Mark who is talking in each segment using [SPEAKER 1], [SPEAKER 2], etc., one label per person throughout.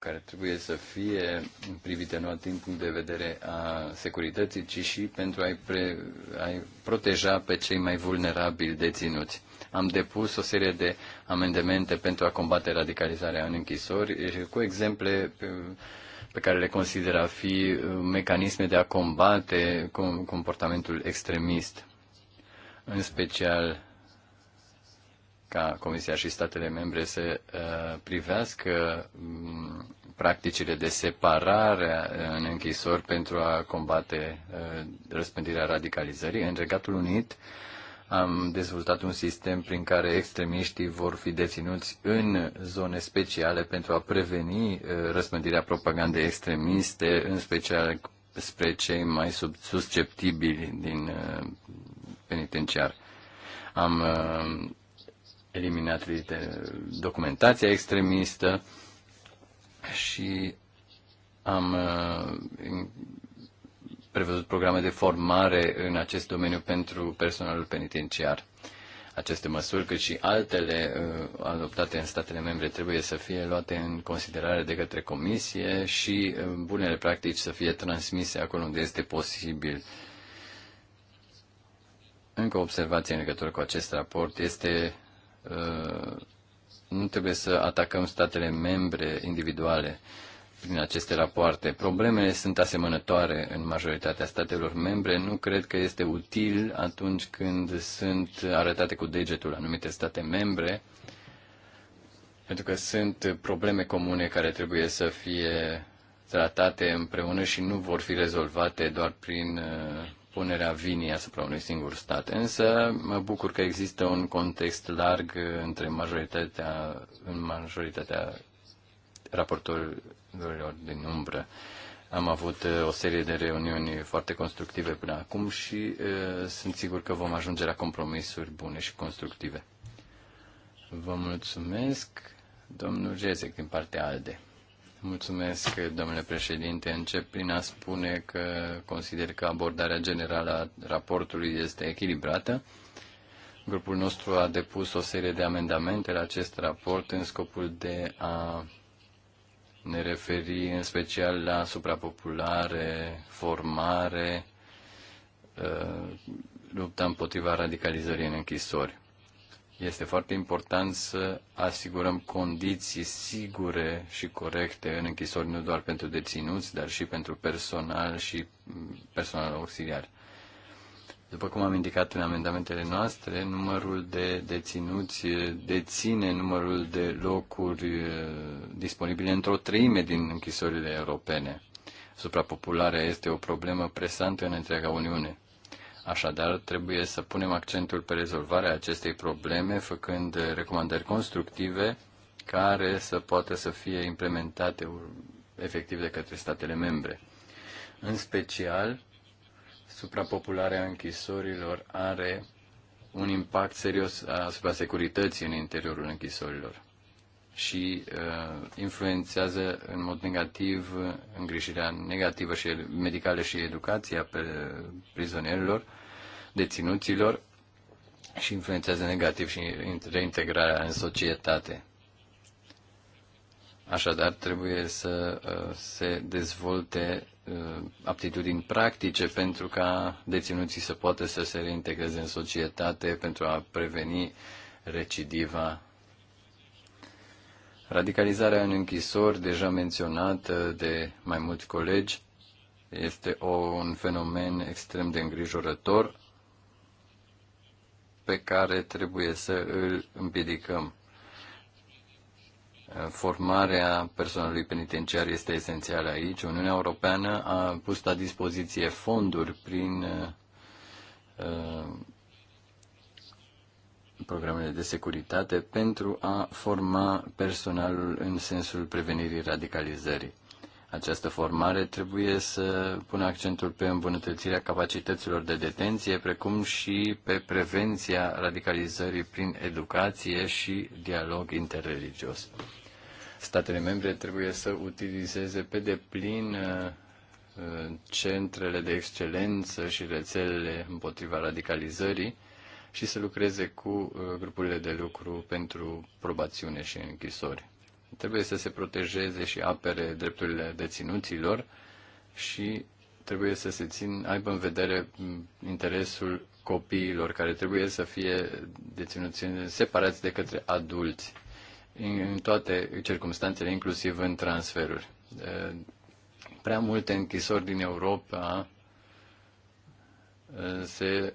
[SPEAKER 1] care trebuie să fie privite nu din punct de vedere a securității, ci și pentru a-i, pre, a-i proteja pe cei mai vulnerabili deținuți. Am depus o serie de amendamente pentru a combate radicalizarea în închisori, cu exemple pe care le consider a fi uh, mecanisme de a combate comportamentul extremist, în special ca Comisia și statele membre să uh, privească mm, practicile de separare în închisori pentru a combate uh, răspândirea radicalizării. În Regatul Unit am dezvoltat un sistem prin care extremiștii vor fi deținuți în zone speciale pentru a preveni uh, răspândirea propagandei extremiste, în special spre cei mai sub, susceptibili din penitenciar. Am eliminat documentația extremistă și am uh, prevăzut programe de formare în acest domeniu pentru personalul penitenciar. Aceste măsuri, cât și altele uh, adoptate în statele membre, trebuie să fie luate în considerare de către comisie și uh, bunele practici să fie transmise acolo unde este posibil. Încă o observație în legătură cu acest raport este Uh, nu trebuie să atacăm statele membre individuale prin aceste rapoarte. Problemele sunt asemănătoare în majoritatea statelor membre. Nu cred că este util atunci când sunt arătate cu degetul anumite state membre, pentru că sunt probleme comune care trebuie să fie tratate împreună și nu vor fi rezolvate doar prin uh, punerea vinii asupra unui singur stat. Însă mă bucur că există un context larg între majoritatea, în majoritatea raportorilor din umbră. Am avut uh, o serie de reuniuni foarte constructive până acum și uh, sunt sigur că vom ajunge la compromisuri bune și constructive. Vă mulțumesc, domnul Jezek, din partea ALDE. Mulțumesc, domnule președinte. Încep prin a spune că consider că abordarea generală a raportului este echilibrată. Grupul nostru a depus o serie de amendamente la acest raport în scopul de a ne referi în special la suprapopulare, formare, ă, lupta împotriva radicalizării în închisori. Este foarte important să asigurăm condiții sigure și corecte în închisori, nu doar pentru deținuți, dar și pentru personal și mm, personal auxiliar. După cum am indicat în amendamentele noastre, numărul de deținuți eh, deține numărul de locuri eh, disponibile într-o treime din închisorile europene. Suprapopularea este o problemă presantă în întreaga Uniune. Așadar, trebuie să punem accentul pe rezolvarea acestei probleme, făcând recomandări constructive care să poată să fie implementate efectiv de către statele membre. În special, suprapopularea închisorilor are un impact serios asupra securității în interiorul închisorilor și uh, influențează în mod negativ îngrijirea negativă și medicală și educația pe prizonierilor deținuților și influențează negativ și reintegrarea în societate. Așadar, trebuie să uh, se dezvolte uh, aptitudini practice pentru ca deținuții să poată să se reintegreze în societate pentru a preveni recidiva. Radicalizarea în închisori, deja menționată de mai mulți colegi, este un fenomen extrem de îngrijorător pe care trebuie să îl împiedicăm. Formarea personalului penitenciar este esențială aici. Uniunea Europeană a pus la dispoziție fonduri prin uh, programele de securitate pentru a forma personalul în sensul prevenirii radicalizării. Această formare trebuie să pună accentul pe îmbunătățirea capacităților de detenție, precum și pe prevenția radicalizării prin educație și dialog interreligios. Statele membre trebuie să utilizeze pe deplin uh, uh, centrele de excelență și rețelele împotriva radicalizării și să lucreze cu uh, grupurile de lucru pentru probațiune și închisori. Trebuie să se protejeze și apere drepturile deținuților și trebuie să se țin, aibă în vedere interesul copiilor care trebuie să fie deținuți separați de către adulți în toate circunstanțele, inclusiv în transferuri. Prea multe închisori din Europa se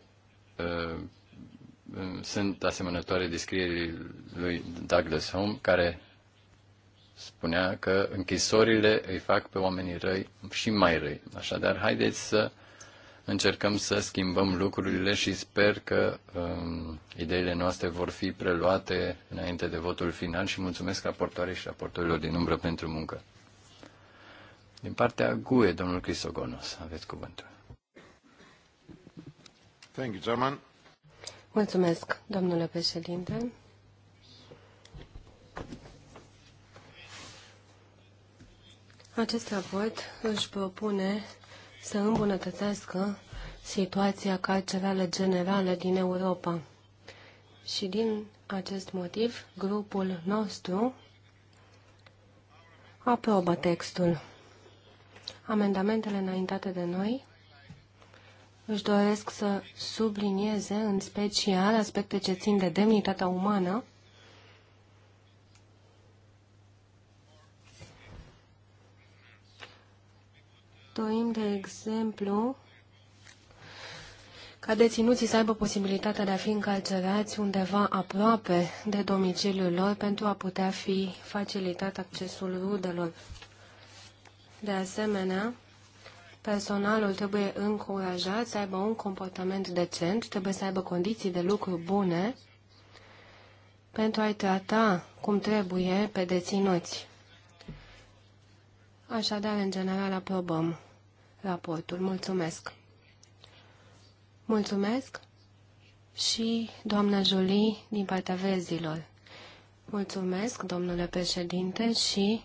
[SPEAKER 1] sunt asemănătoare descrierii lui Douglas Home, care spunea că închisorile îi fac pe oamenii răi și mai răi. Așadar, haideți să încercăm să schimbăm lucrurile și sper că um, ideile noastre vor fi preluate înainte de votul final și mulțumesc raportoarei și raportorilor din umbră pentru muncă. Din partea GUE, domnul Crisogonos, aveți cuvântul. Thank you, German.
[SPEAKER 2] Mulțumesc, domnule președinte. Acest raport își propune să îmbunătățească situația carcerală generală din Europa. Și din acest motiv, grupul nostru aprobă textul. Amendamentele înaintate de noi își doresc să sublinieze în special aspecte ce țin de demnitatea umană Dorim, de exemplu, ca deținuții să aibă posibilitatea de a fi încarcerați undeva aproape de domiciliul lor pentru a putea fi facilitat accesul rudelor. De asemenea, personalul trebuie încurajat să aibă un comportament decent, trebuie să aibă condiții de lucru bune pentru a-i trata cum trebuie pe deținuți. Așadar, în general, aprobăm raportul. Mulțumesc! Mulțumesc și doamna Jolie din partea vezilor. Mulțumesc, domnule președinte, și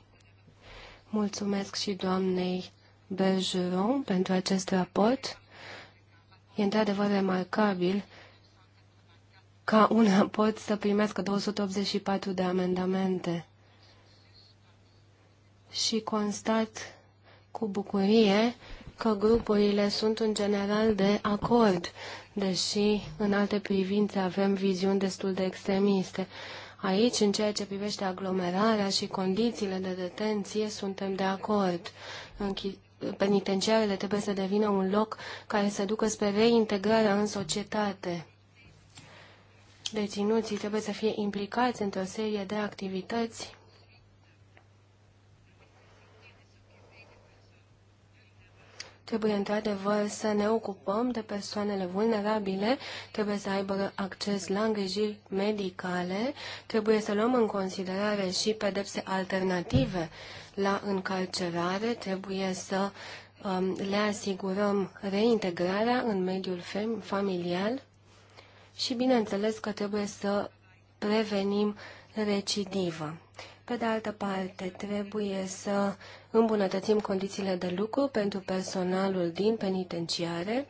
[SPEAKER 2] mulțumesc și doamnei Bergeron pentru acest raport. E într-adevăr remarcabil ca un raport să primească 284 de amendamente. Și constat cu bucurie că grupurile sunt în general de acord, deși în alte privințe avem viziuni destul de extremiste. Aici, în ceea ce privește aglomerarea și condițiile de detenție, suntem de acord. Închi penitenciarele trebuie să devină un loc care să ducă spre reintegrarea în societate. Deținuții trebuie să fie implicați într-o serie de activități Trebuie într-adevăr să ne ocupăm de persoanele vulnerabile, trebuie să aibă acces la îngrijiri medicale, trebuie să luăm în considerare și pedepse alternative la încarcerare, trebuie să um, le asigurăm reintegrarea în mediul familial și bineînțeles că trebuie să prevenim recidivă. Pe de altă parte, trebuie să îmbunătățim condițiile de lucru pentru personalul din penitenciare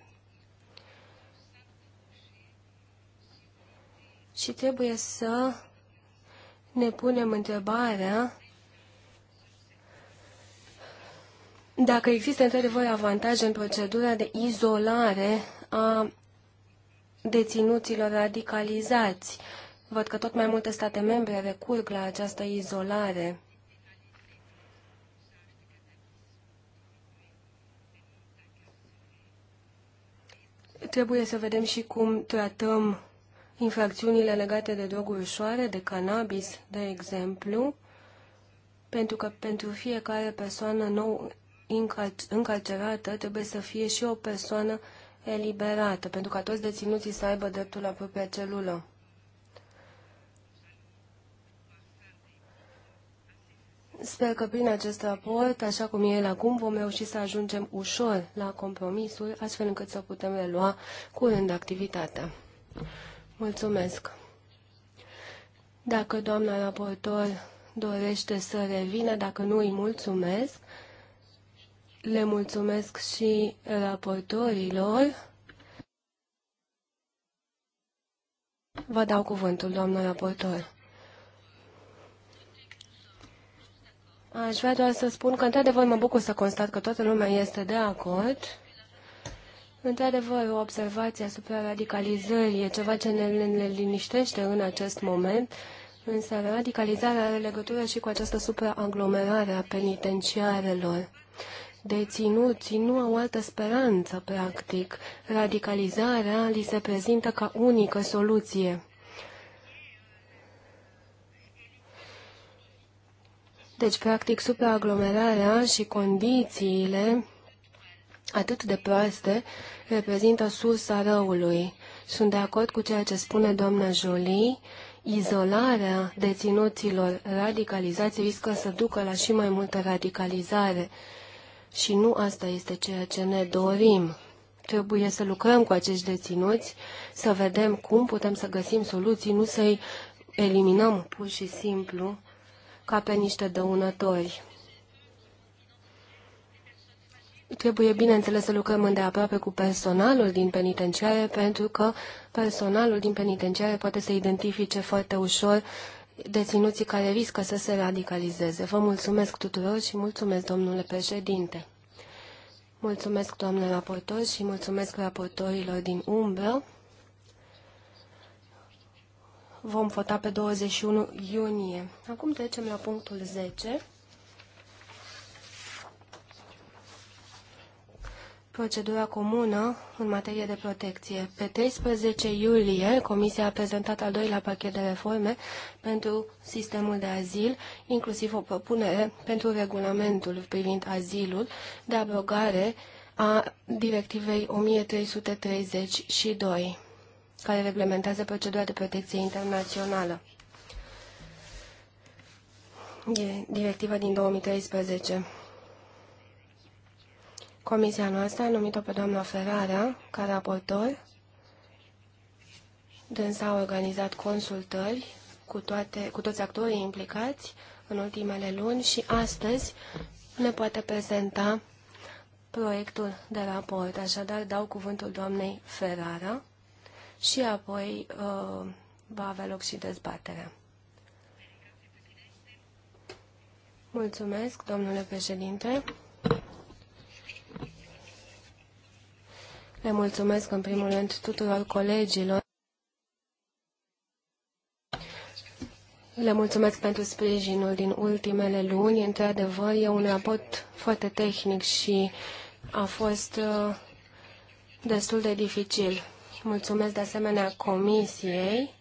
[SPEAKER 2] și trebuie să ne punem întrebarea dacă există într-adevăr avantaje în procedura de izolare a deținuților radicalizați. Uh, Văd că tot mai multe state membre recurg la această izolare. Trebuie să vedem și cum tratăm infracțiunile legate de droguri ușoare, de cannabis, de exemplu, pentru că pentru fiecare persoană nou încarcerată trebuie să fie și o persoană eliberată, pentru ca toți deținuții să aibă dreptul la propria celulă. Sper că prin acest raport, așa cum e el acum, vom reuși să ajungem ușor la compromisul, astfel încât să putem relua curând activitatea. Mulțumesc! Dacă doamna raportor dorește să revină, dacă nu îi mulțumesc, le mulțumesc și raportorilor. Vă dau cuvântul, doamna raportor. Aș vrea doar să spun că, într-adevăr, mă bucur să constat că toată lumea este de acord. Într-adevăr, o observație asupra radicalizării e ceva ce ne, ne, ne liniștește în acest moment, însă radicalizarea are legătură și cu această supraaglomerare a penitenciarelor. Deținuții nu au altă speranță, practic. Radicalizarea li se prezintă ca unică soluție. Deci, practic, supraaglomerarea și condițiile atât de proaste reprezintă sursa răului. Sunt de acord cu ceea ce spune doamna Jolie. Izolarea deținuților radicalizați riscă să ducă la și mai multă radicalizare. Și nu asta este ceea ce ne dorim. Trebuie să lucrăm cu acești deținuți, să vedem cum putem să găsim soluții, nu să-i eliminăm pur și simplu ca pe niște dăunători. Trebuie, bineînțeles, să lucrăm îndeaproape cu personalul din penitenciare, pentru că personalul din penitenciare poate să identifice foarte ușor deținuții care riscă să se radicalizeze. Vă mulțumesc tuturor și mulțumesc, domnule președinte. Mulțumesc, doamne raportor, și mulțumesc raportorilor din umbră vom vota pe 21 iunie. Acum trecem la punctul 10. Procedura comună în materie de protecție. Pe 13 iulie, Comisia a prezentat al doilea pachet de reforme pentru sistemul de azil, inclusiv o propunere pentru regulamentul privind azilul de abrogare a Directivei 1332 care reglementează procedura de protecție internațională. E directiva din 2013. Comisia noastră a numit-o pe doamna Ferrara ca raportor. Dânsa a organizat consultări cu, toate, cu toți actorii implicați în ultimele luni și astăzi ne poate prezenta proiectul de raport. Așadar, dau cuvântul doamnei Ferrara și apoi uh, va avea loc și dezbaterea. Mulțumesc, domnule președinte. Le mulțumesc în primul rând tuturor colegilor. Le mulțumesc pentru sprijinul din ultimele luni. Într-adevăr, e un raport foarte tehnic și a fost uh, destul de dificil. Mulțumesc de asemenea comisiei.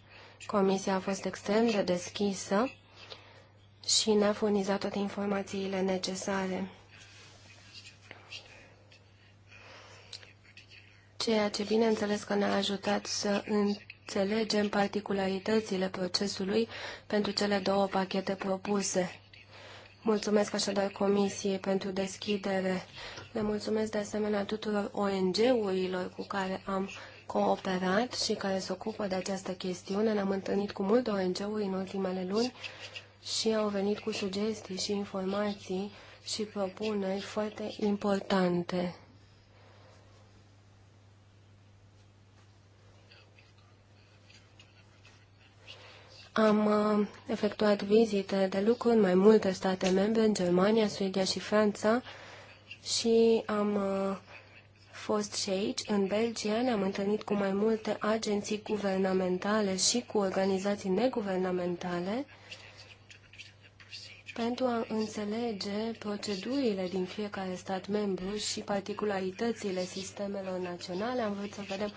[SPEAKER 2] Comisia a fost extrem de deschisă și ne-a furnizat toate informațiile necesare. Ceea ce bineînțeles că ne-a ajutat să înțelegem particularitățile procesului pentru cele două pachete propuse. Mulțumesc așadar Comisiei pentru deschidere. Le mulțumesc de asemenea tuturor ONG-urilor cu care am cooperat și care se ocupă de această chestiune. Ne-am întâlnit cu multe ONG-uri în ultimele luni și au venit cu sugestii și informații și propuneri foarte importante. Am uh, efectuat vizite de lucru în mai multe state membre, în Germania, Suedia și Franța, și am uh, fost și aici, în Belgia, ne-am întâlnit cu mai multe agenții guvernamentale și cu organizații neguvernamentale pentru a înțelege procedurile din fiecare stat membru și particularitățile sistemelor naționale, am vrut să vedem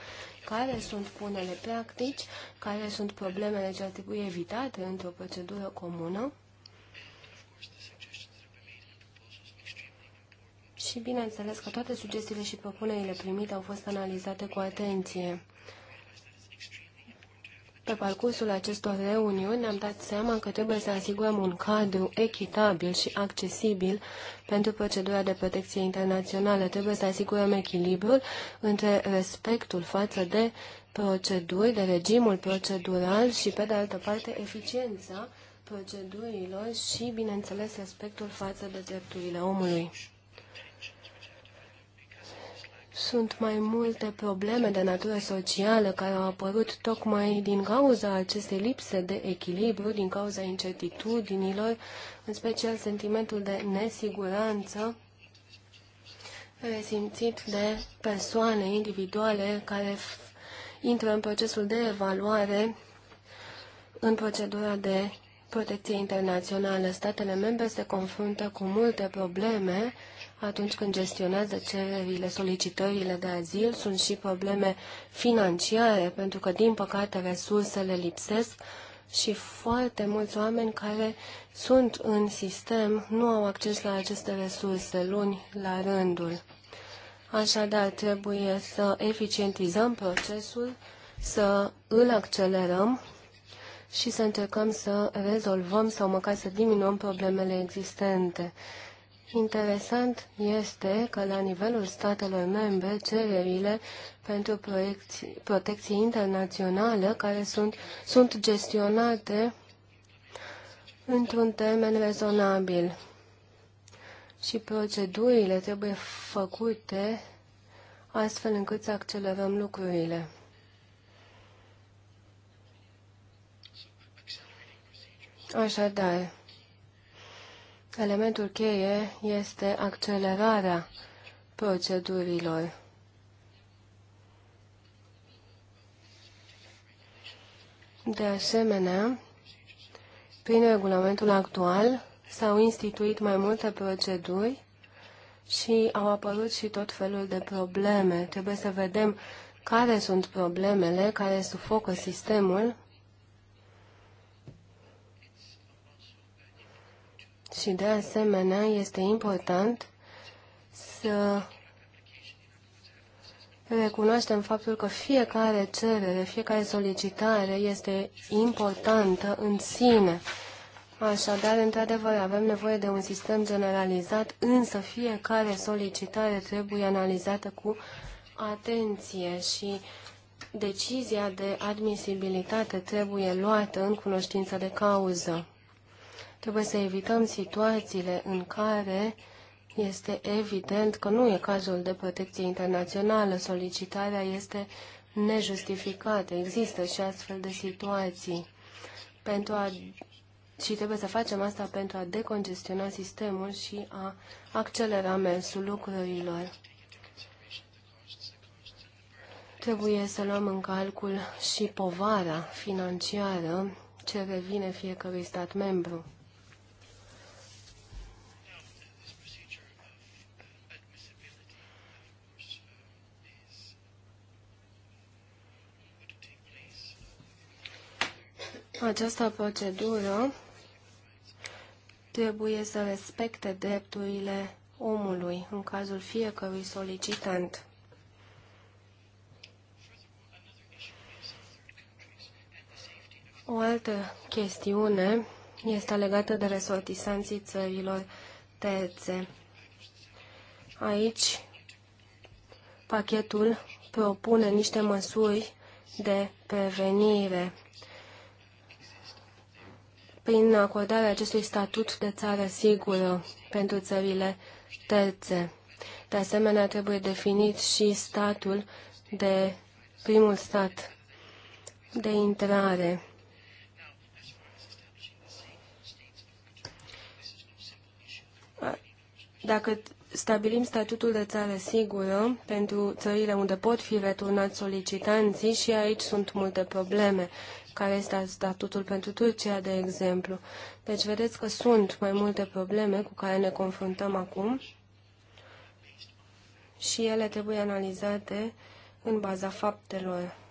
[SPEAKER 2] care sunt punele practici, care sunt problemele ce ar trebui evitate într-o procedură comună. și bineînțeles că toate sugestiile și propunerile primite au fost analizate cu atenție. Pe parcursul acestor reuniuni ne-am dat seama că trebuie să asigurăm un cadru echitabil și accesibil pentru procedura de protecție internațională. Trebuie să asigurăm echilibrul între respectul față de proceduri, de regimul procedural și, pe de altă parte, eficiența procedurilor și, bineînțeles, respectul față de drepturile omului. Sunt mai multe probleme de natură socială care au apărut tocmai din cauza acestei lipse de echilibru, din cauza incertitudinilor, în special sentimentul de nesiguranță resimțit de persoane individuale care intră în procesul de evaluare în procedura de protecție internațională. Statele membre se confruntă cu multe probleme atunci când gestionează cererile, solicitările de azil, sunt și probleme financiare, pentru că, din păcate, resursele lipsesc și foarte mulți oameni care sunt în sistem nu au acces la aceste resurse luni la rândul. Așadar, trebuie să eficientizăm procesul, să îl accelerăm și să încercăm să rezolvăm sau măcar să diminuăm problemele existente. Interesant este că la nivelul statelor membre cererile pentru protecție internațională care sunt, sunt gestionate într-un termen rezonabil și procedurile trebuie făcute astfel încât să accelerăm lucrurile. Așadar, Elementul cheie este accelerarea procedurilor. De asemenea, prin regulamentul actual s-au instituit mai multe proceduri și au apărut și tot felul de probleme. Trebuie să vedem care sunt problemele care sufocă sistemul Și de asemenea este important să recunoaștem faptul că fiecare cerere, fiecare solicitare este importantă în sine. Așadar, într-adevăr, avem nevoie de un sistem generalizat, însă fiecare solicitare trebuie analizată cu atenție și decizia de admisibilitate trebuie luată în cunoștință de cauză. Trebuie să evităm situațiile în care este evident că nu e cazul de protecție internațională. Solicitarea este nejustificată. Există și astfel de situații. Pentru a, și trebuie să facem asta pentru a decongestiona sistemul și a accelera mersul lucrurilor. Trebuie să luăm în calcul și povara financiară ce revine fiecărui stat membru. Această procedură trebuie să respecte drepturile omului în cazul fiecărui solicitant. O altă chestiune este legată de resortisanții țărilor terțe. Aici, pachetul propune niște măsuri de prevenire prin acordarea acestui statut de țară sigură pentru țările terțe. De asemenea, trebuie definit și statul de primul stat de intrare. Dacă stabilim statutul de țară sigură pentru țările unde pot fi returnați solicitanții și aici sunt multe probleme care este statutul pentru Turcia, de exemplu. Deci vedeți că sunt mai multe probleme cu care ne confruntăm acum și ele trebuie analizate în baza faptelor.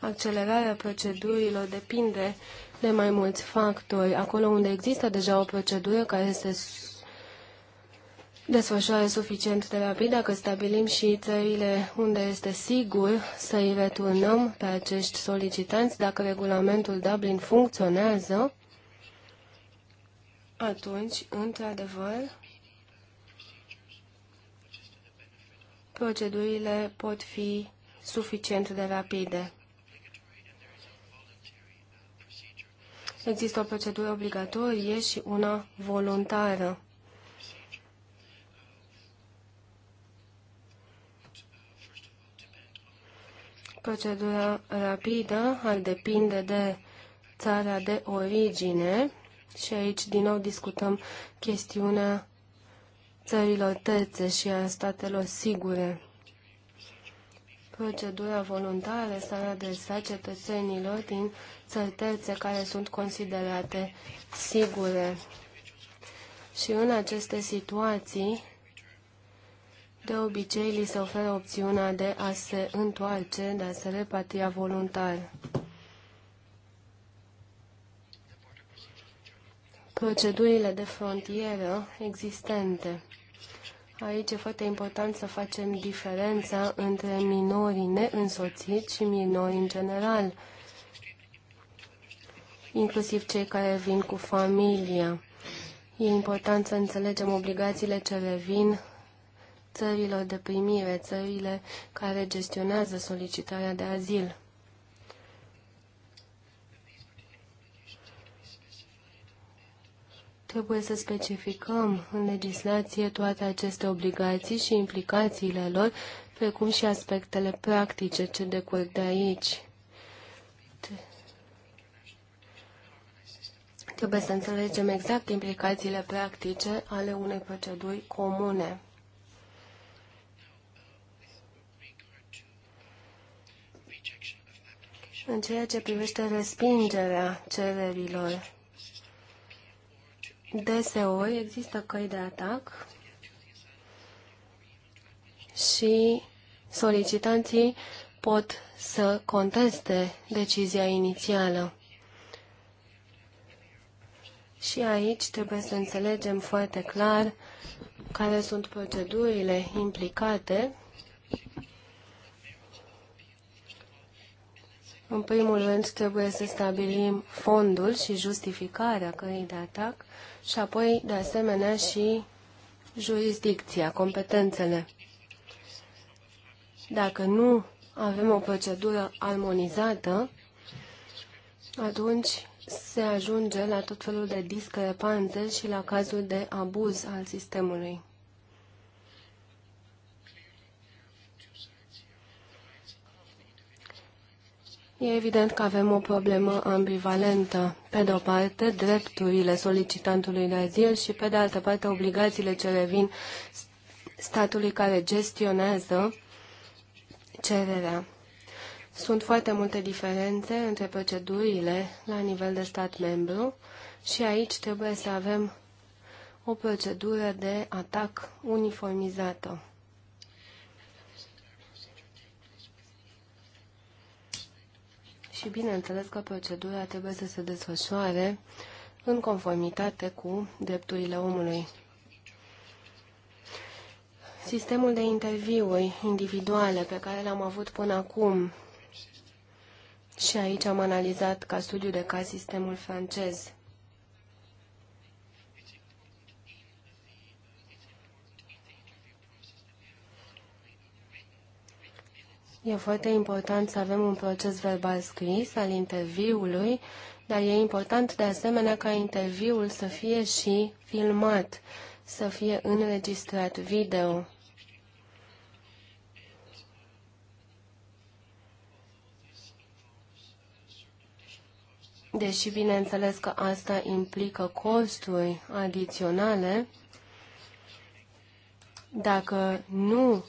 [SPEAKER 2] Accelerarea procedurilor depinde de mai mulți factori. Acolo unde există deja o procedură care este desfășoară suficient de rapid, dacă stabilim și țările unde este sigur să îi returnăm pe acești solicitanți, dacă regulamentul Dublin funcționează, atunci, într-adevăr, procedurile pot fi suficient de rapide. Există o procedură obligatorie și una voluntară. Procedura rapidă ar depinde de țara de origine și aici din nou discutăm chestiunea țărilor terțe și a statelor sigure procedura voluntară s-ar adresa cetățenilor din țări terțe care sunt considerate sigure. Și în aceste situații, de obicei, li se oferă opțiunea de a se întoarce, de a se repatria voluntar. Procedurile de frontieră existente Aici e foarte important să facem diferența între minorii neînsoțiți și minorii în general, inclusiv cei care vin cu familia. E important să înțelegem obligațiile ce revin țărilor de primire, țările care gestionează solicitarea de azil. Trebuie să specificăm în legislație toate aceste obligații și implicațiile lor, precum și aspectele practice ce decurg de aici. Trebuie să înțelegem exact implicațiile practice ale unei proceduri comune. În ceea ce privește respingerea cererilor, Deseori există căi de atac și solicitanții pot să conteste decizia inițială. Și aici trebuie să înțelegem foarte clar care sunt procedurile implicate. În primul rând, trebuie să stabilim fondul și justificarea căii de atac și apoi, de asemenea, și jurisdicția, competențele. Dacă nu avem o procedură armonizată, atunci se ajunge la tot felul de discrepanțe și la cazul de abuz al sistemului. E evident că avem o problemă ambivalentă. Pe de o parte, drepturile solicitantului de azil și, pe de altă parte, obligațiile ce revin statului care gestionează cererea. Sunt foarte multe diferențe între procedurile la nivel de stat membru și aici trebuie să avem o procedură de atac uniformizată. și bineînțeles că procedura trebuie să se desfășoare în conformitate cu drepturile omului. Sistemul de interviuri individuale pe care l-am avut până acum și aici am analizat ca studiu de caz sistemul francez. E foarte important să avem un proces verbal scris al interviului, dar e important de asemenea ca interviul să fie și filmat, să fie înregistrat video. Deși bineînțeles că asta implică costuri adiționale, dacă nu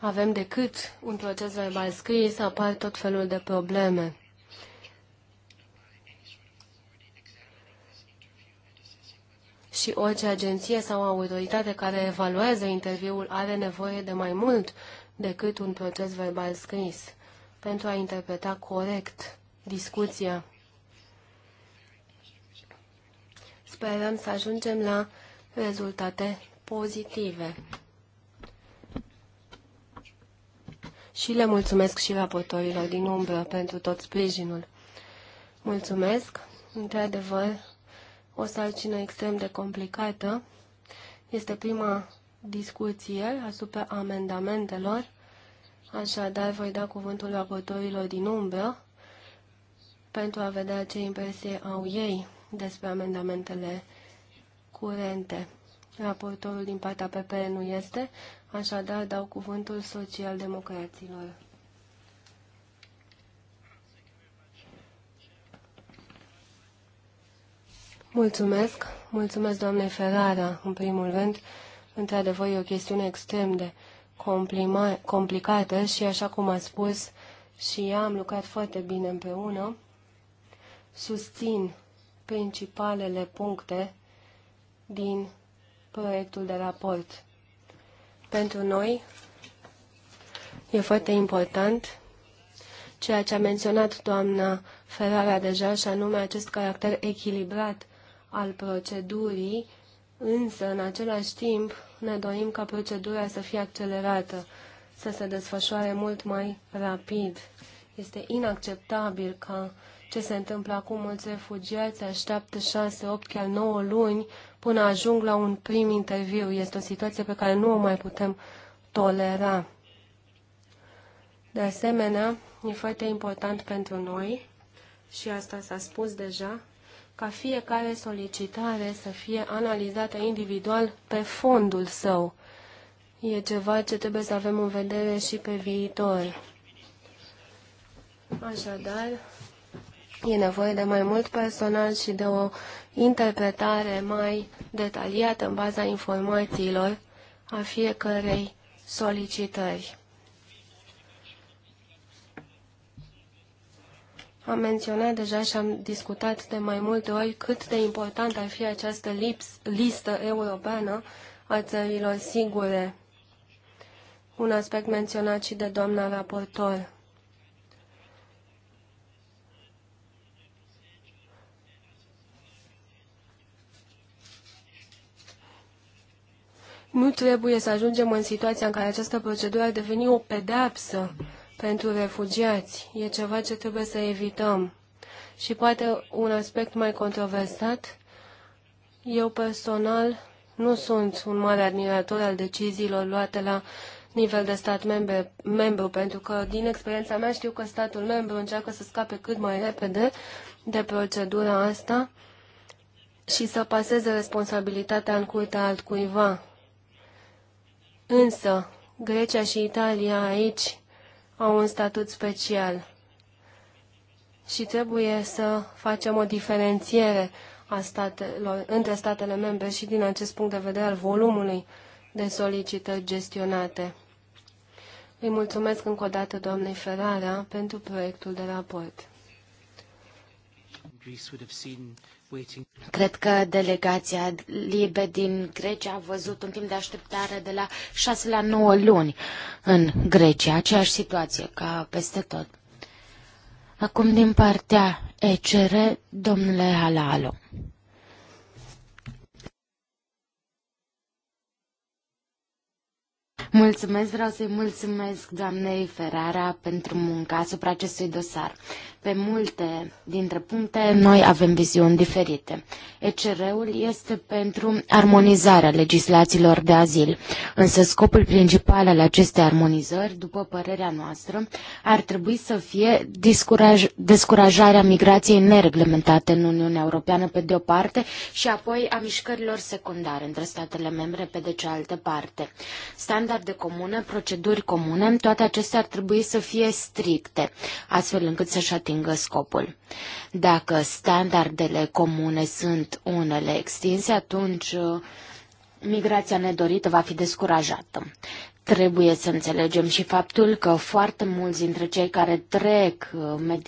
[SPEAKER 2] avem decât un proces verbal scris, apar tot felul de probleme. Și orice agenție sau autoritate care evaluează interviul are nevoie de mai mult decât un proces verbal scris pentru a interpreta corect discuția. Sperăm să ajungem la rezultate pozitive. și le mulțumesc și raportorilor din umbră pentru tot sprijinul. Mulțumesc! Într-adevăr, o sarcină extrem de complicată. Este prima discuție asupra amendamentelor, așadar voi da cuvântul raportorilor din umbră pentru a vedea ce impresie au ei despre amendamentele curente. Raportorul din partea PP nu este, Așadar, dau cuvântul socialdemocraților. Mulțumesc, mulțumesc doamnei Ferrara, în primul rând. Într-adevăr, e o chestiune extrem de complicată și, așa cum a spus și ea, am lucrat foarte bine împreună. Susțin principalele puncte din proiectul de raport. Pentru noi e foarte important ceea ce a menționat doamna Ferrara deja, și anume acest caracter echilibrat al procedurii, însă, în același timp, ne dorim ca procedura să fie accelerată, să se desfășoare mult mai rapid. Este inacceptabil ca ce se întâmplă acum. Mulți refugiați așteaptă 6, 8, chiar 9 luni până ajung la un prim interviu. Este o situație pe care nu o mai putem tolera. De asemenea, e foarte important pentru noi, și asta s-a spus deja, ca fiecare solicitare să fie analizată individual pe fondul său. E ceva ce trebuie să avem în vedere și pe viitor. Așadar, E nevoie de mai mult personal și de o interpretare mai detaliată în baza informațiilor a fiecărei solicitări. Am menționat deja și am discutat de mai multe ori cât de important ar fi această lips, listă europeană a țărilor sigure. Un aspect menționat și de doamna raportor. Nu trebuie să ajungem în situația în care această procedură ar deveni o pedapsă pentru refugiați. E ceva ce trebuie să evităm. Și poate un aspect mai controversat, eu personal nu sunt un mare admirator al deciziilor luate la nivel de stat membre, membru, pentru că din experiența mea știu că statul membru încearcă să scape cât mai repede de procedura asta și să paseze responsabilitatea în curtea altcuiva. Însă, Grecia și Italia aici au un statut special și trebuie să facem o diferențiere a statelor, între statele membre și din acest punct de vedere al volumului de solicitări gestionate. Îi mulțumesc încă o dată doamnei Ferrara pentru proiectul de raport. Cred că delegația Libe din Grecia
[SPEAKER 3] a văzut un timp de așteptare de la 6 la 9 luni în Grecia, aceeași situație ca peste tot. Acum din partea ECR, domnule Halalo. Mulțumesc, vreau să-i mulțumesc doamnei Ferrara pentru munca asupra acestui dosar. Pe multe dintre puncte, noi avem viziuni diferite. ECR-ul este pentru armonizarea legislațiilor de azil, însă scopul principal al acestei armonizări, după părerea noastră, ar trebui să fie discuraj- descurajarea migrației nereglementate în Uniunea Europeană pe de o parte și apoi a mișcărilor secundare între statele membre pe de cealaltă parte. Standarde comune, proceduri comune, toate acestea ar trebui să fie stricte, astfel încât să-și atingă scopul. Dacă standardele comune sunt unele extinse, atunci uh, migrația nedorită va fi descurajată. Trebuie să înțelegem și faptul că foarte mulți dintre cei care trec, uh,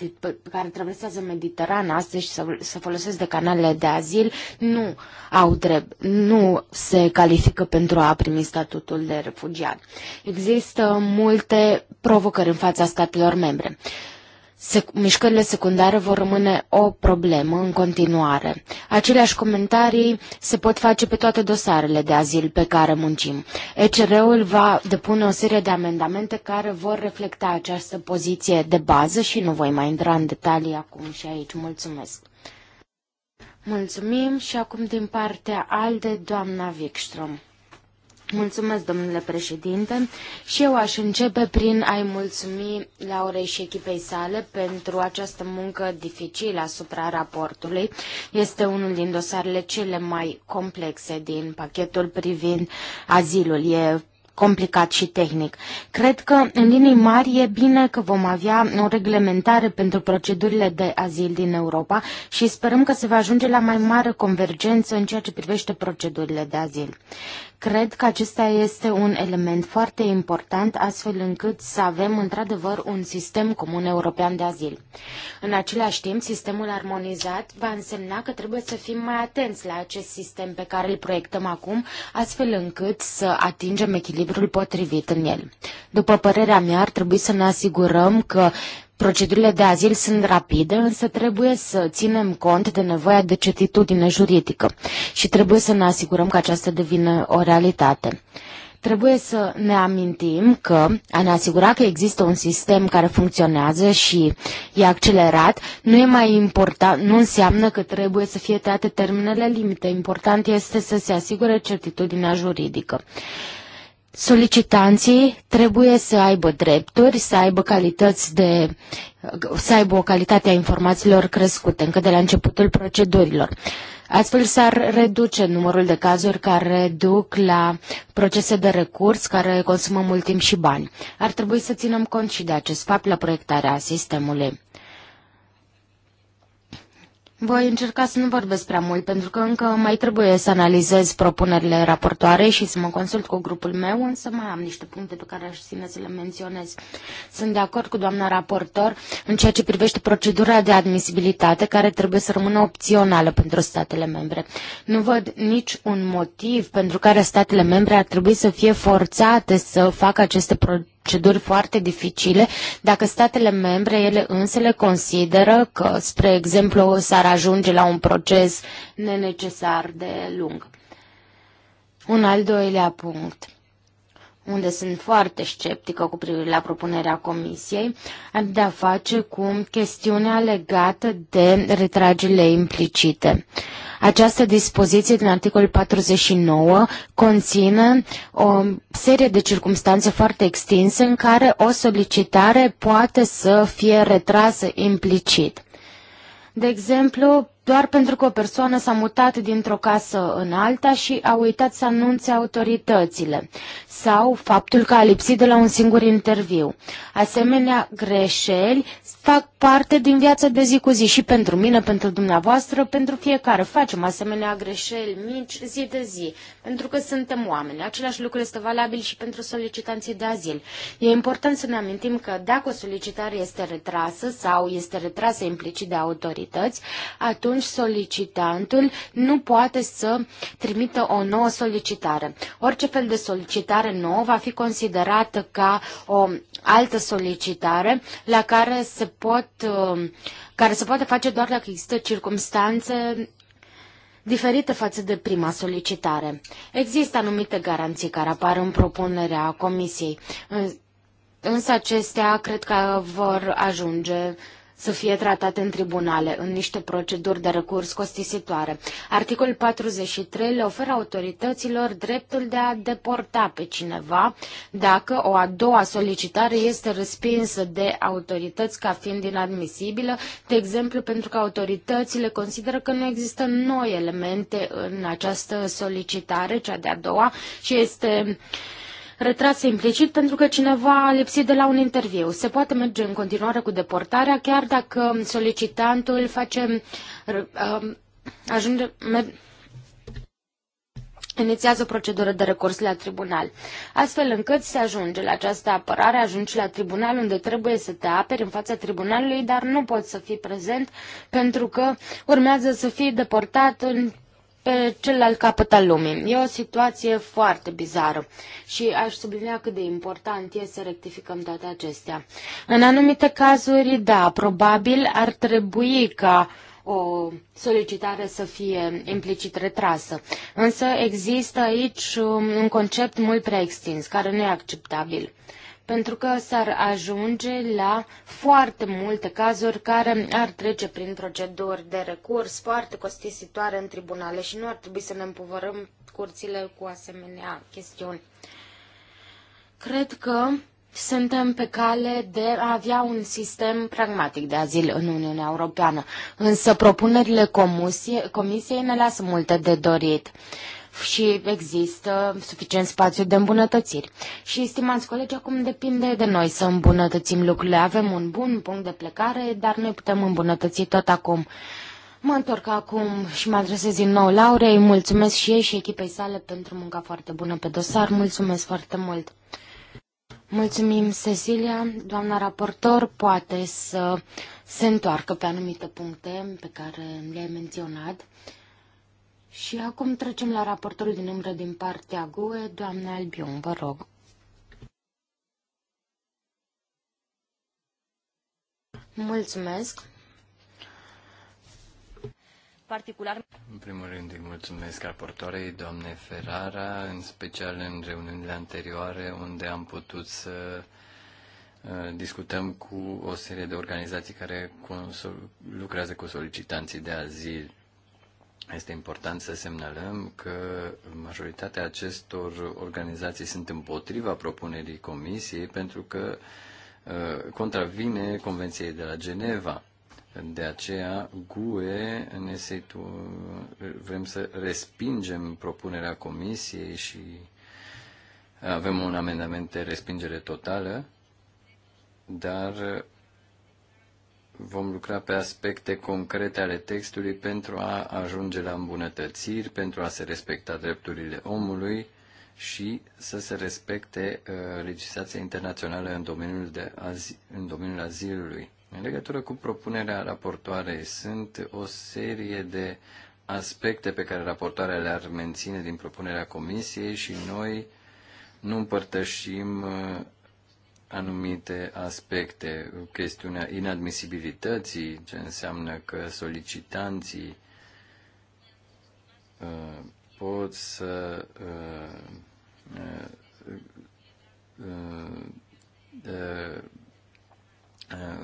[SPEAKER 3] care traversează Mediterana astăzi și se folosesc de canalele de azil, nu au drept, nu se califică pentru a primi statutul de refugiat. Există multe provocări în fața statelor membre sec- mișcările secundare vor rămâne o problemă în continuare. Aceleași comentarii se pot face pe toate dosarele de azil pe care muncim. ECR-ul va depune o serie de amendamente care vor reflecta această poziție de bază și nu voi mai intra în detalii acum și aici. Mulțumesc! Mulțumim și acum din partea ALDE, doamna Wikström. Mulțumesc, domnule președinte, și eu aș începe prin a-i mulțumi Laurei și echipei sale pentru această muncă dificilă asupra raportului. Este unul din dosarele cele mai complexe din pachetul privind azilul. E complicat și tehnic. Cred că, în linii mari, e bine că vom avea o reglementare pentru procedurile de azil din Europa și sperăm că se va ajunge la mai mare convergență în ceea ce privește procedurile de azil. Cred că acesta este un element foarte important, astfel încât să avem într-adevăr un sistem comun european de azil. În același timp, sistemul armonizat va însemna că trebuie să fim mai atenți la acest sistem pe care îl proiectăm acum, astfel încât să atingem echilibrul potrivit în el. După părerea mea, ar trebui să ne asigurăm că Procedurile de azil sunt rapide, însă trebuie să ținem cont de nevoia de certitudine juridică și trebuie să ne asigurăm că aceasta devine o realitate trebuie să ne amintim că a ne asigura că există un sistem care funcționează și e accelerat, nu e mai important, nu înseamnă că trebuie să fie tăiate termenele limite. Important este să se asigure certitudinea juridică solicitanții trebuie să aibă drepturi, să aibă calități de să aibă o calitate a informațiilor crescute încă de la începutul procedurilor. Astfel s-ar reduce numărul de cazuri care duc la procese de recurs care consumă mult timp și bani. Ar trebui să ținem cont și de acest fapt la proiectarea sistemului. Voi încerca să nu vorbesc prea mult, pentru că încă mai trebuie să analizez propunerile raportoare și să mă consult cu grupul meu, însă mai am niște puncte pe care aș ține să le menționez. Sunt de acord cu doamna raportor în ceea ce privește procedura de admisibilitate, care trebuie să rămână opțională pentru statele membre. Nu văd nici un motiv pentru care statele membre ar trebui să fie forțate să facă aceste proceduri foarte dificile, dacă statele membre ele însele consideră că, spre exemplu, s-ar ajunge la un proces nenecesar de lung. Un al doilea punct unde sunt foarte sceptică cu privire la propunerea comisiei, am de-a face cu chestiunea legată de retragerile implicite. Această dispoziție din articolul 49 conține o serie de circumstanțe foarte extinse în care o solicitare poate să fie retrasă implicit. De exemplu, doar pentru că o persoană s-a mutat dintr-o casă în alta și a uitat să anunțe autoritățile sau faptul că a lipsit de la un singur interviu. Asemenea, greșeli fac parte din viața de zi cu zi și pentru mine, pentru dumneavoastră, pentru fiecare. Facem asemenea greșeli mici zi de zi, pentru că suntem oameni. Același lucru este valabil și pentru solicitanții de azil. E important să ne amintim că dacă o solicitare este retrasă sau este retrasă implicit de autorități, atunci solicitantul nu poate să trimită o nouă solicitare. Orice fel de solicitare nouă va fi considerată ca o altă solicitare la care se pot, uh, care se poate face doar dacă există circumstanțe diferite față de prima solicitare. Există anumite garanții care apar în propunerea comisiei, însă acestea cred că vor ajunge să fie tratate în tribunale, în niște proceduri de recurs costisitoare. Articolul 43 le oferă autorităților dreptul de a deporta pe cineva dacă o a doua solicitare este respinsă de autorități ca fiind inadmisibilă, de exemplu pentru că autoritățile consideră că nu există noi elemente în această solicitare, cea de-a doua, și este uh, retrase implicit pentru că cineva a lipsit de la un interviu. Se poate merge în continuare cu deportarea chiar dacă solicitantul face um, ajunge inițiază o procedură de recurs la tribunal, astfel încât se ajunge la această apărare, ajungi la tribunal unde trebuie să te aperi în fața tribunalului, dar nu poți să fii prezent pentru că urmează să fii deportat în pe celălalt capăt al lumii. E o situație foarte bizară și aș sublinia cât de important e să rectificăm toate acestea. În anumite cazuri, da, probabil ar trebui ca o solicitare să fie implicit retrasă. Însă există aici un concept mult prea extins, care nu e acceptabil pentru că s-ar ajunge la foarte multe cazuri care ar trece prin proceduri de recurs foarte costisitoare în tribunale și nu ar trebui să ne împovărăm curțile cu asemenea chestiuni. Cred că suntem pe cale de a avea un sistem pragmatic de azil în Uniunea Europeană, însă propunerile comisie, Comisiei ne lasă multe de dorit și există suficient spațiu de îmbunătățiri. Și, stimați colegi, acum depinde de noi să îmbunătățim lucrurile. Avem un bun punct de plecare, dar noi putem îmbunătăți tot acum. Mă întorc acum și mă adresez din nou Laurei. Mulțumesc și ei și echipei sale pentru munca foarte bună pe dosar. Mulțumesc foarte mult! Mulțumim, Cecilia. Doamna raportor poate să se întoarcă pe anumite puncte pe care le-ai menționat. Și acum trecem la raportul din umbră din partea GUE, doamna Albion, vă rog. Mulțumesc. Particular.
[SPEAKER 1] În primul rând îi mulțumesc raportoarei doamne Ferrara, în special în reuniunile anterioare unde am putut să uh, discutăm cu o serie de organizații care lucrează cu solicitanții de azil este important să semnalăm că majoritatea acestor organizații sunt împotriva propunerii Comisiei pentru că uh, contravine Convenției de la Geneva. De aceea, GUE, în esetul, vrem să respingem propunerea Comisiei și avem un amendament de respingere totală, dar vom lucra pe aspecte concrete ale textului pentru a ajunge la îmbunătățiri, pentru a se respecta drepturile omului și să se respecte uh, legislația internațională în domeniul, de azi, în domeniul azilului. În legătură cu propunerea raportoarei, sunt o serie de aspecte pe care raportarea le-ar menține din propunerea comisiei și noi nu împărtășim uh, anumite aspecte, chestiunea inadmisibilității, ce înseamnă că solicitanții uh, pot să uh, uh, uh,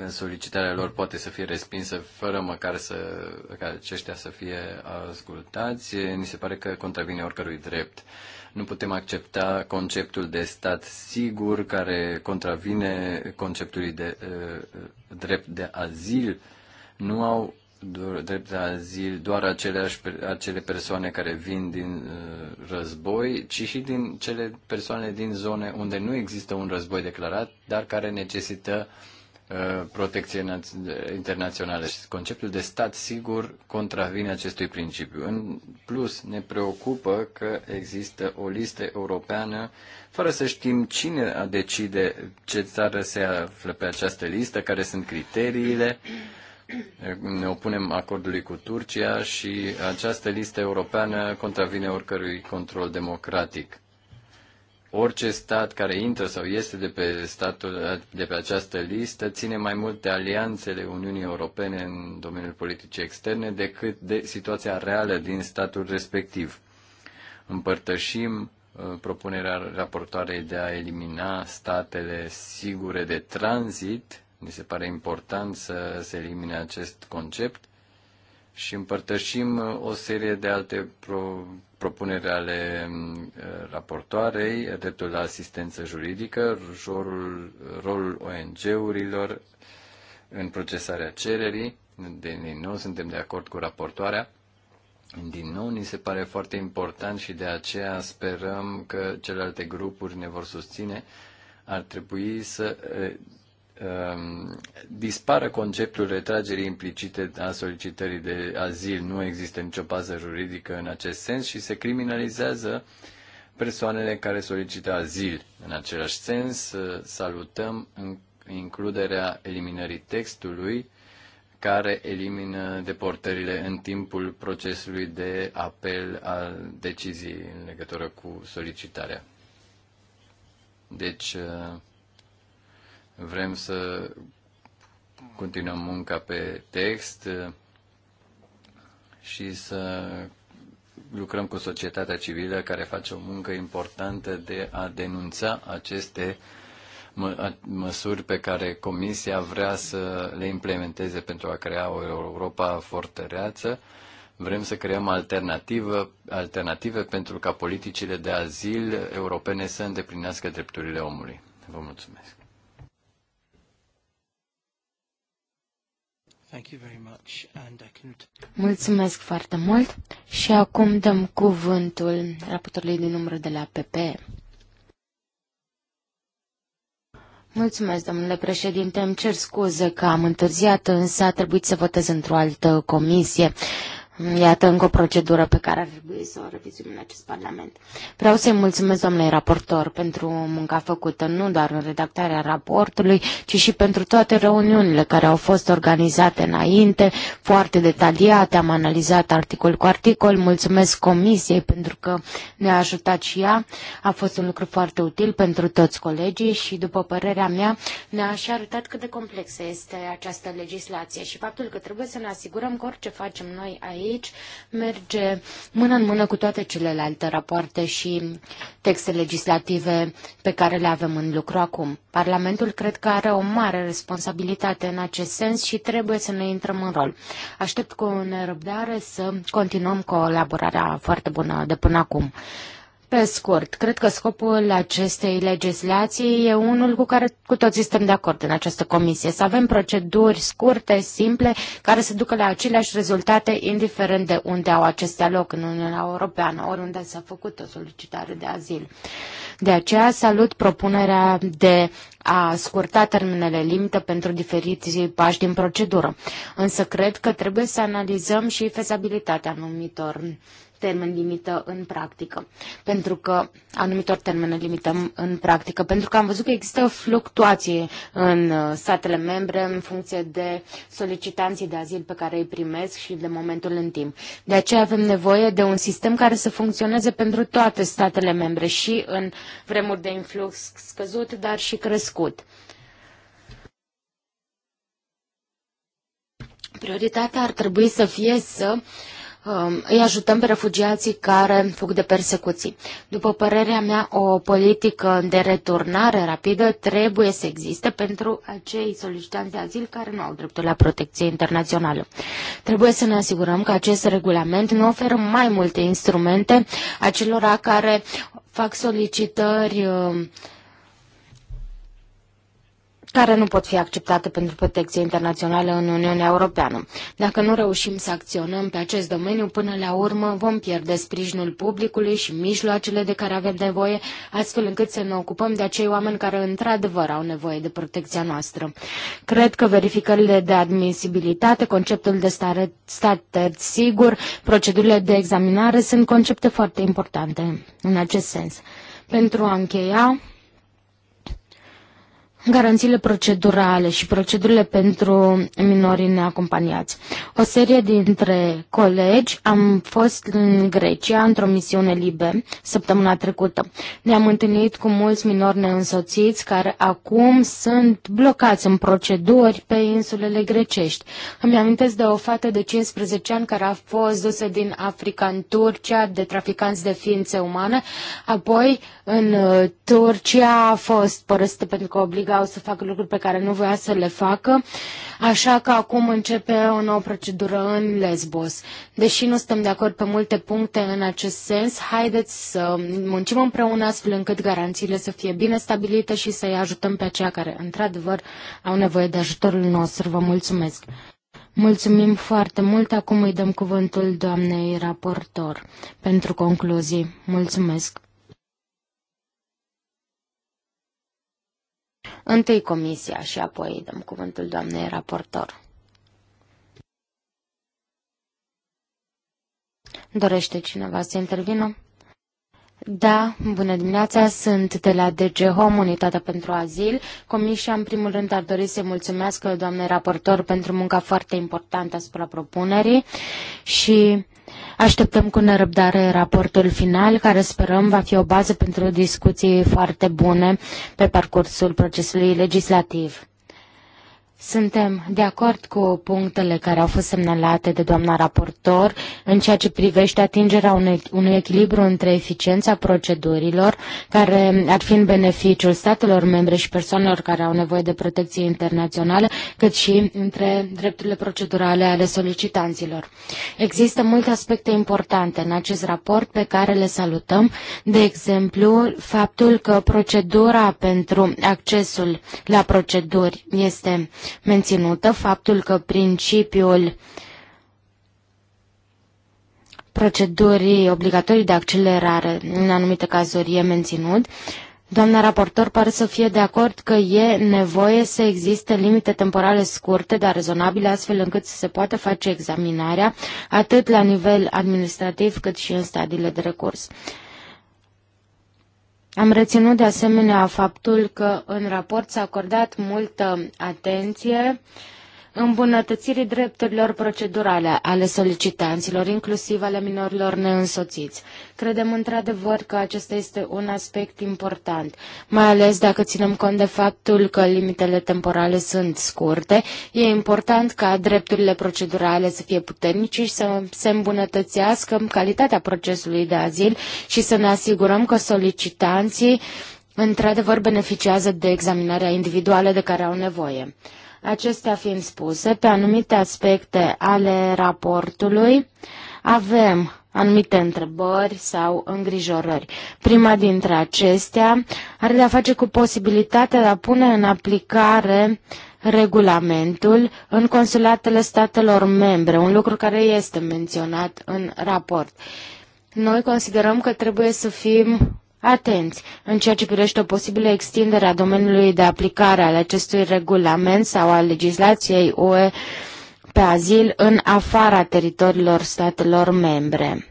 [SPEAKER 1] solicitarea lor poate să fie respinsă fără măcar să, ca aceștia să fie ascultați, ni se pare că contravine oricărui drept. Uh, nu putem accepta conceptul de stat sigur care contravine conceptului de uh, uh drept de azil. Nu au drept de azil doar aceleași, acele persoane care vin din uh, război, ci și din cele persoane din zone unde nu există un război declarat, dar care necesită uh, protecție internațională și conceptul de stat sigur contravine acestui principiu. În plus, ne preocupă că există o listă europeană fără să știm cine decide ce țară se află pe această listă, care sunt criteriile. Ne opunem acordului cu Turcia și această listă europeană contravine oricărui control democratic orice stat care intră sau iese de pe, statul, de pe această listă ține mai mult de alianțele Uniunii Europene în domeniul politicii externe decât de situația reală din statul respectiv. Împărtășim uh, propunerea raportoarei de a elimina statele sigure de tranzit. Mi se pare important să se elimine acest concept și împărtășim uh, o serie de alte pro, propuneri ale mm, uh, raportoarei, dreptul la asistență juridică, rolul, rolul ONG-urilor în procesarea cererii. Din nou suntem de acord cu raportoarea. Din nou, ni se pare foarte important și de aceea sperăm că celelalte grupuri ne vor susține. Ar trebui să uh, um, dispară conceptul retragerii implicite a solicitării de azil. Nu există nicio bază juridică în acest sens și se criminalizează persoanele care solicită azil. În același sens, uh, salutăm includerea eliminării textului care elimină deportările în timpul procesului de apel al deciziei în legătură cu solicitarea. Deci, uh, Vrem să continuăm munca pe text uh, și să lucrăm cu societatea civilă care face o muncă importantă de a denunța aceste mă, măsuri pe care Comisia vrea să le implementeze pentru a crea o Europa fortăreață. Vrem să creăm alternativă, alternative pentru ca politicile de azil europene să îndeplinească drepturile omului. Vă mulțumesc.
[SPEAKER 3] Mulțumesc foarte mult și acum dăm cuvântul raportorului din număr de la PP. Mulțumesc, domnule președinte. Îmi cer scuze că am întârziat, însă a trebuit să votez într-o altă comisie. Iată încă o procedură pe care ar trebui să o revizuim în acest Parlament. Vreau să-i mulțumesc domnului raportor pentru munca făcută nu doar în redactarea raportului, ci și pentru toate reuniunile care au fost organizate înainte, foarte detaliate, am analizat articol cu articol, mulțumesc comisiei pentru că ne-a ajutat și ea, a fost un lucru foarte util pentru toți colegii și, după părerea mea, ne-a și arătat cât de complexă este această legislație și faptul că trebuie să ne asigurăm că orice facem noi aici, aici merge mână în mână cu toate celelalte rapoarte și texte legislative pe care le avem în lucru acum. Parlamentul cred că are o mare responsabilitate în acest sens și trebuie să ne intrăm în rol. Aștept cu nerăbdare să continuăm colaborarea foarte bună de până acum. Pe scurt, cred că scopul acestei legislații e unul cu care cu toții suntem de acord în această comisie, să avem proceduri scurte, simple, care să ducă la aceleași rezultate, indiferent de unde au acestea loc în Uniunea Europeană, oriunde s-a făcut o solicitare de azil. De aceea salut propunerea de a scurta termenele limită pentru diferiți pași din procedură. Însă cred că trebuie să analizăm și fezabilitatea anumitor termen limită în practică, pentru că anumitor termene limităm în practică, pentru că am văzut că există o fluctuație în uh, statele membre în funcție de solicitanții de azil pe care îi primesc și de momentul în timp. De aceea avem nevoie de un sistem care să funcționeze pentru toate statele membre și în vremuri de influx scăzut, dar și crescut. Prioritatea ar trebui să fie să uh, Um, îi ajutăm pe refugiații care fug de persecuții. După părerea mea, o politică de returnare rapidă trebuie să existe pentru acei solicitanți de azil care nu au dreptul la protecție internațională. Trebuie să ne asigurăm că acest regulament nu oferă mai multe instrumente acelora care fac solicitări uh, care nu pot fi acceptate pentru protecție internațională în Uniunea Europeană. Dacă nu reușim să acționăm pe acest domeniu, până la urmă vom pierde sprijinul publicului și mijloacele de care avem nevoie, astfel încât să ne ocupăm de acei oameni care într-adevăr au nevoie de protecția noastră. Cred că verificările de admisibilitate, conceptul de stare, stat sigur, procedurile de examinare sunt concepte foarte importante în acest sens. Pentru a încheia, garanțiile procedurale și procedurile pentru minorii neacompaniați. O serie dintre colegi am fost în Grecia într-o misiune libe săptămâna trecută. Ne-am întâlnit cu mulți minori neînsoțiți care acum sunt blocați în proceduri pe insulele grecești. Îmi amintesc de o fată de 15 ani care a fost dusă din Africa în Turcia de traficanți de ființe umane, apoi în uh, Turcia a fost părăsită pentru că obliga sau să facă lucruri pe care nu voia să le facă, așa că acum începe o nouă procedură în Lesbos. Deși nu suntem de acord pe multe puncte în acest sens, haideți să muncim împreună astfel încât garanțiile să fie bine stabilite și să-i ajutăm pe aceia care, într-adevăr, au nevoie de ajutorul nostru. Vă mulțumesc! Mulțumim foarte mult. Acum îi dăm cuvântul doamnei raportor pentru concluzii. Mulțumesc. Întâi comisia și apoi dăm cuvântul doamnei raportor. Dorește cineva să intervină? Da, bună dimineața, sunt de la DG Home, Unitatea pentru Azil. Comisia, în primul rând, ar dori să-i mulțumesc doamnei raportor pentru munca foarte importantă asupra propunerii și Așteptăm cu nerăbdare raportul final, care sperăm va fi o bază pentru discuții foarte bune pe parcursul procesului legislativ. Suntem de acord cu punctele care au fost semnalate de doamna raportor în ceea ce privește atingerea unui, echilibru între eficiența procedurilor, care ar fi în beneficiul statelor membre și persoanelor care au nevoie de protecție internațională, cât și între drepturile procedurale ale solicitanților. Există multe aspecte importante în acest raport pe care le salutăm, de exemplu faptul că procedura pentru accesul la proceduri este menținută, faptul că principiul procedurii obligatorii de accelerare în anumite cazuri e menținut. Doamna raportor pare să fie de acord că e nevoie să existe limite temporale scurte, dar rezonabile, astfel încât să se poată face examinarea atât la nivel administrativ cât și în stadiile de recurs. Am reținut de asemenea faptul că în raport s-a acordat multă atenție uh, îmbunătățirii drepturilor procedurale ale solicitanților, inclusiv ale minorilor neînsoțiți. Credem într-adevăr că acesta este un aspect important, mai ales dacă ținem cont de faptul că limitele temporale sunt scurte. E important ca drepturile procedurale să fie puternice și să se îmbunătățească calitatea procesului de azil și să ne asigurăm că solicitanții într-adevăr beneficiază de examinarea individuală de care au nevoie. Acestea fiind spuse, pe anumite aspecte ale raportului avem anumite întrebări sau îngrijorări. Prima dintre acestea are de a face cu posibilitatea de a pune în aplicare regulamentul în consulatele statelor membre, un lucru care este menționat în raport. Noi considerăm că trebuie să fim atenți în ceea ce privește o posibilă extindere a domeniului de aplicare al acestui regulament sau al legislației UE pe azil în afara teritoriilor statelor membre.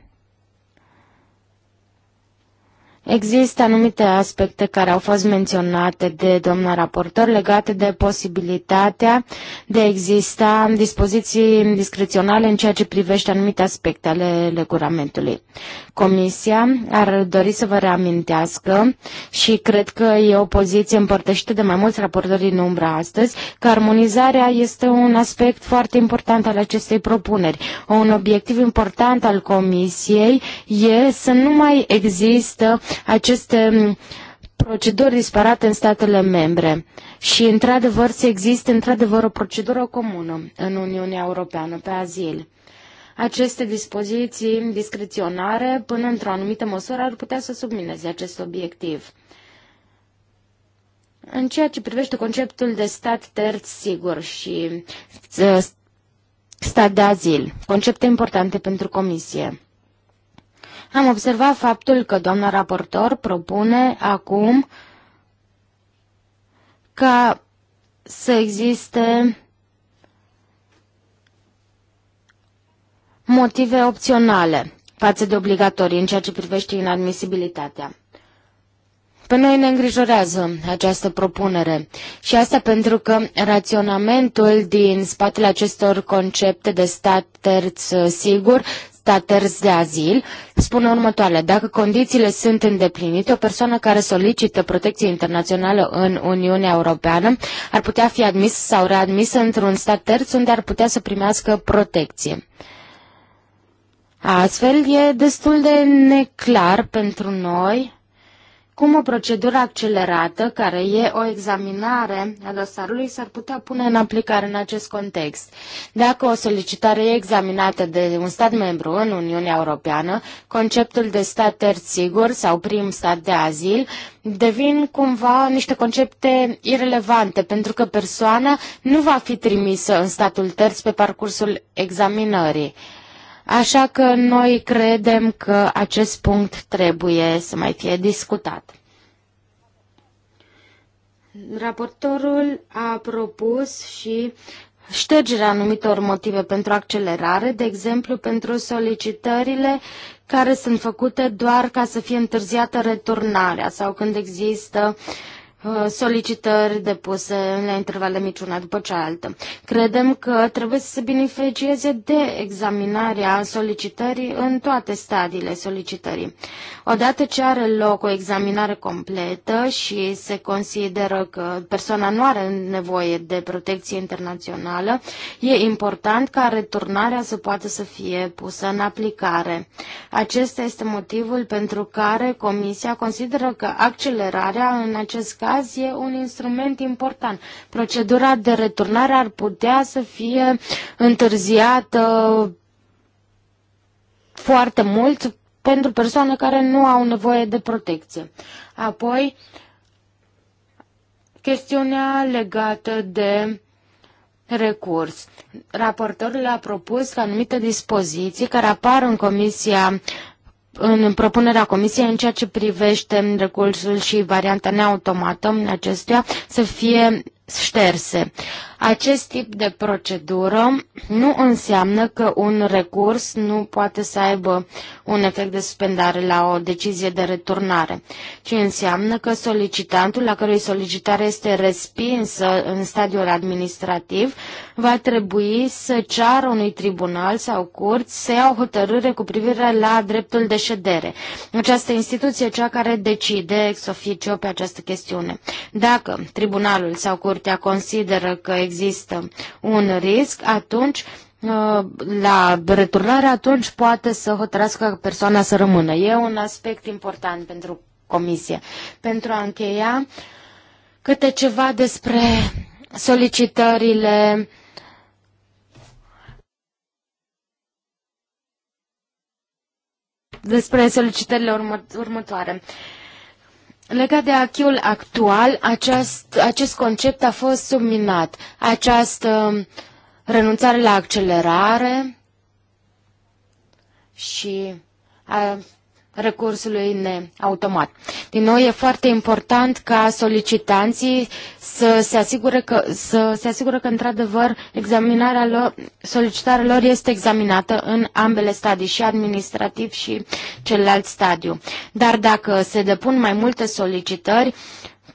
[SPEAKER 3] Există anumite aspecte care au fost menționate de doamna raportor legate de posibilitatea de a exista dispoziții discreționale în ceea ce privește anumite aspecte ale regulamentului. Comisia ar dori să vă reamintească și cred că e o poziție împărtășită de mai mulți raportori din umbra astăzi, că armonizarea este un aspect foarte important al acestei propuneri. Un obiectiv important al Comisiei e să nu mai există aceste mm, proceduri disparate în statele membre și, într-adevăr, se existe, într-adevăr, o procedură comună în Uniunea Europeană pe azil. Aceste dispoziții discreționare, până într-o anumită măsură, ar putea să submineze acest obiectiv. În ceea ce privește conceptul de stat terț sigur și ă, stat de azil, concepte importante pentru Comisie. Am observat faptul că doamna raportor propune acum ca să existe motive opționale față de obligatorii în ceea ce privește inadmisibilitatea. Pe noi ne îngrijorează această propunere și asta pentru că raționamentul din spatele acestor concepte de stat terț sigur staters de azil spune următoarele. Dacă condițiile sunt îndeplinite, o persoană care solicită protecție internațională în Uniunea Europeană ar putea fi admisă sau readmisă într-un stat terț unde ar putea să primească protecție. Astfel, e destul de neclar pentru noi cum o procedură accelerată, care e o examinare a dosarului, s-ar putea pune în aplicare în acest context. Dacă o solicitare e examinată de un stat membru în Uniunea Europeană, conceptul de stat terț sigur sau prim stat de azil devin cumva niște concepte irelevante, pentru că persoana nu va fi trimisă în statul terț pe parcursul examinării. Așa că noi credem că acest punct trebuie să mai fie discutat. Raportorul a propus și ștergerea anumitor motive pentru accelerare, de exemplu pentru solicitările care sunt făcute doar ca să fie întârziată returnarea sau când există uh, Uh, solicitări depuse la intervale mici una după cealaltă. Credem că trebuie să se beneficieze de examinarea solicitării în toate stadiile solicitării. Odată ce are loc o examinare completă și se consideră că persoana nu are nevoie de protecție internațională, e important ca returnarea să poată să fie pusă în aplicare. Acesta este motivul pentru care Comisia consideră că accelerarea în acest caz azi e un instrument important. Procedura de returnare ar putea să fie întârziată foarte mult pentru persoane care nu au nevoie de protecție. Apoi, chestiunea legată de recurs. Raportorul a propus că anumite dispoziții care apar în Comisia în propunerea comisiei în ceea ce privește recursul și varianta neautomată acestuia să fie șterse. Acest tip de procedură nu înseamnă că un recurs nu poate să aibă un efect de suspendare la o decizie de returnare, ci înseamnă că solicitantul, la cărui solicitare este respinsă în stadiul administrativ, va trebui să ceară unui tribunal sau curți să ia o hotărâre cu privire la dreptul de ședere. Această instituție e cea care decide ex officio pe această chestiune. Dacă tribunalul sau curtea consideră că există un risc, atunci uh, la returnare atunci poate să hotărască persoana să rămână. E un aspect important pentru comisie. Pentru a încheia câte ceva despre solicitările despre solicitările urmă, următoare. Uh, Legat de achiul actual, aceast, acest concept a fost subminat. Această um, renunțare la accelerare și a uh, recursului neautomat. Din nou, e foarte important ca solicitanții să se asigure că, să se asigure că într-adevăr, examinarea lor, solicitarea lor este examinată în ambele stadii, și administrativ și celălalt stadiu. Dar dacă se depun mai multe solicitări,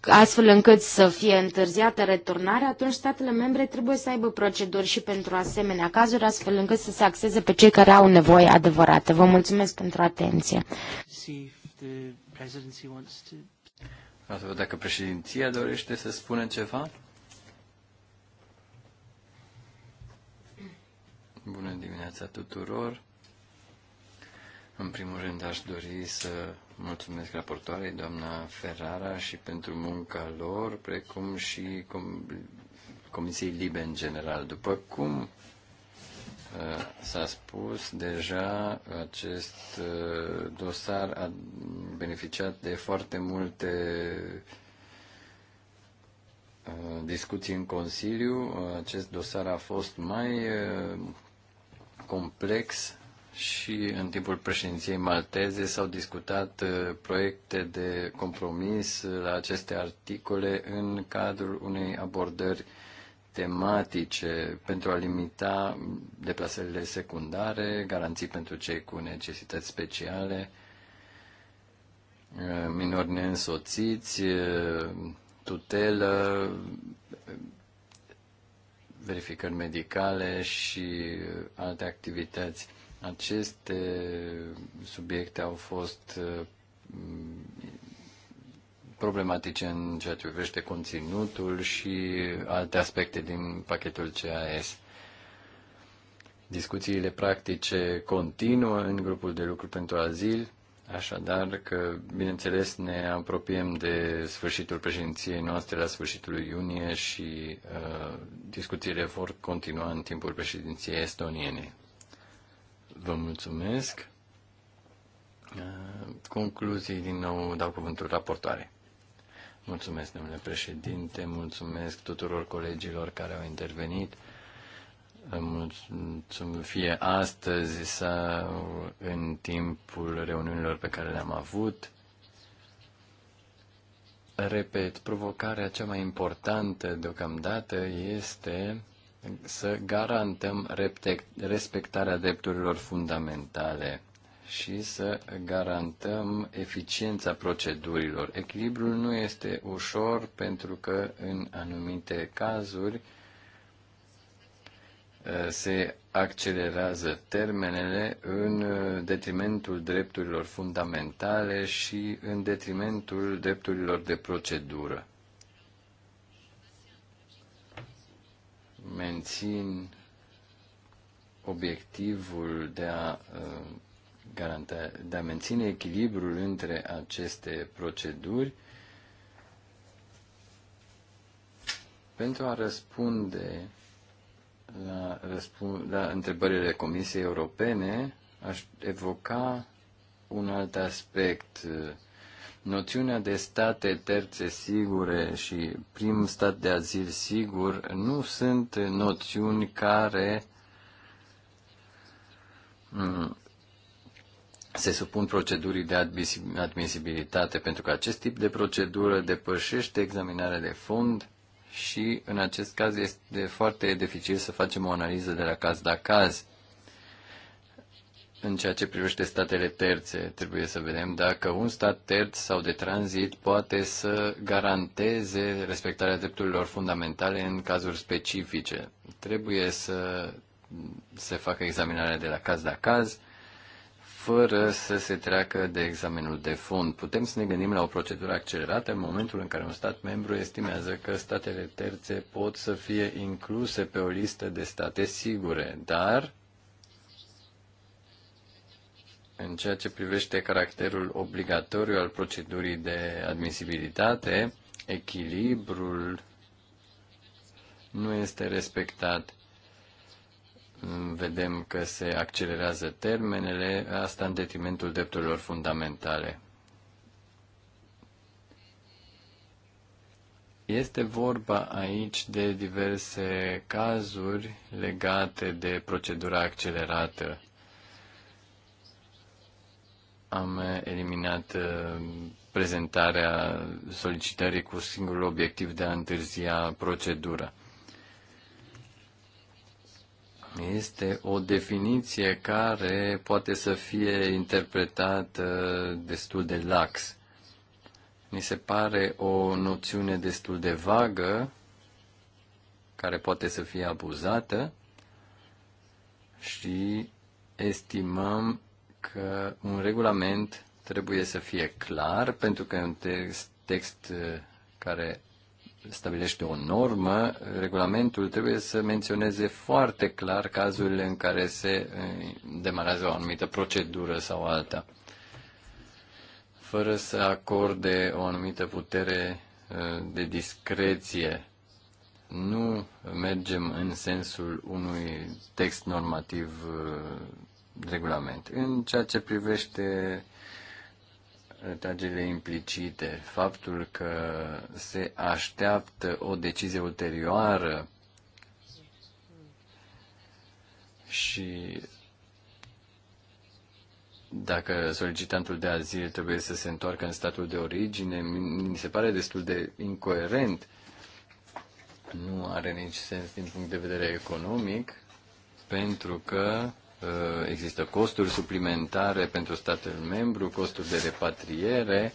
[SPEAKER 3] astfel încât să fie întârziată returnarea, atunci statele membre trebuie să aibă proceduri și pentru asemenea cazuri, astfel încât să se axeze pe cei care au nevoie adevărată. Vă mulțumesc pentru atenție.
[SPEAKER 1] Vreau să văd dacă președinția dorește să spună ceva. Bună dimineața tuturor! În primul rând aș dori să Mulțumesc raportoarei, doamna Ferrara, și pentru munca lor, precum și com- Comisiei Libe în general. După cum uh, s-a spus deja, acest uh, dosar a beneficiat de foarte multe uh, discuții în Consiliu. Acest dosar a fost mai complex și în timpul președinției malteze s-au discutat uh, proiecte de compromis uh, la aceste articole în cadrul unei abordări tematice pentru a limita deplasările secundare, garanții pentru cei cu necesități speciale, uh, minori neînsoțiți, tutelă, verificări medicale și alte activități aceste subiecte au fost mm, problematice în ceea ce privește conținutul și alte aspecte din pachetul CAS. Discuțiile practice continuă în grupul de lucru pentru azil, așadar că, bineînțeles, ne apropiem de sfârșitul președinției noastre la sfârșitul iunie și uh, discuțiile vor continua în timpul președinției estoniene. Vă mulțumesc. Eh, concluzii, din nou, dau cuvântul raportoare. Mulțumesc, domnule președinte, mulțumesc tuturor colegilor care au intervenit. Mulțumesc fie astăzi sau în timpul reuniunilor pe care le-am avut. Repet, provocarea cea mai importantă deocamdată este să garantăm respectarea drepturilor fundamentale și să garantăm eficiența procedurilor. Echilibrul nu este ușor pentru că în anumite cazuri ă, se accelerează termenele în detrimentul drepturilor fundamentale și în detrimentul drepturilor de procedură. mențin obiectivul de a uh, garanta, de a menține echilibrul între aceste proceduri pentru a răspunde la, răspund, la întrebările Comisiei Europene, aș evoca un alt aspect uh, Noțiunea de state terțe sigure și prim stat de azil sigur nu sunt noțiuni care mm, se supun procedurii de admisibilitate, pentru că acest tip de procedură depășește examinarea de fond și în acest caz este foarte dificil să facem o analiză de la caz la caz. În ceea ce privește statele terțe, trebuie să vedem dacă un stat terț sau de tranzit poate să garanteze respectarea drepturilor fundamentale în cazuri specifice. Trebuie să se facă examinarea de la caz la caz, fără să se treacă de examenul de fond. Putem să ne gândim la o procedură accelerată în momentul în care un stat membru estimează că statele terțe pot să fie incluse pe o listă de state sigure, dar în ceea ce privește caracterul obligatoriu al procedurii de admisibilitate, echilibrul nu este respectat. Vedem că se accelerează termenele, asta în detrimentul drepturilor fundamentale. Este vorba aici de diverse cazuri legate de procedura accelerată am eliminat uh, prezentarea solicitării cu singurul obiectiv de a întârzia procedura. Este o definiție care poate să fie interpretată destul de lax. Mi se pare o noțiune destul de vagă, care poate să fie abuzată și estimăm că un regulament trebuie să fie clar, pentru că un text, text uh, care stabilește o normă, regulamentul trebuie să menționeze foarte clar cazurile în care se uh, demarează o anumită procedură sau alta, fără să acorde o anumită putere uh, de discreție. Nu mergem în sensul unui text normativ regulament. În ceea ce privește uh, tagele implicite, faptul că se așteaptă o decizie ulterioară și dacă solicitantul de azil trebuie să se întoarcă în statul de origine, mi se pare destul de incoerent. Nu are nici sens din punct de vedere economic, pentru că Uh, există costuri suplimentare pentru statul membru, costuri de repatriere,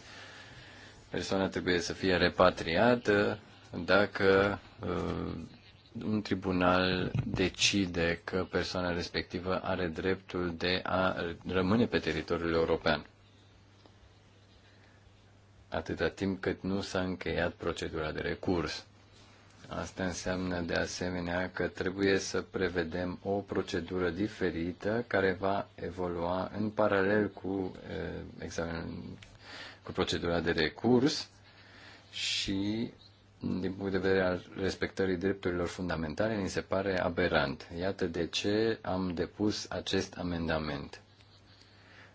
[SPEAKER 1] persoana trebuie să fie repatriată dacă uh, un tribunal decide că persoana respectivă are dreptul de a rămâne pe teritoriul european. Atâta timp cât nu s-a încheiat procedura de recurs. Asta înseamnă de asemenea că trebuie să prevedem o procedură diferită care va evolua în paralel cu examen, cu procedura de recurs și din punct de vedere al respectării drepturilor fundamentale, mi se pare aberant. Iată de ce am depus acest amendament.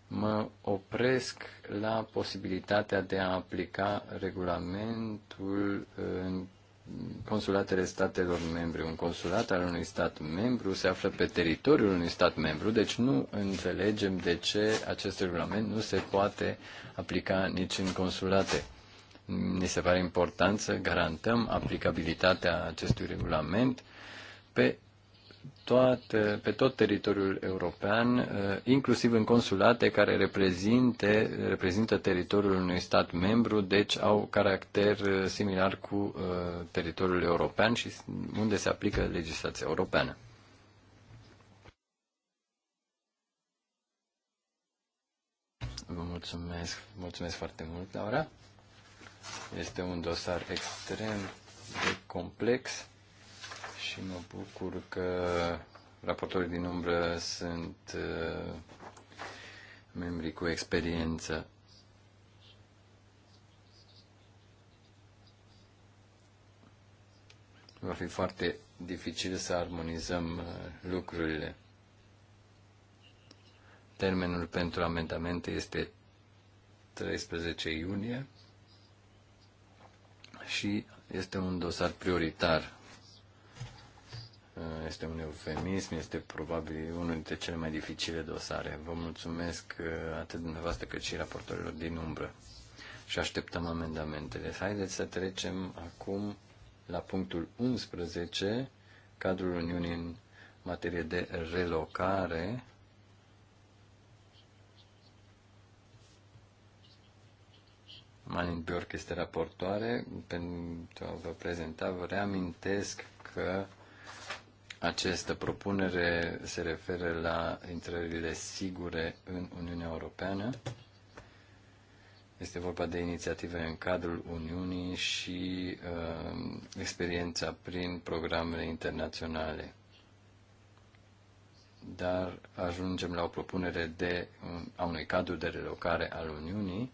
[SPEAKER 1] Mă opresc la posibilitatea de a aplica regulamentul în consulatele statelor membre. Un consulat al unui stat membru se află pe teritoriul unui stat membru, deci nu înțelegem de ce acest regulament nu se poate aplica nici în consulate. Ni se pare important să garantăm aplicabilitatea acestui regulament pe toată, pe tot teritoriul european, uh, inclusiv în consulate care reprezinte, reprezintă teritoriul unui stat membru, deci au caracter uh, similar cu uh, teritoriul european și unde se aplică legislația europeană. Vă mulțumesc, mulțumesc foarte mult, Laura. Este un dosar extrem de complex și mă bucur că raportorii din umbră sunt uh, membri cu experiență. Va fi foarte dificil să armonizăm uh, lucrurile. Termenul pentru amendamente este 13 iunie și este un dosar prioritar este un eufemism, este probabil unul dintre cele mai dificile dosare. Vă mulțumesc uh, atât dumneavoastră cât și raportorilor din umbră și așteptăm amendamentele. Haideți să trecem acum la punctul 11, cadrul Uniunii în materie de relocare. Manin Bjork este raportoare. Pentru a vă prezenta, vă reamintesc că această propunere se referă la intrările sigure în Uniunea Europeană. Este vorba de inițiative în cadrul Uniunii și uh, experiența prin programele internaționale. Dar ajungem la o propunere de, a unui cadru de relocare al Uniunii.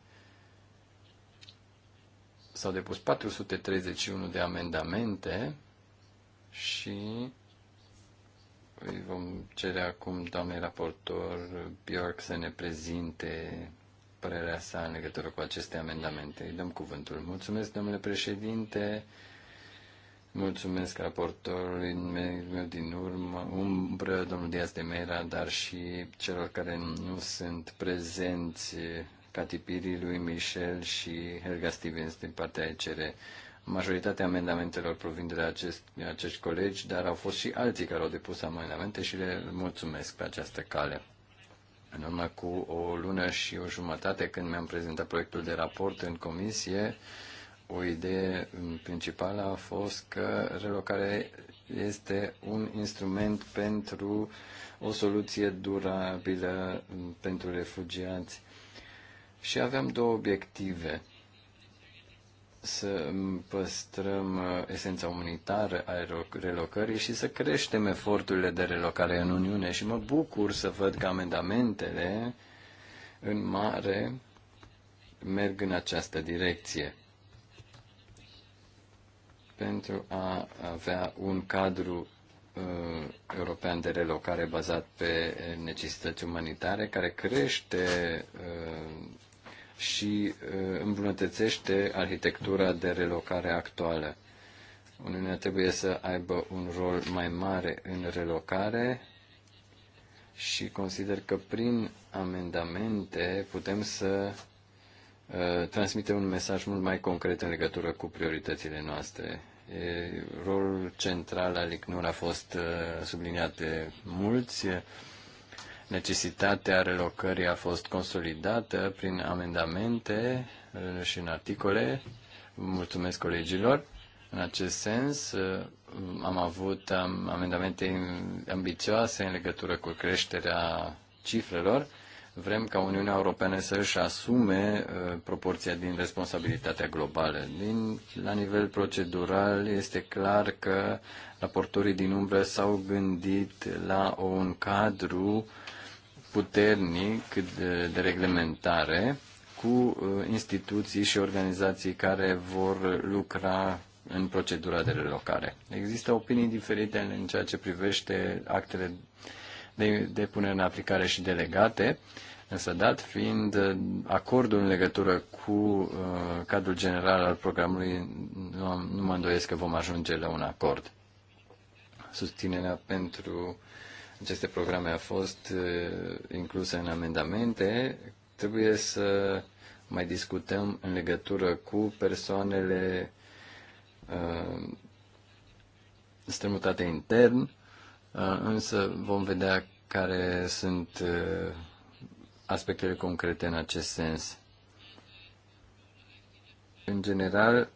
[SPEAKER 1] S-au depus 431 de amendamente și îi vom cere acum doamnei raportor Bjork să ne prezinte părerea sa în legătură cu aceste amendamente. Îi dăm cuvântul. Mulțumesc, domnule președinte. Mulțumesc raportorului meu din urmă, umbră, domnul Diaz de Mera, dar și celor care nu sunt prezenți, Catipirii lui Michel și Helga Stevens din partea ECR. Majoritatea amendamentelor provin de la acest, de acești colegi, dar au fost și alții care au depus amendamente și le mulțumesc pe această cale. În urmă cu o lună și o jumătate, când mi-am prezentat proiectul de raport în comisie, o idee principală a fost că relocarea este un instrument pentru o soluție durabilă pentru refugiați. Și aveam două obiective să păstrăm uh, esența umanitară a relocării și să creștem eforturile de relocare în Uniune. Și mă bucur să văd că amendamentele în mare merg în această direcție pentru a avea un cadru uh, european de relocare bazat pe necesități umanitare care crește uh, și uh, îmbunătățește arhitectura de relocare actuală. Uniunea trebuie să aibă un rol mai mare în relocare și consider că prin amendamente putem să uh, transmite un mesaj mult mai concret în legătură cu prioritățile noastre. Rolul central al ICNUR a fost uh, subliniat de mulți. Necesitatea relocării a fost consolidată prin amendamente uh, și în articole. Mulțumesc colegilor. În acest sens, uh, am avut amendamente ambițioase în legătură cu creșterea cifrelor. Vrem ca Uniunea Europeană să își asume uh, proporția din responsabilitatea globală. Din, la nivel procedural, este clar că raportorii din umbră s-au gândit la un cadru puternic de, de reglementare cu uh, instituții și organizații care vor lucra în procedura de relocare. Există opinii diferite în ceea ce privește actele de, de punere în aplicare și delegate, însă dat fiind uh, acordul în legătură cu uh, cadrul general al programului, nu, nu mă îndoiesc că vom ajunge la un acord. Susținerea pentru aceste programe au fost uh, incluse în amendamente, trebuie să mai discutăm în legătură cu persoanele uh, strămutate intern, uh, însă vom vedea care sunt aspectele concrete în acest sens. În general,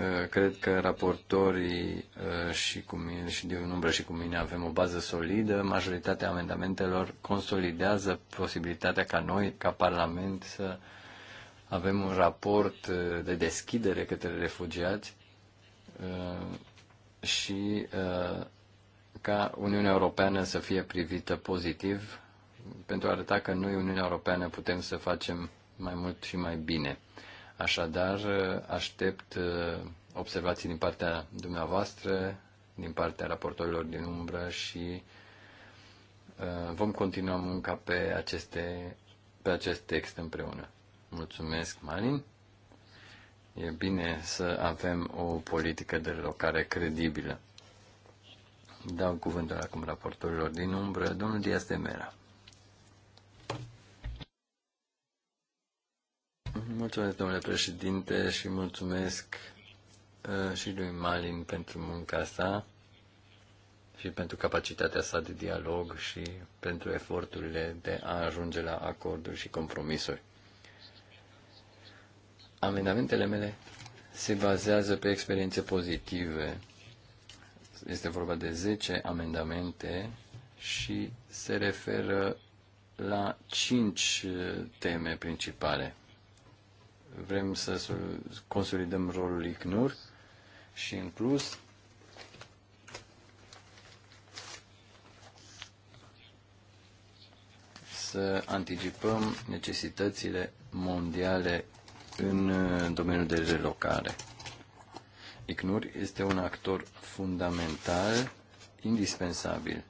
[SPEAKER 1] Eh, cred că raportorii eh, și, cu mine, și din umbră și cu mine avem o bază solidă. Majoritatea amendamentelor consolidează posibilitatea ca noi, ca Parlament, să avem un raport eh, de deschidere către refugiați și ca Uniunea Europeană să fie privită pozitiv pentru a arăta că noi, Uniunea Europeană, putem să facem mai mult și mai bine. Așadar, aștept uh, observații din partea dumneavoastră, din partea raportorilor din umbră și uh, vom continua munca pe, aceste, pe acest text împreună. Mulțumesc, Marin. E bine să avem o politică de relocare credibilă. Dau cuvântul acum raportorilor din umbră, domnul Diaz de Mera. Mulțumesc, domnule președinte, și mulțumesc uh, și lui Malin pentru munca sa și pentru capacitatea sa de dialog și pentru eforturile de a ajunge la acorduri și compromisuri. Amendamentele mele se bazează pe experiențe pozitive. Este vorba de 10 amendamente și se referă la 5 teme principale vrem să consolidăm rolul ICNUR și în plus să anticipăm necesitățile mondiale în uh, domeniul de relocare. ICNUR este un actor fundamental, indispensabil,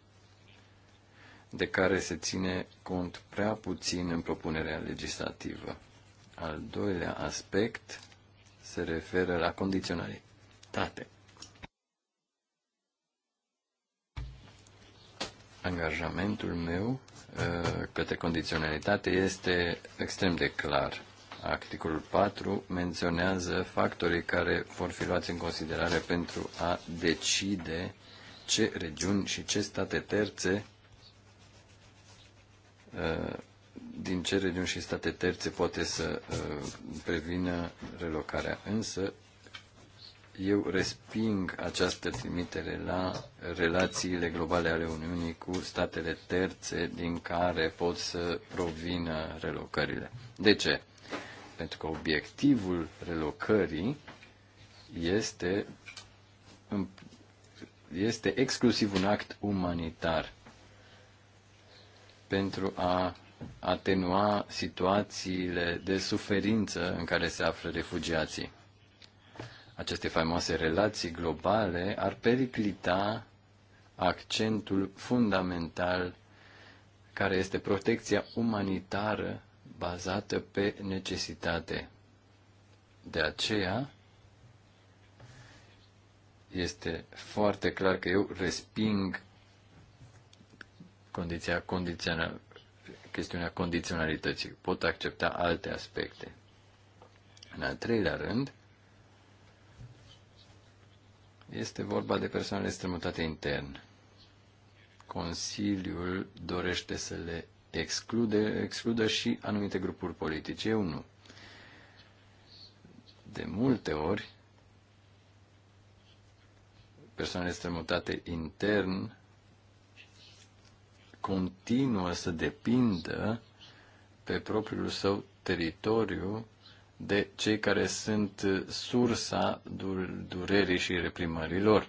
[SPEAKER 1] de care se ține cont prea puțin în propunerea legislativă. Al doilea aspect se referă la condiționalitate. Angajamentul meu uh, către condiționalitate este extrem de clar. Articolul 4 menționează factorii care vor fi luați în considerare pentru a decide ce regiuni și ce state terțe uh, din ce regiuni și state terțe poate să uh, prevină relocarea. Însă, eu resping această trimitere la relațiile globale ale Uniunii cu statele terțe din care pot să provină relocările. De ce? Pentru că obiectivul relocării este, este exclusiv un act umanitar pentru a atenua situațiile de suferință în care se află refugiații. Aceste faimoase relații globale ar periclita accentul fundamental care este protecția umanitară bazată pe necesitate. De aceea, este foarte clar că eu resping condiția condițional, chestiunea condiționalității. Pot accepta alte aspecte. În al treilea rând, este vorba de persoanele strămutate intern. Consiliul dorește să le exclude, excludă și anumite grupuri politice. Eu nu. De multe ori, persoanele strămutate intern continuă să depindă pe propriul său teritoriu de cei care sunt sursa durerii și reprimărilor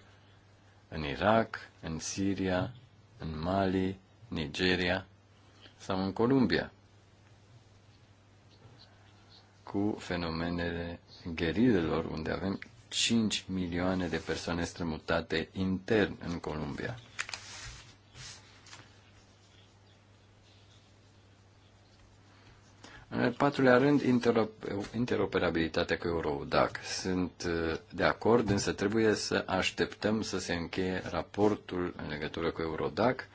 [SPEAKER 1] în Irak, în Siria, în Mali, Nigeria sau în Columbia, cu fenomenele gherilelor, unde avem 5 milioane de persoane strămutate intern în Columbia. În al patrulea rând, interoperabilitatea cu Eurodac. Sunt uh, de acord, însă trebuie să așteptăm să se încheie raportul în legătură cu Eurodac,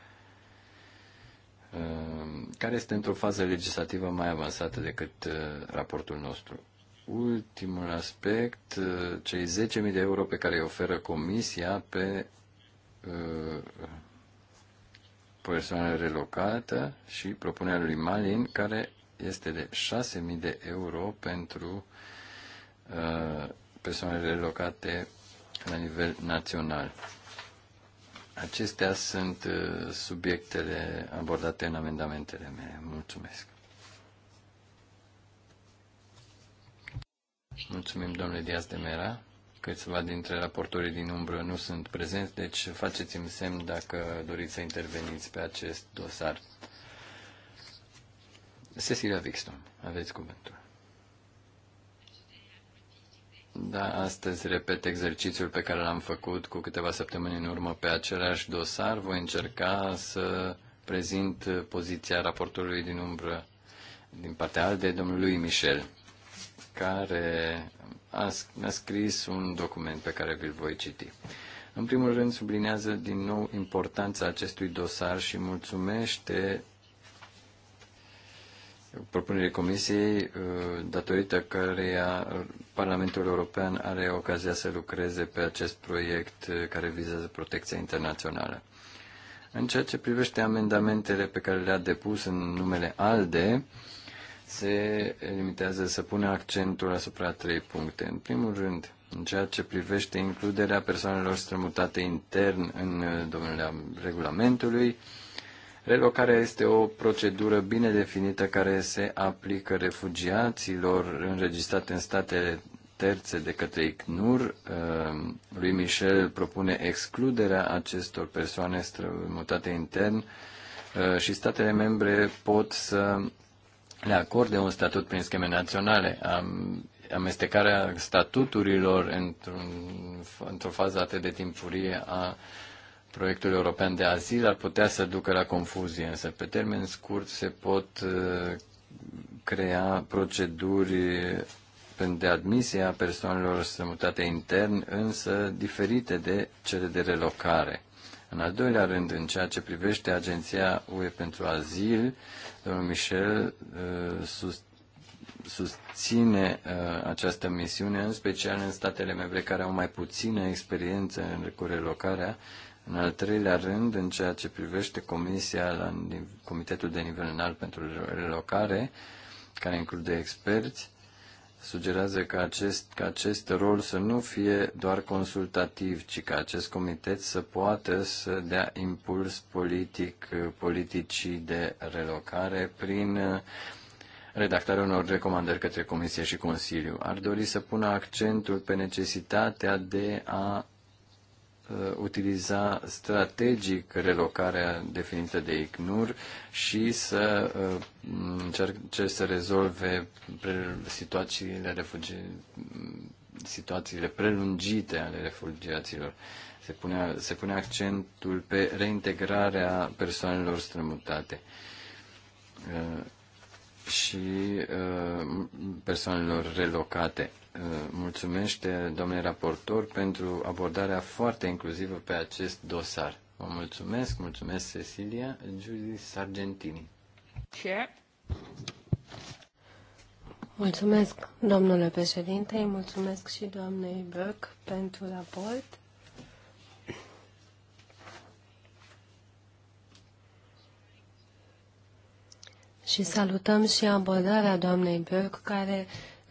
[SPEAKER 1] uh, care este într-o fază legislativă mai avansată decât uh, raportul nostru. Ultimul aspect, cei 10.000 de euro pe care îi oferă Comisia pe persoană relocată și propunerea lui Malin, care este de 6.000 de euro pentru uh, persoanele relocate la nivel național. Acestea sunt uh, subiectele abordate în amendamentele mele. Mulțumesc. Mulțumim, domnule Diaz de Mera. Câțiva dintre raportorii din umbră nu sunt prezenți, deci faceți-mi semn dacă doriți să interveniți pe acest dosar. Cecilia Wikström, aveți cuvântul. Da, astăzi repet exercițiul pe care l-am făcut cu câteva săptămâni în urmă pe același dosar. Voi încerca să prezint poziția raportorului din umbră din partea ALDE, domnului Michel, care a, a scris un document pe care vi-l voi citi. În primul rând, sublinează din nou importanța acestui dosar și mulțumește propunerile Comisiei, uh, datorită căreia Parlamentul European are ocazia să lucreze pe acest proiect uh, care vizează protecția internațională. În ceea ce privește amendamentele pe care le-a depus în numele ALDE, se limitează să pună accentul asupra trei puncte. În primul rând, în ceea ce privește includerea persoanelor strămutate intern în uh, domeniul regulamentului, Relocarea este o procedură bine definită care se aplică refugiaților înregistrate în statele terțe de către ICNUR. Ehm, lui Michel propune excluderea acestor persoane strămutate intern ehm, și statele membre pot să le acorde un statut prin scheme naționale. Amestecarea statuturilor într-o într fază atât de timpurie a proiectul european de azil ar putea să ducă la confuzie, însă pe termen scurt se pot uh, crea proceduri de admisie a persoanelor strămutate intern, însă diferite de cele de relocare. În al doilea rând, în ceea ce privește Agenția UE pentru Azil, domnul Michel uh, sus, susține uh, această misiune, în special în statele membre care au mai puțină experiență în, cu relocarea în al treilea rând, în ceea ce privește comisia la Comitetul de Nivel Înalt pentru Relocare, care include experți, sugerează că acest, că acest rol să nu fie doar consultativ, ci că acest comitet să poată să dea impuls politic politicii de relocare prin uh, redactarea unor recomandări către Comisie și Consiliu. Ar dori să pună accentul pe necesitatea de a Uh, utiliza strategic relocarea definită de ICNUR și să uh, încerce să rezolve situațiile, refugi, situațiile prelungite ale refugiaților. Se pune, se pune accentul pe reintegrarea persoanelor strămutate uh, și persoanelor relocate mulțumește domnului raportor pentru abordarea foarte inclusivă pe acest dosar. Vă mulțumesc, mulțumesc Cecilia, Judy Sargentini.
[SPEAKER 4] Ce?
[SPEAKER 2] Mulțumesc, domnule președinte, mulțumesc și doamnei Böck pentru raport. Și salutăm și abordarea doamnei Böck care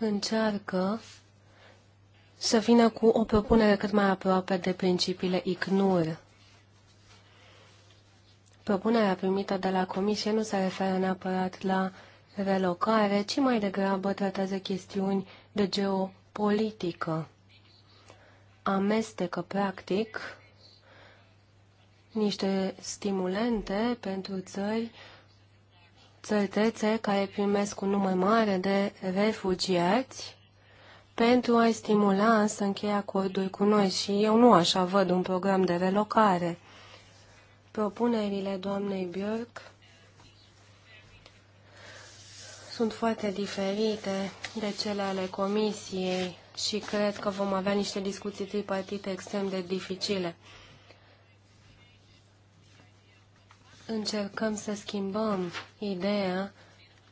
[SPEAKER 2] încearcă să vină cu o propunere cât mai aproape de principiile ICNUR. Propunerea primită de la Comisie nu se referă neapărat la relocare, ci mai degrabă tratează chestiuni de geopolitică. Amestecă, practic, niște stimulente pentru țări țări care primesc un număr mare de refugiați pentru a-i stimula să încheie acorduri cu noi și eu nu așa văd un program de relocare. Propunerile doamnei Björk sunt foarte diferite de cele ale comisiei și cred că vom avea niște discuții tripartite extrem de dificile. încercăm să schimbăm ideea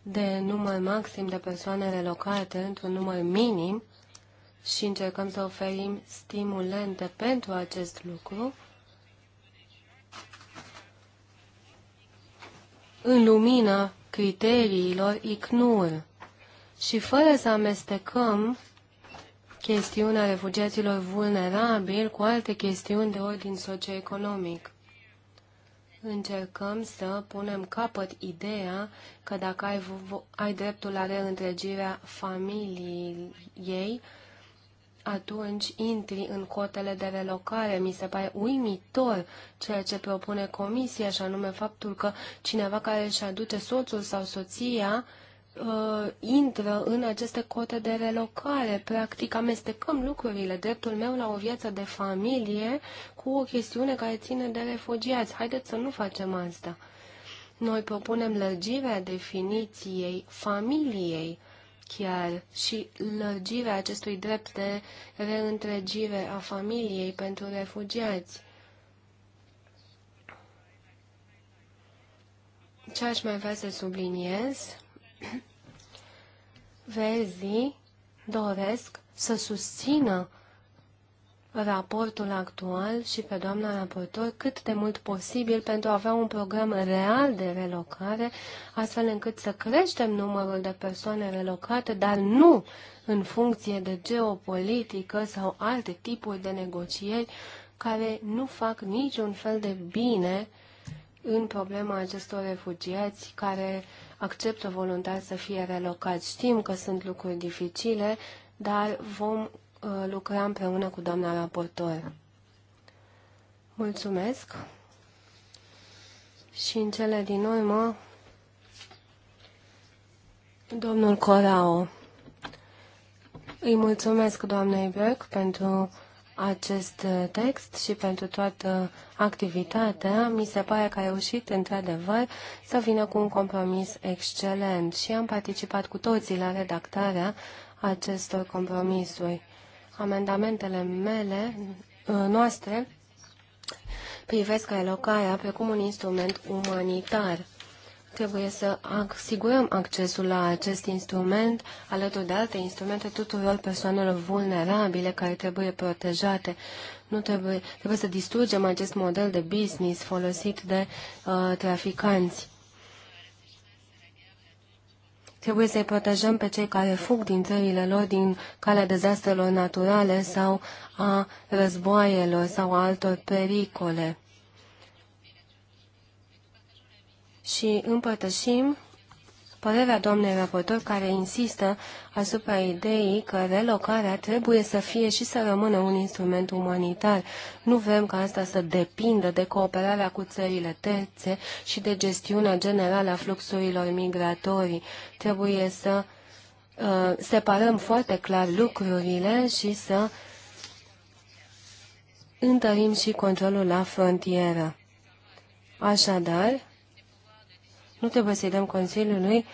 [SPEAKER 2] de număr maxim de persoane relocate într-un număr minim și încercăm să oferim stimulente pentru acest lucru în lumina criteriilor ICNUR și fără să amestecăm chestiunea refugiaților vulnerabili cu alte chestiuni de ordin socioeconomic încercăm să punem capăt ideea că dacă ai, ai dreptul la reîntregirea familiei, atunci intri în cotele de relocare. Mi se pare uimitor ceea ce propune comisia, și anume faptul că cineva care își aduce soțul sau soția uh, intră în aceste cote de relocare. Practic amestecăm lucrurile. Dreptul meu la o viață de familie cu o chestiune care ține de refugiați. Haideți să nu facem asta. Noi propunem lărgirea definiției familiei, chiar și lărgirea acestui drept de reîntregire a familiei pentru refugiați. Ce aș mai vrea să subliniez? Verzii doresc să susțină raportul actual și pe doamna raportor cât de mult posibil pentru a avea un program real de relocare, astfel încât să creștem numărul de persoane relocate, dar nu în funcție de geopolitică sau alte tipuri de negocieri care nu fac niciun fel de bine în problema acestor refugiați care acceptă voluntar să fie relocați. Știm că sunt lucruri dificile, dar vom Uh, lucra împreună cu doamna raportor. Mulțumesc și în cele din urmă domnul Corao. Îi mulțumesc doamnei Berg pentru acest text și pentru toată activitatea. Mi se pare că a reușit, într-adevăr, să vină cu un compromis excelent și am participat cu toții la redactarea acestor compromisuri. Amendamentele mele, uh, noastre, privesc alocarea precum un instrument umanitar. Trebuie să asigurăm accesul la acest instrument, alături de alte instrumente, tuturor persoanelor vulnerabile care trebuie protejate. Nu trebuie, trebuie să distrugem acest model de business folosit de uh, traficanți. Trebuie să-i protejăm pe cei care fug din țările lor din calea dezastrelor naturale sau a războaielor sau a altor pericole. Și împărtășim Părerea doamnei raportor care insistă asupra ideii că relocarea trebuie să fie și să rămână un instrument umanitar. Nu vrem ca asta să depindă de cooperarea cu țările terțe și de gestiunea generală a fluxurilor migratorii. Trebuie să uh, separăm foarte clar lucrurile și să întărim și controlul la frontieră. Așadar, nu trebuie să-i dăm Consiliului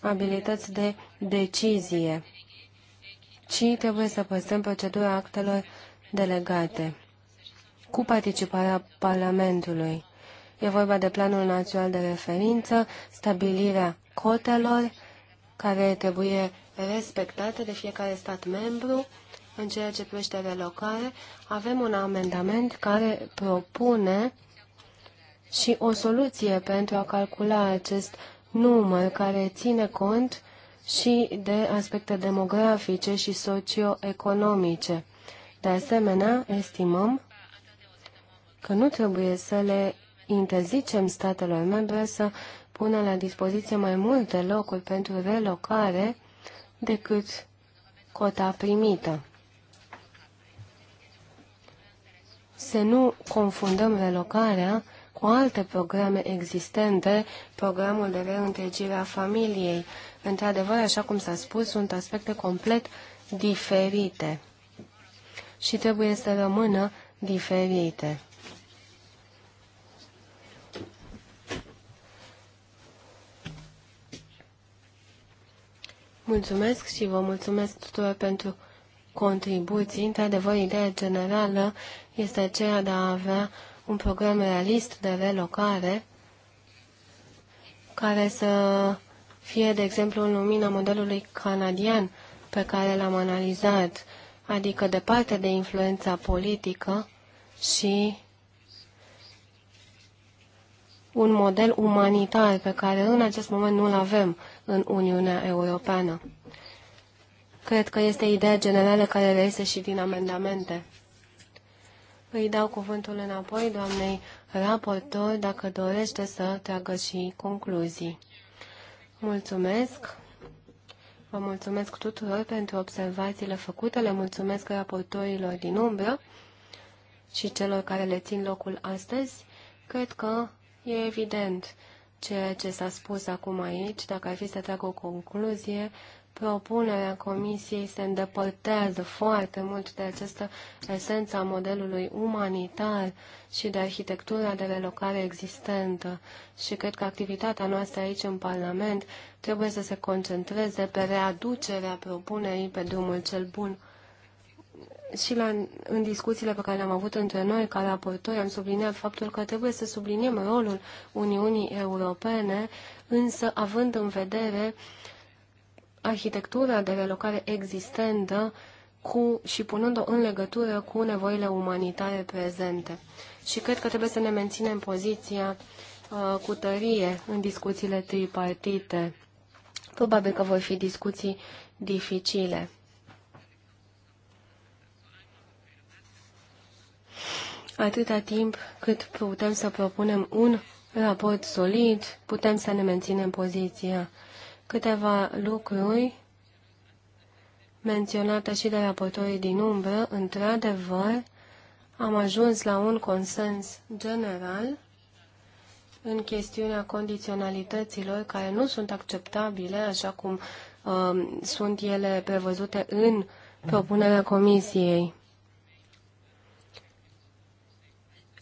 [SPEAKER 2] abilități de decizie, ci trebuie să păstrăm procedura actelor delegate cu participarea Parlamentului. E vorba de planul național de referință, stabilirea cotelor care trebuie respectate de fiecare stat membru în ceea ce privește relocare. Avem un amendament care propune și o soluție pentru a calcula acest număr care ține cont și de aspecte demografice și socioeconomice. De asemenea, estimăm că nu trebuie să le interzicem statelor membre să pună la dispoziție mai multe locuri pentru relocare decât cota primită. Să nu confundăm relocarea cu alte programe existente, programul de reîntregire a familiei. Într-adevăr, așa cum s-a spus, sunt aspecte complet diferite și trebuie să rămână diferite. Mulțumesc și vă mulțumesc tuturor pentru contribuții. Într-adevăr, ideea generală este aceea de a avea un program realist de relocare care să fie, de exemplu, în lumina modelului canadian pe care l-am analizat, adică departe de influența politică și un model umanitar pe care în acest moment nu-l avem în Uniunea Europeană. Cred că este ideea generală care reiese și din amendamente. Îi dau cuvântul înapoi doamnei raportor dacă dorește să tragă și concluzii. Mulțumesc! Vă mulțumesc tuturor pentru observațiile făcute, le mulțumesc raportorilor din umbră și celor care le țin locul astăzi. Cred că e evident ceea ce s-a spus acum aici, dacă ar fi să trag o concluzie, Propunerea Comisiei se îndepărtează foarte mult de această esență a modelului umanitar și de arhitectura de relocare existentă și cred că activitatea noastră aici în Parlament trebuie să se concentreze pe readucerea propunerii pe drumul cel bun. Și la, în discuțiile pe care le-am avut între noi, ca raportori, am subliniat faptul că trebuie să subliniem rolul Uniunii Europene, însă având în vedere uh, arhitectura de relocare existentă cu, și punând-o în legătură cu nevoile umanitare prezente. Și cred că trebuie să ne menținem poziția uh, cu tărie în discuțiile tripartite. Probabil că vor fi discuții dificile. Atâta timp cât putem să propunem un raport solid, putem să ne menținem poziția câteva lucruri menționate și de raportorii din umbră. Într-adevăr, am ajuns la un consens general în chestiunea condiționalităților care nu sunt acceptabile așa cum uh, sunt ele prevăzute în propunerea comisiei.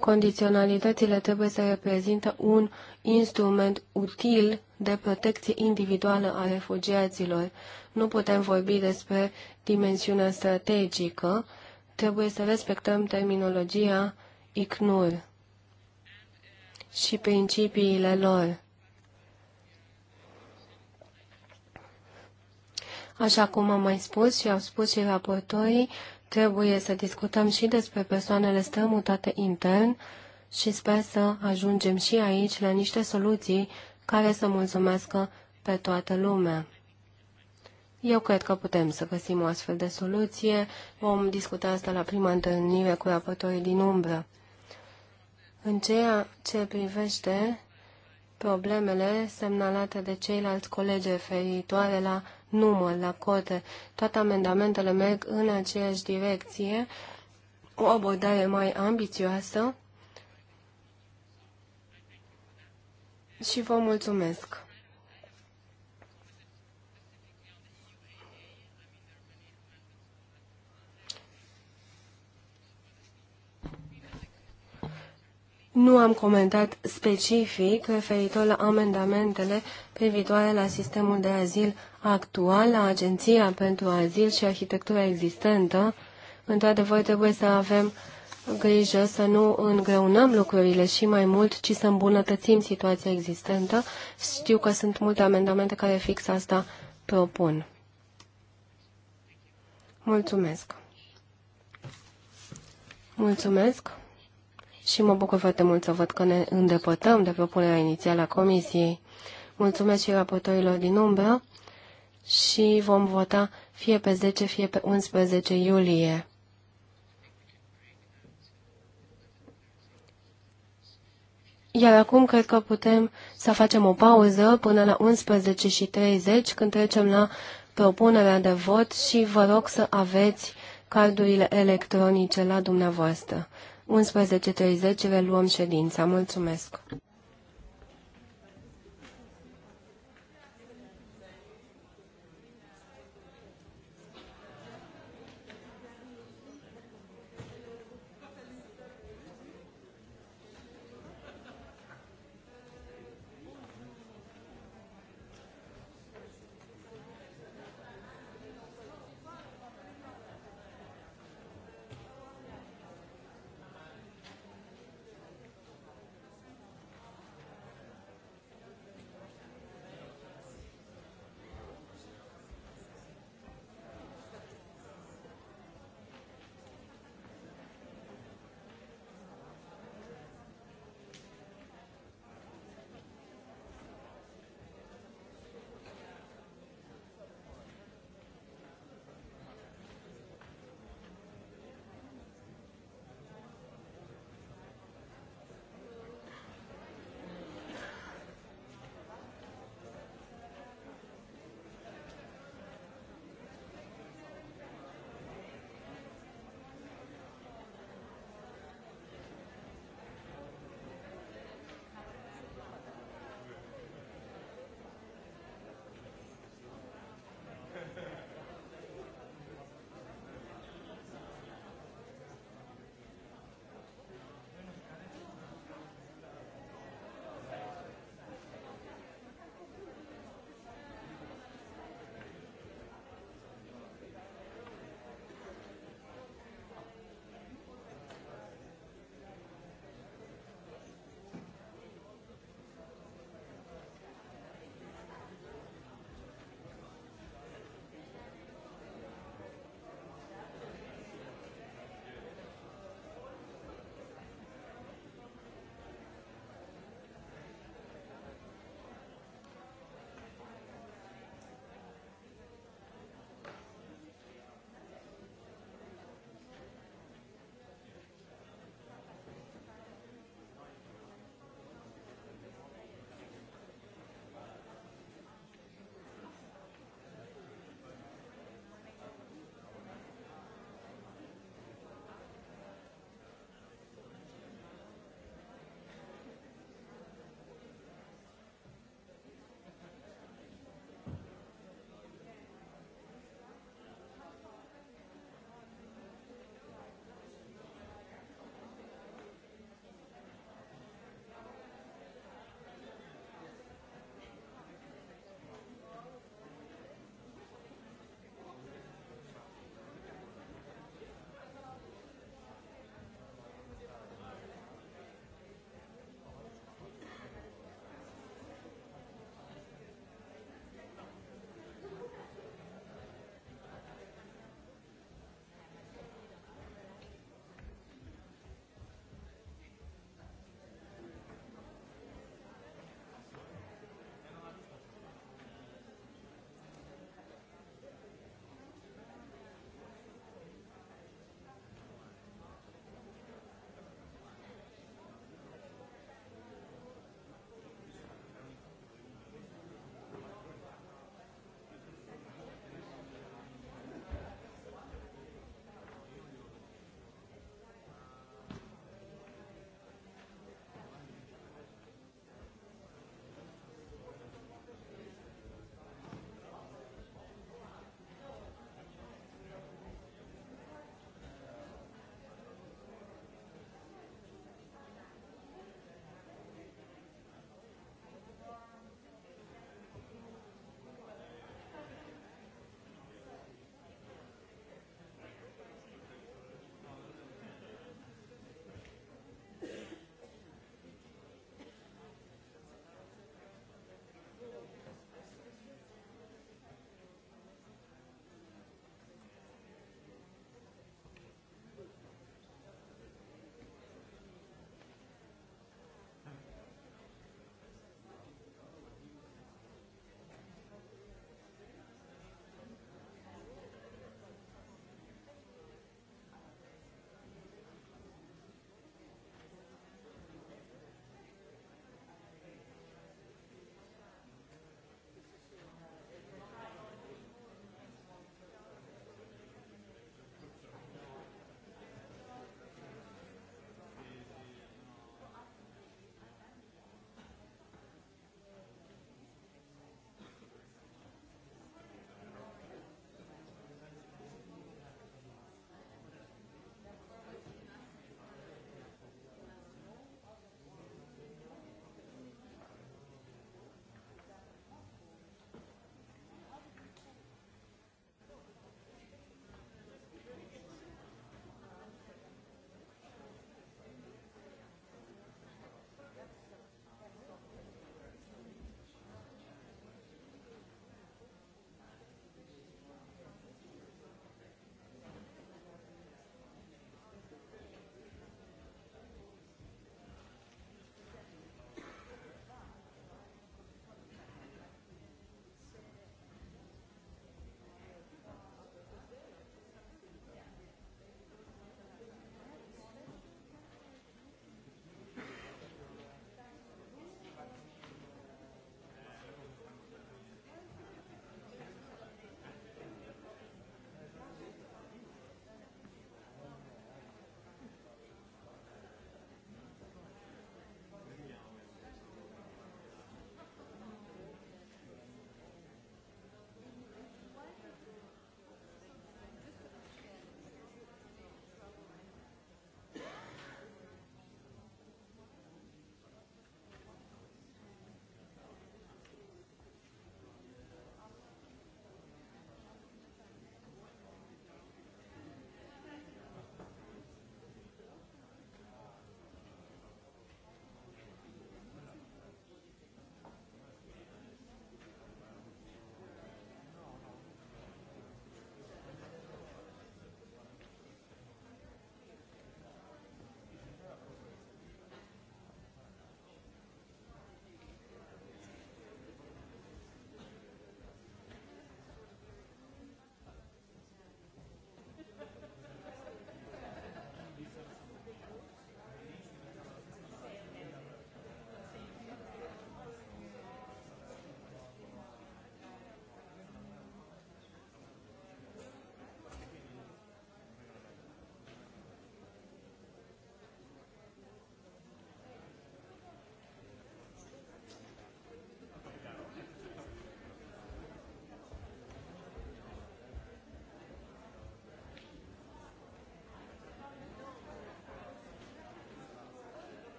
[SPEAKER 2] Condiționalitățile trebuie să reprezintă un uh, instrument util de protecție individuală a refugiaților. Nu putem vorbi despre dimensiunea strategică, trebuie să respectăm terminologia ICNUR și principiile lor. Așa cum am mai spus și au spus și raportorii, trebuie să discutăm și despre persoanele strămutate intern, și sper să ajungem și aici la niște soluții care să mulțumească pe toată lumea. Eu cred că putem să găsim o astfel de soluție. Vom discuta asta la prima întâlnire cu raportorii din umbră. În ceea ce privește problemele semnalate de ceilalți colegi referitoare la număr, la cote, toate amendamentele merg în aceeași direcție, o abordare mai ambițioasă și vă mulțumesc. Nu am comentat specific referitor la amendamentele privitoare la sistemul de azil actual, la Agenția pentru Azil și Arhitectura Existentă. Într-adevăr, trebuie să avem uh, grijă să nu îngreunăm lucrurile și mai mult, ci să îmbunătățim situația existentă. Știu că sunt multe amendamente care fix asta propun. Mulțumesc! Mulțumesc! Și mă bucur foarte mult să văd că ne îndepătăm de propunerea inițială a Comisiei. Mulțumesc și raportorilor din umbră și vom vota fie pe 10, fie pe 11 iulie. Iar acum cred că putem să facem o pauză până la 11 și 30 când trecem la propunerea de vot și vă rog să aveți cardurile electronice la dumneavoastră. 11.30 reluăm ședința. Mulțumesc!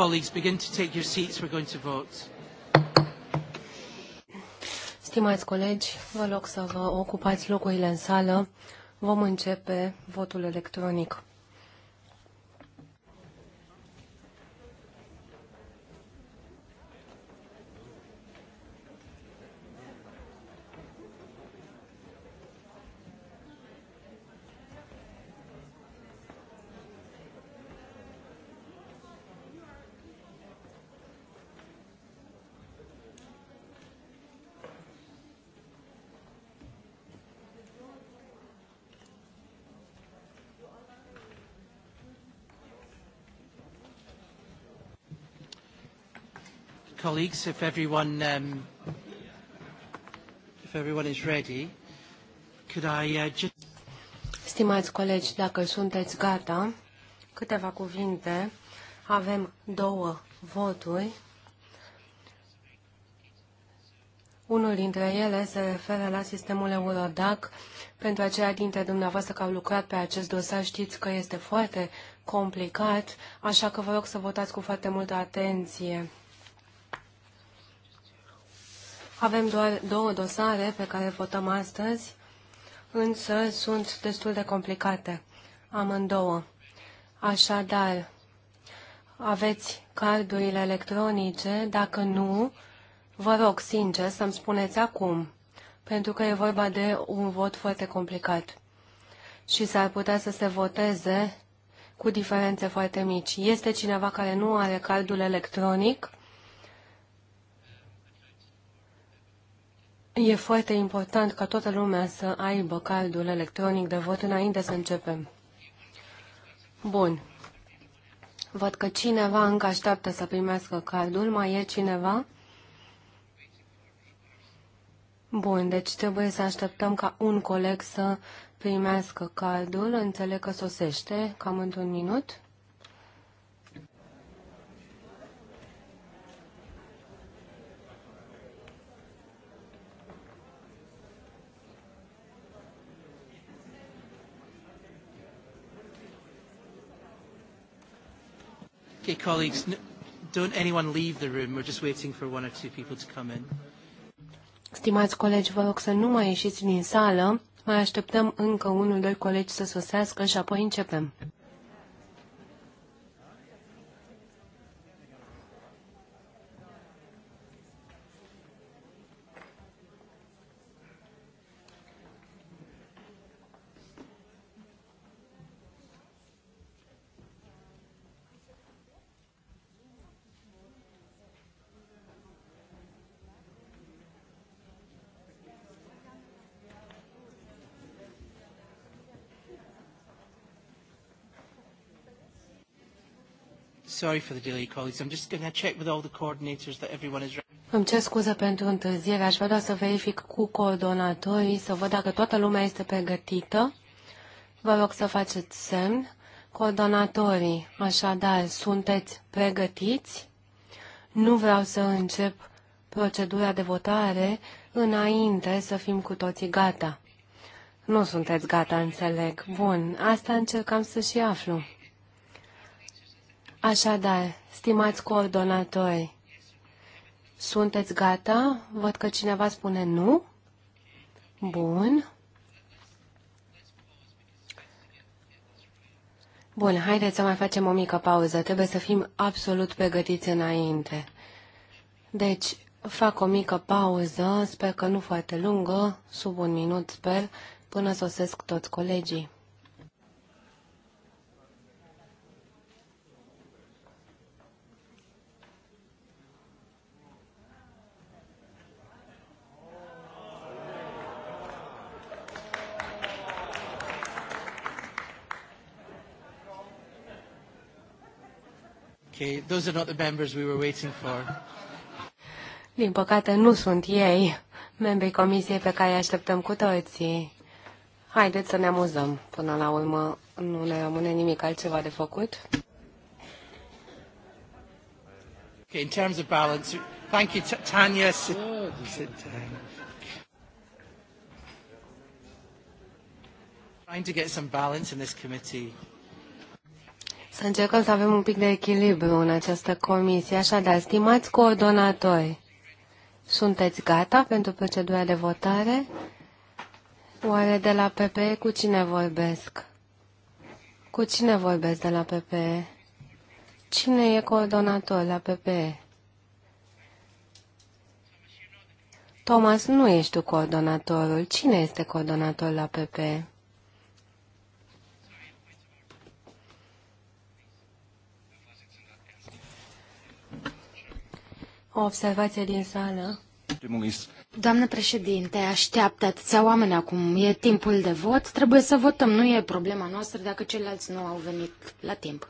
[SPEAKER 4] colleagues begin to take your seats, we're going to vote.
[SPEAKER 2] Stimați colegi, vă rog să vă ocupați locurile în sală. Vom începe votul electronic.
[SPEAKER 4] Colleagues, if everyone, um, if everyone is ready, could I uh, just...
[SPEAKER 2] Stimați colegi, dacă sunteți gata, câteva cuvinte. Avem două voturi. Unul dintre ele se referă la sistemul Eurodac. Pentru aceia dintre dumneavoastră care au lucrat pe acest dosar știți că este foarte complicat, așa că vă rog să votați cu foarte multă atenție. Avem doar două dosare pe care votăm astăzi, însă sunt destul de complicate, amândouă. Așadar, aveți cardurile electronice? Dacă nu, vă rog sincer să-mi spuneți acum, pentru că e vorba de un vot foarte complicat și s-ar putea să se voteze cu diferențe foarte mici. Este cineva care nu are cardul electronic? E foarte important ca toată lumea să aibă caldul electronic de vot înainte să începem. Bun. Văd că cineva încă așteaptă să primească cardul. Mai e cineva? Bun, deci trebuie să așteptăm ca un coleg să primească cardul. Înțeleg că sosește cam într-un minut.
[SPEAKER 4] Okay, colleagues, don't anyone leave the room. We're just waiting for one or two people to come in.
[SPEAKER 2] Stimați colegi, vă rog să nu mai ieșiți din sală. Mai așteptăm încă unul, doi colegi să sosească și apoi începem.
[SPEAKER 4] sorry for the delay, colleagues. I'm just going to check with all the coordinators that everyone is
[SPEAKER 2] Îmi cer scuze pentru întârziere. Aș vrea să verific cu coordonatorii, să văd dacă toată lumea este pregătită. Vă rog să faceți semn. Coordonatorii, așadar, sunteți pregătiți? Nu vreau să încep procedura de votare înainte să fim cu toții gata. Nu sunteți gata, înțeleg. Bun, asta încercam să și aflu. Așadar, stimați coordonatori, sunteți gata? Văd că cineva spune nu. Bun. Bun, haideți să mai facem o mică pauză. Trebuie să fim absolut pregătiți înainte. Deci, fac o mică pauză, sper că nu foarte lungă, sub un minut, sper, până sosesc toți colegii.
[SPEAKER 4] Okay, those are not the members we were waiting for.
[SPEAKER 2] Din păcate, nu sunt ei, membrii comisiei pe care îi așteptăm cu toții. Haideți să ne amuzăm. Până la urmă, nu ne rămâne nimic altceva de făcut.
[SPEAKER 4] Okay, in terms of balance, thank you, Tanya. Trying to get some balance in this committee.
[SPEAKER 2] Să încercăm să avem un pic de echilibru în această comisie. Așadar, stimați coordonatori, sunteți gata pentru procedura de votare? Oare de la PPE cu cine vorbesc? Cu cine vorbesc de la PPE? Cine e coordonator la PPE? Thomas, nu ești tu coordonatorul. Cine este coordonator la PPE? O observație din sală.
[SPEAKER 3] Doamnă președinte, așteaptă atâția oameni acum. E timpul de vot, trebuie să votăm. Nu e problema noastră dacă ceilalți nu au venit la timp.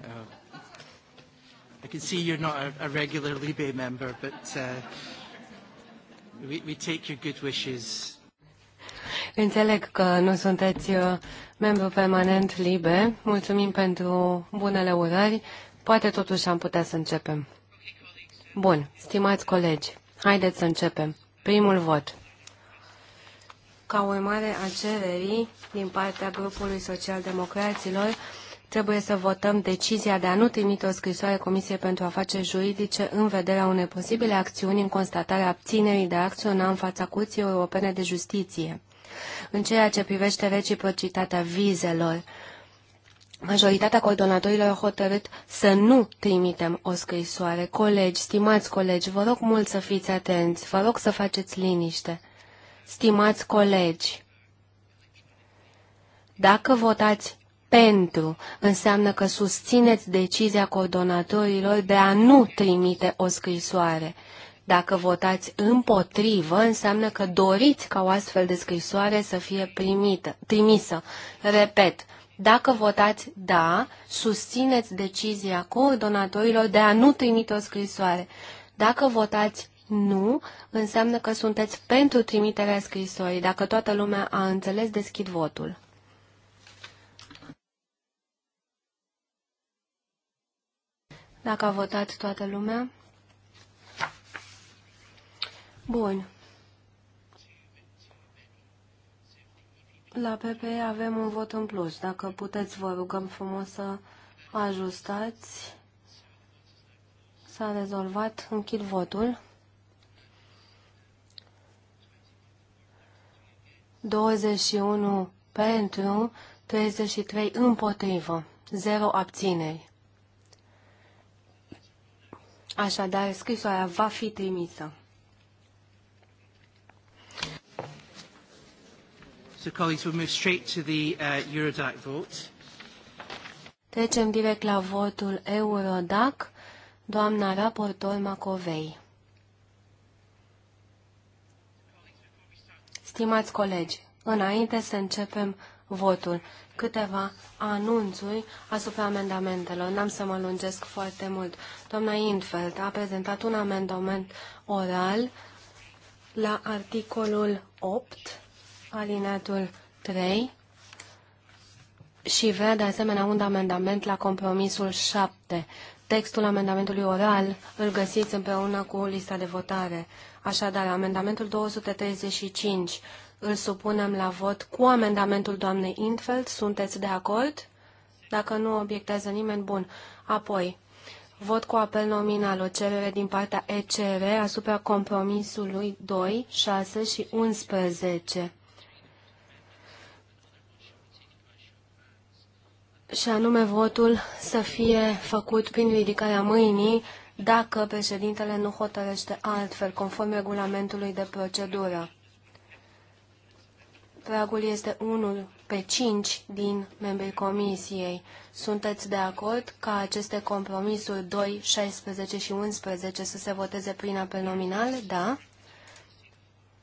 [SPEAKER 4] Uh, I can see you're not a, a regular Libe member, but uh, we, we take your good wishes.
[SPEAKER 2] Înțeleg că nu sunteți uh, membru permanent Libe. Mulțumim pentru bunele urări. Poate totuși am putea să începem. Bun, stimați colegi, haideți să începem. Primul vot. Ca urmare a cererii din partea grupului social-democraților, trebuie să votăm decizia de a nu trimite o scrisoare Comisiei pentru Afaceri Juridice în vederea unei posibile acțiuni în constatarea abținerii de a acționa în fața Curții Europene de Justiție. În ceea ce privește reciprocitatea vizelor, Majoritatea coordonatorilor au hotărât să nu trimitem o scrisoare. Colegi, stimați colegi, vă rog mult să fiți atenți, vă rog să faceți liniște. Stimați colegi, dacă votați pentru, înseamnă că susțineți decizia coordonatorilor de a nu trimite o scrisoare. Dacă votați împotrivă, înseamnă că doriți ca o astfel de scrisoare să fie primită, trimisă. Repet, dacă votați da, susțineți decizia coordonatorilor de a nu trimite o scrisoare. Dacă votați nu, înseamnă că sunteți pentru trimiterea scrisorii. Dacă toată lumea a înțeles, deschid votul. Dacă a votat toată lumea. Bun. La PPE avem un vot în plus. Dacă puteți, vă rugăm frumos să ajustați. S-a rezolvat. Închid votul. 21 pentru, 33 împotrivă, 0 abțineri. Așadar, scrisoarea va fi trimisă.
[SPEAKER 4] So colleagues, we'll move straight to the uh, Eurodac vote.
[SPEAKER 2] Trecem direct la votul Eurodac, doamna raportor Macovei. Stimați colegi, înainte să începem votul, câteva anunțuri asupra amendamentelor. N-am să mă lungesc foarte mult. Doamna Infeld a prezentat un amendament oral la articolul 8 alineatul 3 și vede de asemenea un amendament la compromisul 7. Textul amendamentului oral îl găsiți împreună cu lista de votare. Așadar, amendamentul 235 îl supunem la vot cu amendamentul doamnei Intfeld. Sunteți de acord? Dacă nu obiectează nimeni, bun. Apoi, vot cu apel nominal, o cerere din partea ECR asupra compromisului 2, 6 și 11. și anume votul să fie făcut prin ridicarea mâinii dacă președintele nu hotărăște altfel, conform regulamentului de procedură. Pragul este 1 pe 5 din membrii comisiei. Sunteți de acord ca aceste compromisuri 2, 16 și 11 să se voteze prin apel nominal? Da.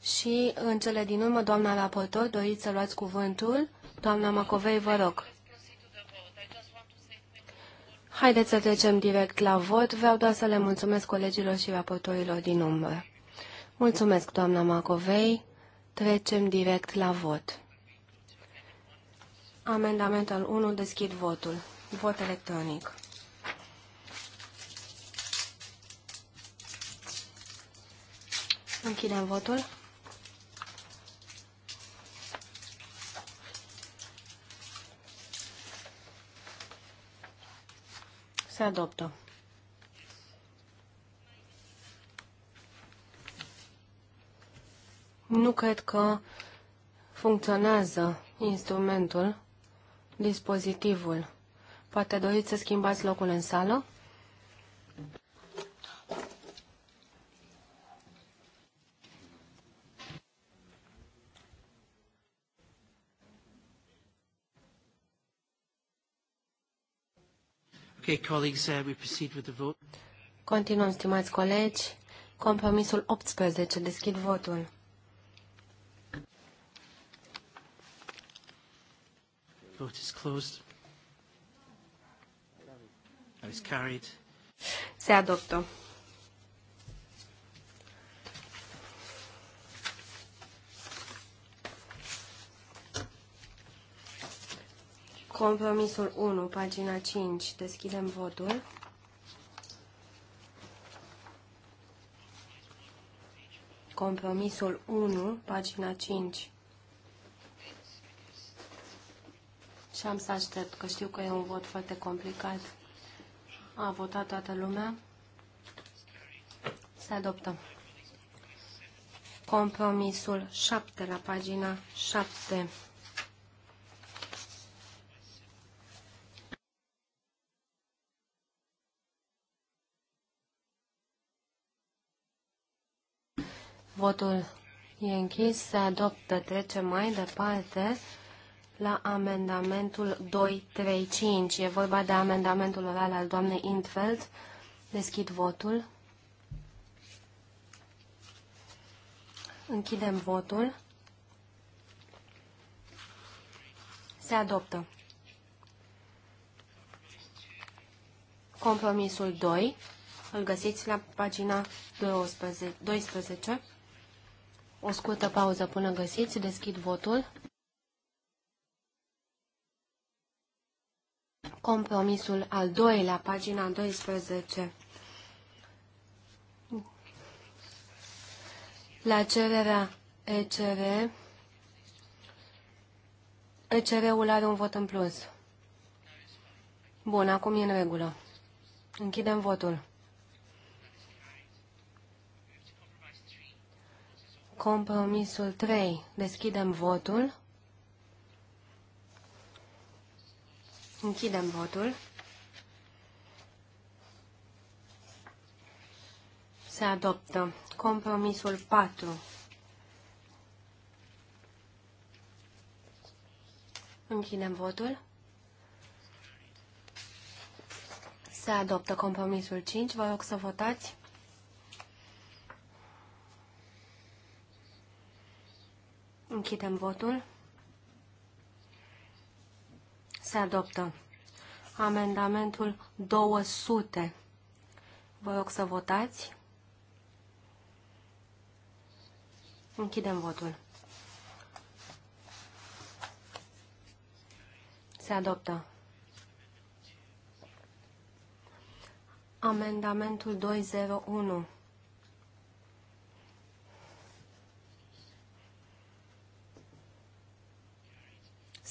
[SPEAKER 2] Și în cele din urmă, doamna raportor, doriți să luați cuvântul? Doamna Macovei, vă rog. Haideți să trecem direct la vot. Vreau doar să le mulțumesc colegilor și raportorilor din umbră. Mulțumesc, doamna Macovei. Trecem direct la vot. Amendamentul 1. Deschid votul. Vot electronic. Închidem votul. Se adoptă. Nu cred că funcționează instrumentul, dispozitivul. Poate doriți să schimbați locul în sală?
[SPEAKER 4] Okay, colleagues, uh, we proceed with the vote.
[SPEAKER 2] Continuăm, stimați colegi. Compromisul 18. Deschid
[SPEAKER 4] votul. Vote is closed. That is carried. Se adoptă.
[SPEAKER 2] Compromisul 1, pagina 5. Deschidem votul. Compromisul 1, pagina 5. Și am să aștept, că știu că e un vot foarte complicat. A votat toată lumea. Se adoptă. Compromisul 7 la pagina 7. Votul e închis. Se adoptă. Trecem mai departe la amendamentul 235. E vorba de amendamentul oral al doamnei Intfeld. Deschid votul. Închidem votul. Se adoptă. Compromisul 2. Îl găsiți la pagina 12. 12. O scurtă pauză până găsiți, deschid votul. Compromisul al doilea, pagina 12. La cererea ECR, ECR-ul are un vot în plus. Bun, acum e în regulă. Închidem votul. Compromisul 3. Deschidem votul. Închidem votul. Se adoptă. Compromisul 4. Închidem votul. Se adoptă compromisul 5. Vă rog să votați. Închidem votul. Se adoptă amendamentul 200. Vă rog să votați. Închidem votul. Se adoptă. Amendamentul 201.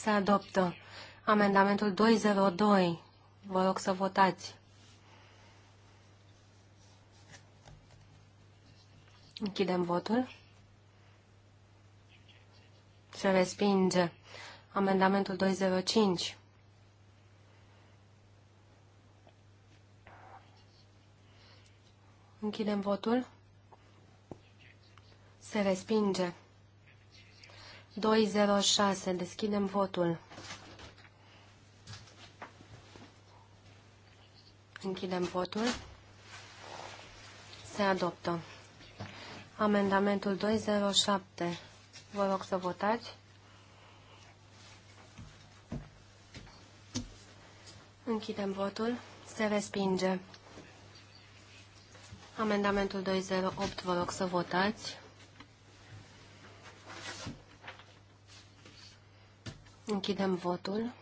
[SPEAKER 2] Se adoptă. Amendamentul 202. Vă rog să votați. Închidem votul. Se respinge. Amendamentul 205. Închidem votul. Se respinge. 206. Deschidem votul. Închidem votul. Se adoptă. Amendamentul 207. Vă rog să votați. Închidem votul. Se respinge. Amendamentul 208. Vă rog să votați. Închidem votul.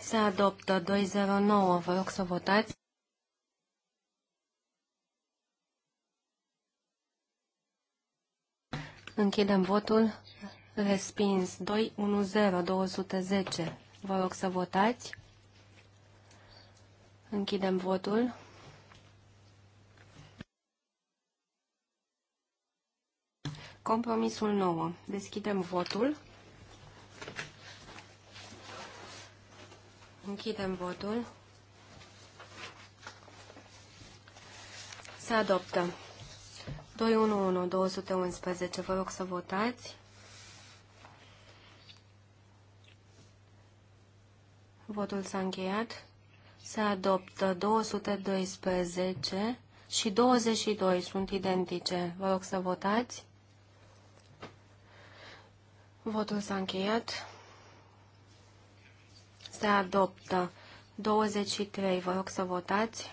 [SPEAKER 2] Se adoptă 209. Vă rog să votați. Închidem votul. Respins 210 210. Vă rog să votați. Închidem votul. Compromisul 9. Deschidem votul. Închidem votul. Se adoptă. 211, 211, vă rog să votați. Votul s-a încheiat. Se adoptă 212 și 22 sunt identice. Vă rog să votați. Votul s-a încheiat se adoptă. 23, vă rog să votați.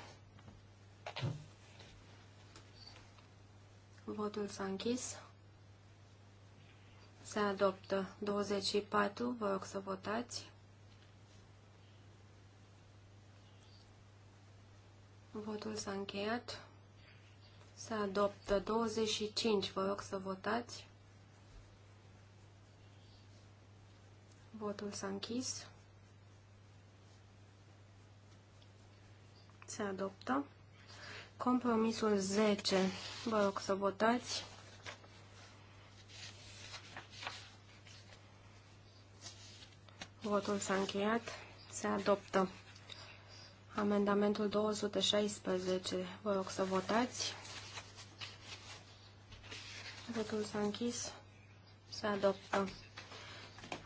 [SPEAKER 2] Votul s-a închis. Se adoptă. 24, vă rog să votați. Votul s-a încheiat. Se adoptă 25. Vă rog să votați. Votul s-a închis. se adoptă. Compromisul 10, vă rog să votați. Votul s-a încheiat. Se adoptă. Amendamentul 216. Vă rog să votați. Votul s-a închis. Se adoptă.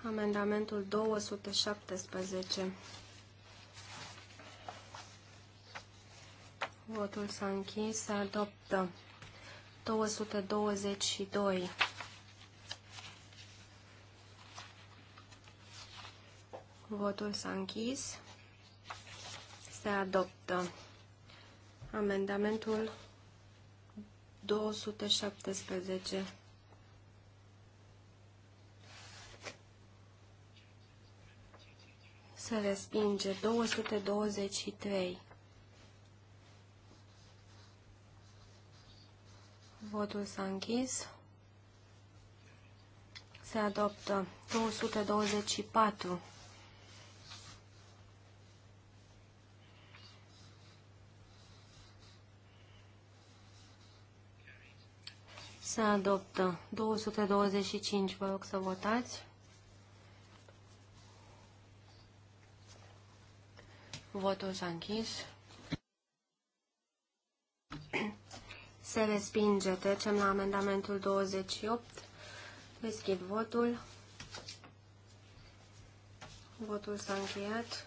[SPEAKER 2] Amendamentul 217. Votul s-a închis. Se adoptă. 222. Votul s-a închis. Se adoptă. Amendamentul 217. Se respinge. 223. Votul s-a închis. Se adoptă 224. Se adoptă 225. Vă rog să votați. Votul s-a închis. Se respinge. Trecem la amendamentul 28. Deschid votul. Votul s-a încheiat.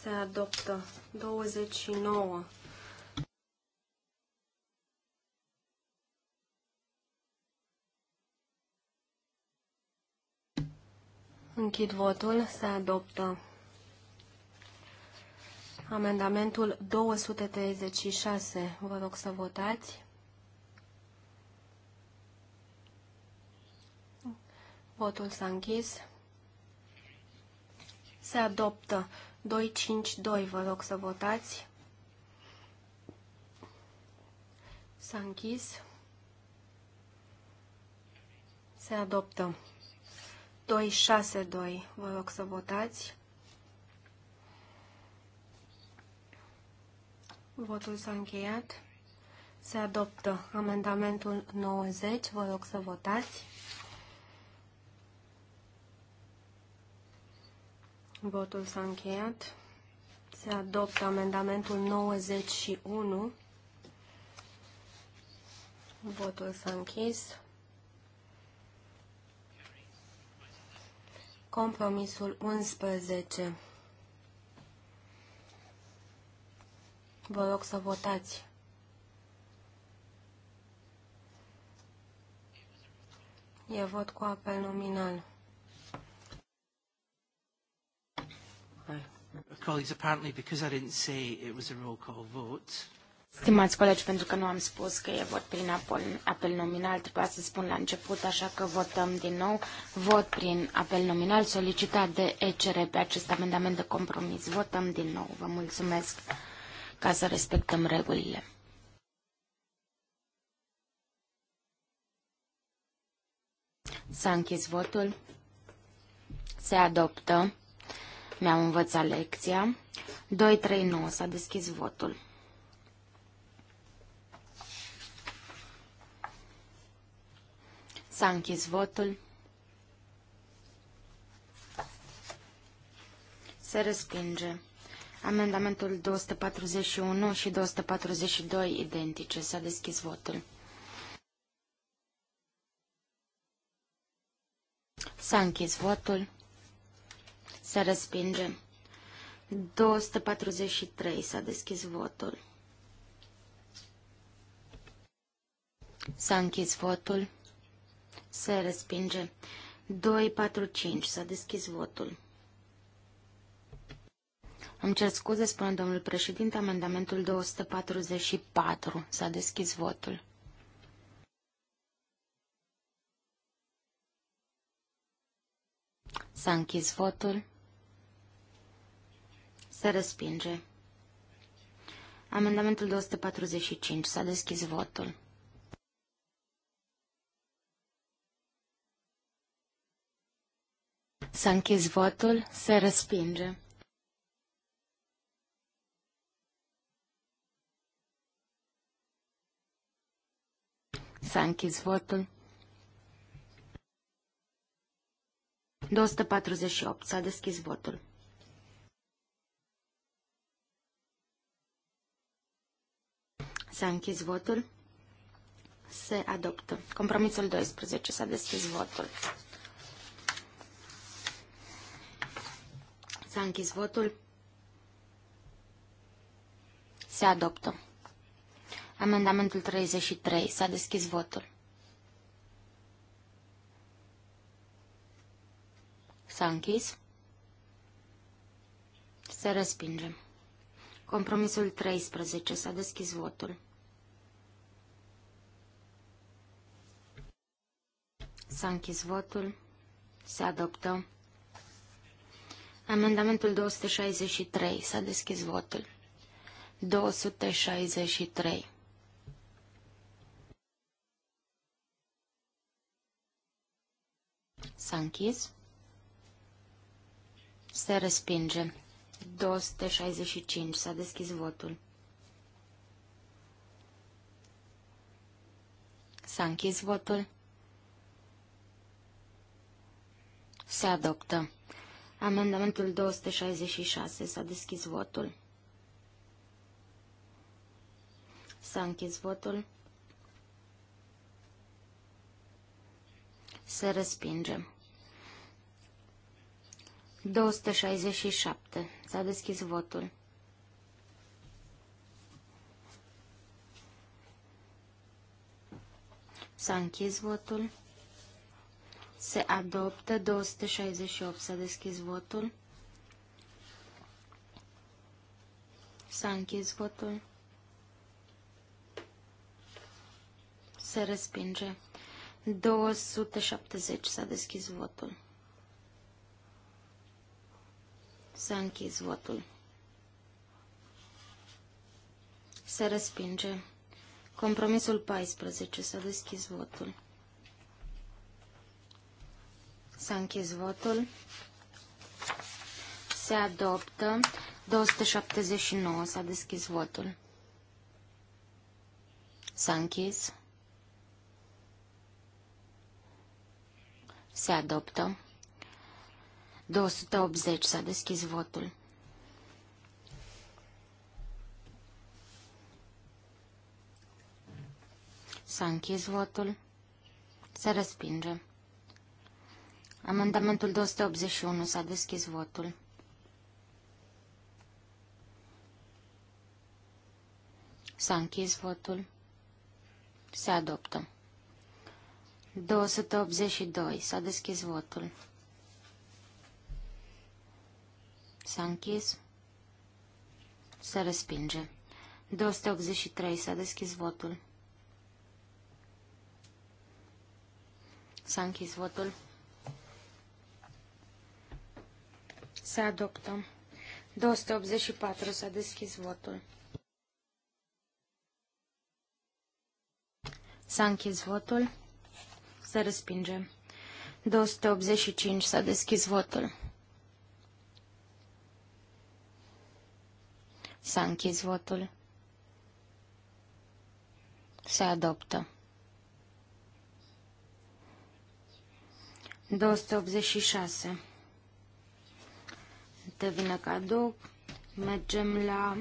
[SPEAKER 2] Se adoptă 29. Închid votul. Se adoptă Amendamentul 236. Vă rog să votați. Votul s-a închis. Se adoptă. 252. Vă rog să votați. S-a închis. Se adoptă. 262. Vă rog să votați. Votul s-a încheiat. Se adoptă amendamentul 90. Vă rog să votați. Votul s-a încheiat. Se adoptă amendamentul 91. Votul s-a închis. Compromisul 11. Vă rog să votați. E vot cu apel nominal.
[SPEAKER 4] Stimați colegi, pentru că nu
[SPEAKER 3] am spus că e vot prin apel, apel nominal, trebuia să spun la început, așa că votăm din nou vot prin apel nominal solicitat de ECR pe acest amendament de compromis. Votăm din nou. Vă mulțumesc ca să respectăm regulile. S-a închis votul. Se adoptă. Mi-am învățat lecția. 2-3-9. S-a deschis votul. S-a închis votul. Se respinge. 2-3-9. Amendamentul 241 și 242 identice. S-a deschis votul. S-a închis votul. Se respinge. 243. S-a deschis votul. S-a închis votul. Se respinge. 245. S-a deschis votul. Îmi cer scuze, spune domnul președinte, amendamentul 244. S-a deschis votul. S-a închis votul. Se respinge. Amendamentul 245. S-a deschis votul. S-a închis votul. Se respinge. S-a închis votul. 248. S-a deschis votul. S-a închis votul. Se adoptă. Compromisul 12. S-a deschis votul. S-a închis votul. Se adoptă. Amendamentul 33. S-a deschis votul. S-a închis. Se respinge. Compromisul 13. S-a deschis votul. S-a închis votul. Se adoptă. Amendamentul 263. S-a deschis votul. 263. S-a închis. Se respinge. 265. S-a deschis votul. S-a închis votul. Se adoptă. Amendamentul 266. S-a deschis votul. S-a închis votul. Se respinge. 267. S-a deschis votul. S-a închis votul. Se adoptă 268. S-a deschis votul. S-a închis votul. Se respinge. 270. S-a deschis votul. Să închizi votul. Se respinge. Compromisul 14. Să deschizi deschis votul. Să închizi votul. Se adoptă. 279. S-a deschis votul. S-a închis. Se adoptă. 280. S-a deschis votul. S-a închis votul. Se respinge. Amendamentul 281. S-a deschis votul. S-a închis votul. Se adoptă. 282. S-a deschis votul. S-a închis. Se respinge. 283. S-a deschis votul. S-a închis votul. Se adoptă. 284. S-a deschis votul. S-a închis votul. Se respinge. 285. S-a deschis votul. S-a închis votul. Se adoptă. 286. Devine cadou Mergem la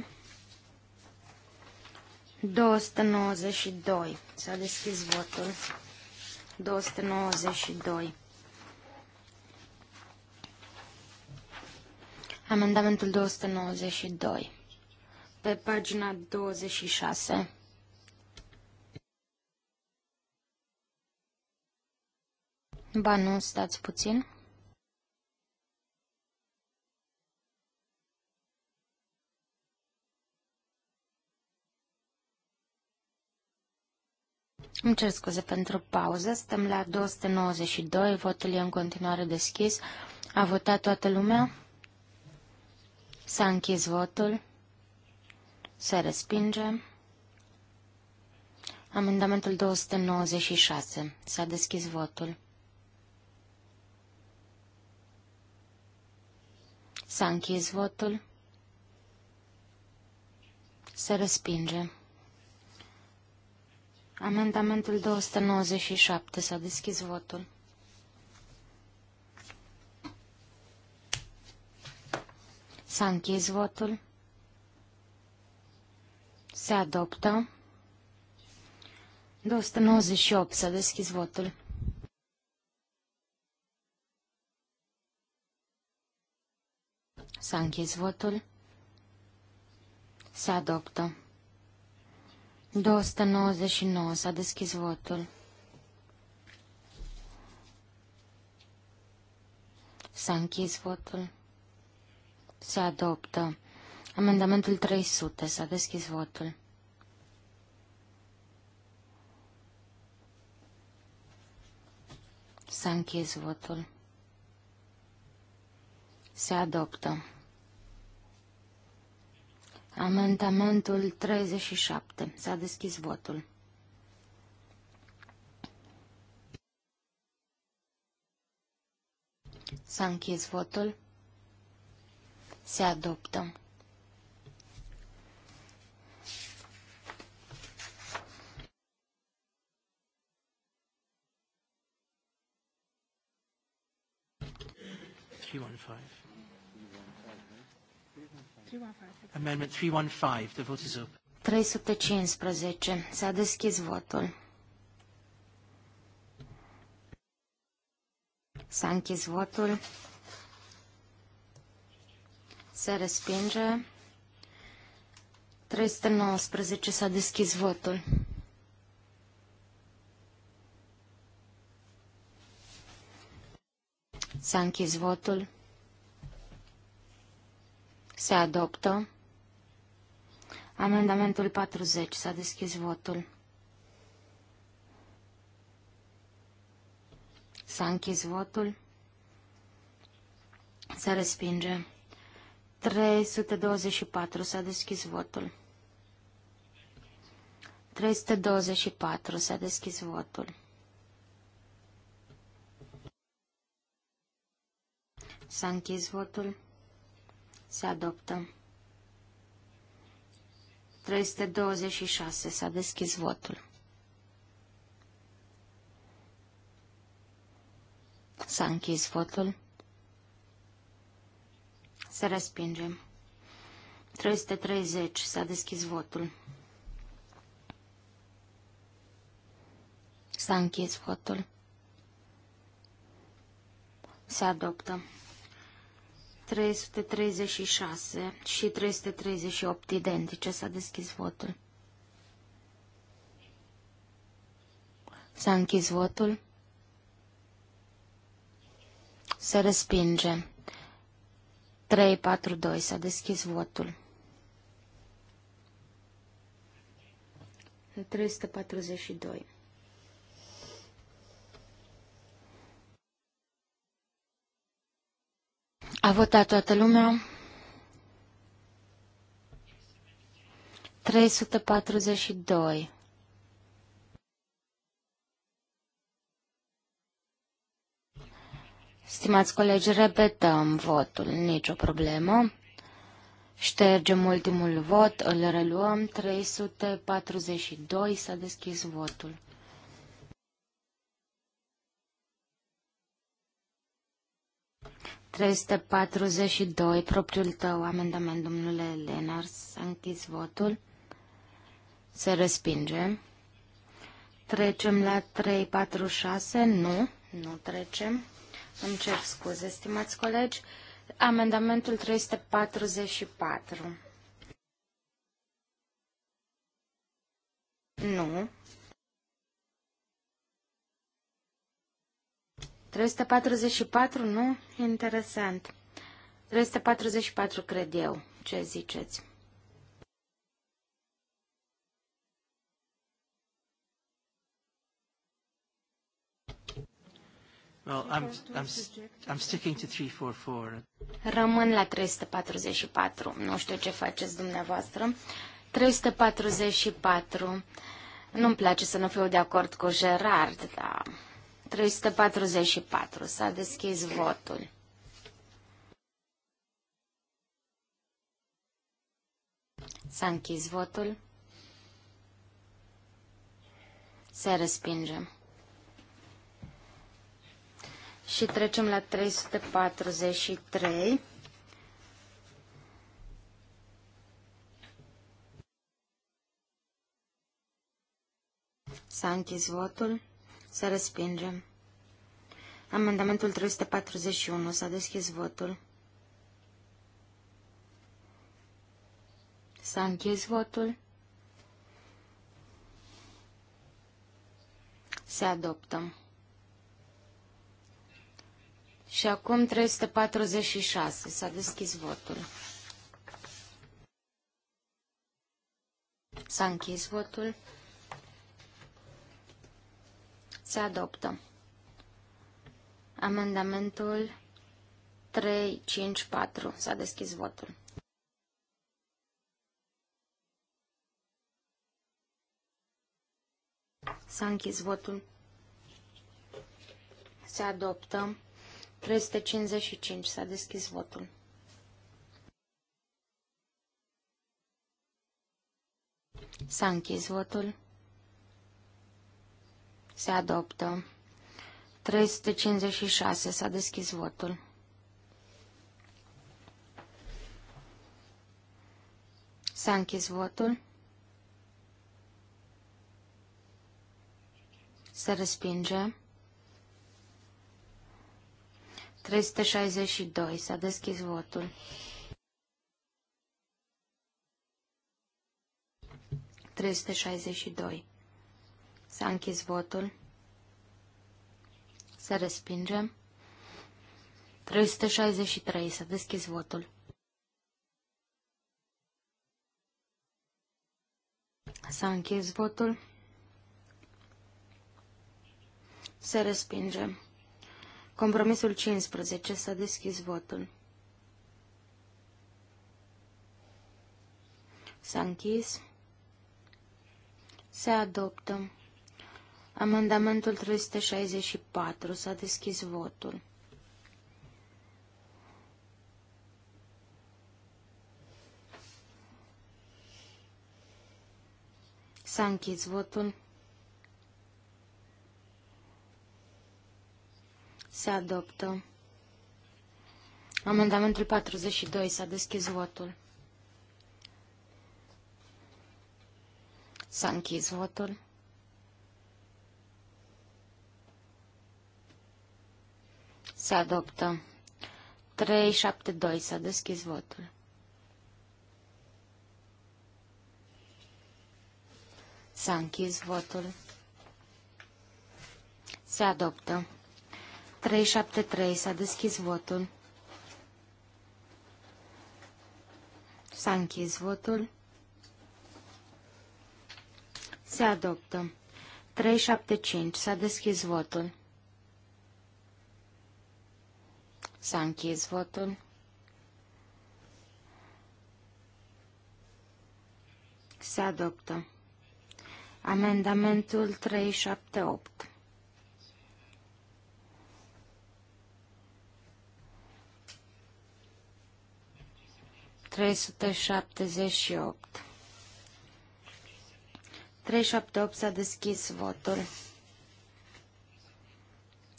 [SPEAKER 3] 292. S-a deschis votul. 292. Amendamentul 292 pe pagina 26. Ba nu, stați puțin. Îmi cer scuze pentru pauză, stăm la 292, votul e în continuare deschis. A votat toată lumea? S-a închis votul. Se respinge. Amendamentul 296. S-a deschis votul. S-a închis votul. Se respinge. Amendamentul 297. S-a deschis votul. S-a închis votul. Se adoptă. 298. Să deschizi votul. S-a închis votul. Se adoptă. 299. S-a deschis votul. S-a închis votul. Se adoptă. Amendamentul 300. S-a deschis votul. S-a închis votul. Se adoptă. Amendamentul 37. S-a deschis votul. S-a închis votul. Se adoptă.
[SPEAKER 4] 315. 315. open.
[SPEAKER 3] 315. S-a deschis votul. S-a închis votul. Se respinge. 319. S-a deschis votul. S-a închis votul. Se adoptă. Amendamentul 40. S-a deschis votul. S-a închis votul. Se respinge. 324. S-a deschis votul. 324. S-a deschis votul. S-a închis votul. Se adoptă. 326. S-a deschis votul. S-a închis votul. Se respinge. 330. S-a deschis votul. S-a închis votul. Se adoptă. 336 și 338 identice. S-a deschis votul. S-a închis votul. Se respinge. 342. S-a deschis votul. 342. A votat toată lumea? 342. Stimați colegi, repetăm votul, nicio problemă. Ștergem ultimul vot, îl reluăm, 342, s-a deschis votul. 342, propriul tău amendament, domnule Lenars, s-a închis votul. Se respinge. Trecem la 346, nu, nu trecem. Îmi cer scuze, stimați colegi. Amendamentul 344. Nu, 344, nu? Interesant. 344 cred eu. Ce ziceți?
[SPEAKER 4] Well, I'm, I'm, I'm sticking to 344.
[SPEAKER 3] Rămân la 344. Nu știu ce faceți dumneavoastră. 344. Nu-mi place să nu fiu de acord cu Gerard, dar 344. S-a deschis votul. S-a închis votul. Se respinge. Și trecem la 343. S-a închis votul. Se respinge. Amendamentul 341. S-a deschis votul. S-a închis votul. Se adoptă. Și acum 346. S-a deschis votul. S-a închis votul. Se adoptă. Amendamentul 354. S-a deschis votul. S-a închis votul. Se adoptă. 355. S-a deschis votul. S-a închis votul. Se adoptă. 356. S-a deschis votul. S-a închis votul. Se respinge. 362. S-a deschis votul. Trei S-a închis votul. Se respinge. 363. S-a deschis votul. S-a închis votul. Se respinge. Compromisul 15. S-a deschis votul. S-a închis. Se adoptă. Amendamentul 364. S-a deschis votul. S-a închis votul. Se adoptă. Amendamentul 42. S-a deschis votul. S-a închis votul. Se adoptă. 372. S-a deschis votul. S-a închis votul. Se adoptă. 373. S-a deschis votul. S-a închis votul. Se adoptă. 375. S-a deschis votul. S-a închis votul. Se adoptă. Amendamentul 378. Trei sute șaptezeci și opt. Trei șapte opt s-a deschis votul.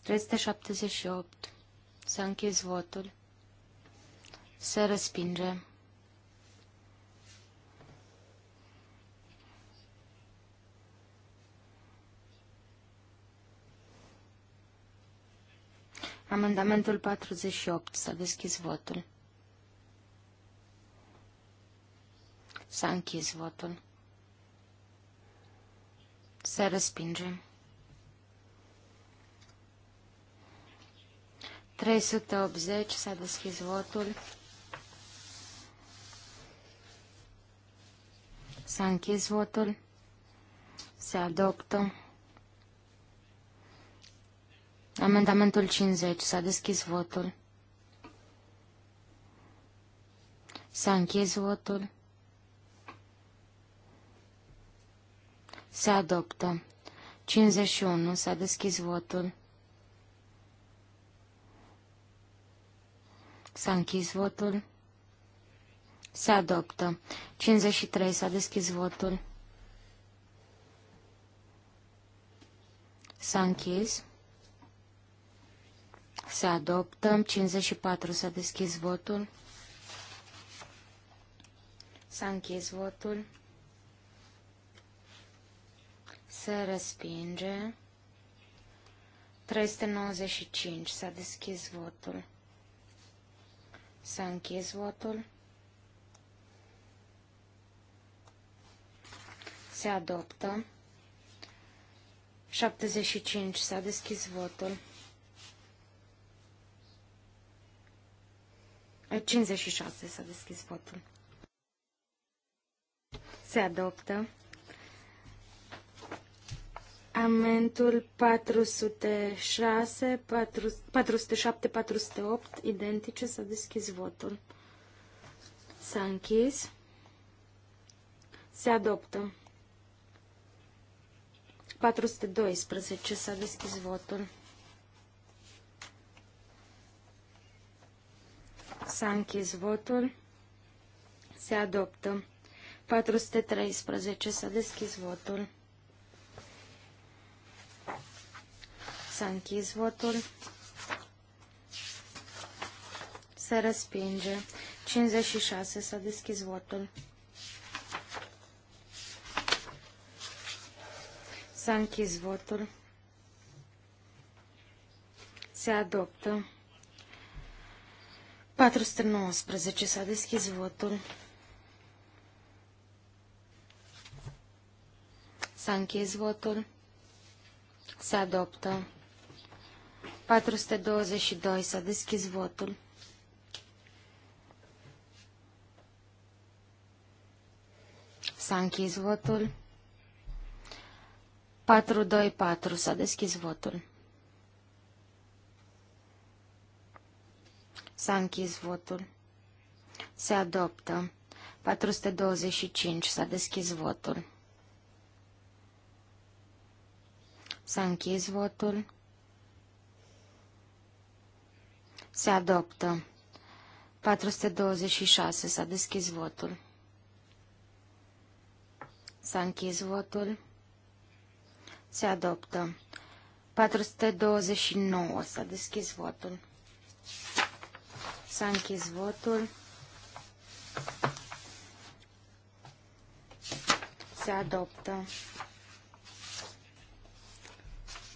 [SPEAKER 3] Trei sute șaptezeci și opt. Să închizi votul. Se respinge. Amendamentul 48. S-a deschis votul. S-a închis votul. Se respinge. 380 s-a deschis votul. S-a închis votul. Se adoptă. Amendamentul 50. S-a deschis votul. S-a închis votul. Se adoptă. 51. S-a deschis votul. S-a închis votul. Se adoptă. 53. S-a deschis votul. S-a închis. Se adoptă. 54. S-a deschis votul. S-a închis votul. Se respinge. 395. S-a deschis votul. S-a închis votul. Se adoptă. 75. S-a deschis votul. 56. S-a deschis votul. Se adoptă amentul 406, 407, 408, identice, s-a deschis votul. S-a închis. Se adoptă. 412, s-a deschis votul. S-a închis votul. Se adoptă. 413, s-a deschis votul. Să închizi votul. Se respinge. 56. S-a deschis votul. S-a închis votul. Se adoptă. 419. S-a deschis votul. S-a închis votul. Se adoptă. 422. S-a deschis votul. S-a închis votul. 424. S-a deschis votul. S-a închis votul. Se adoptă. 425. S-a deschis votul. S-a închis votul. Se adoptă. 426. S-a deschis votul. S-a închis votul. Se adoptă. 429. S-a deschis votul. S-a închis votul. Se adoptă.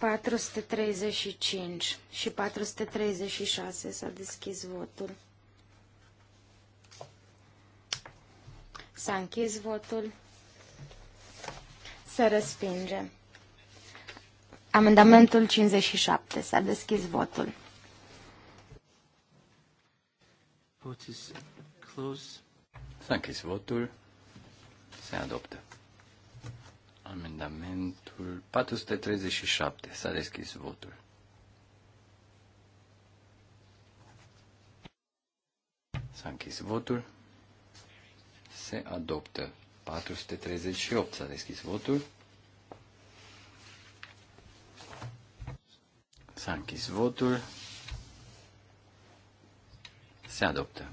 [SPEAKER 3] 435 și 436 s-a deschis votul. S-a închis votul. Se respinge. Amendamentul 57. S-a deschis votul.
[SPEAKER 1] Vote is S-a închis votul. Se adoptă. Amendamentul 437. S-a deschis votul. S-a închis votul. Se adoptă. 438. S-a deschis votul. S-a închis votul. Se adoptă.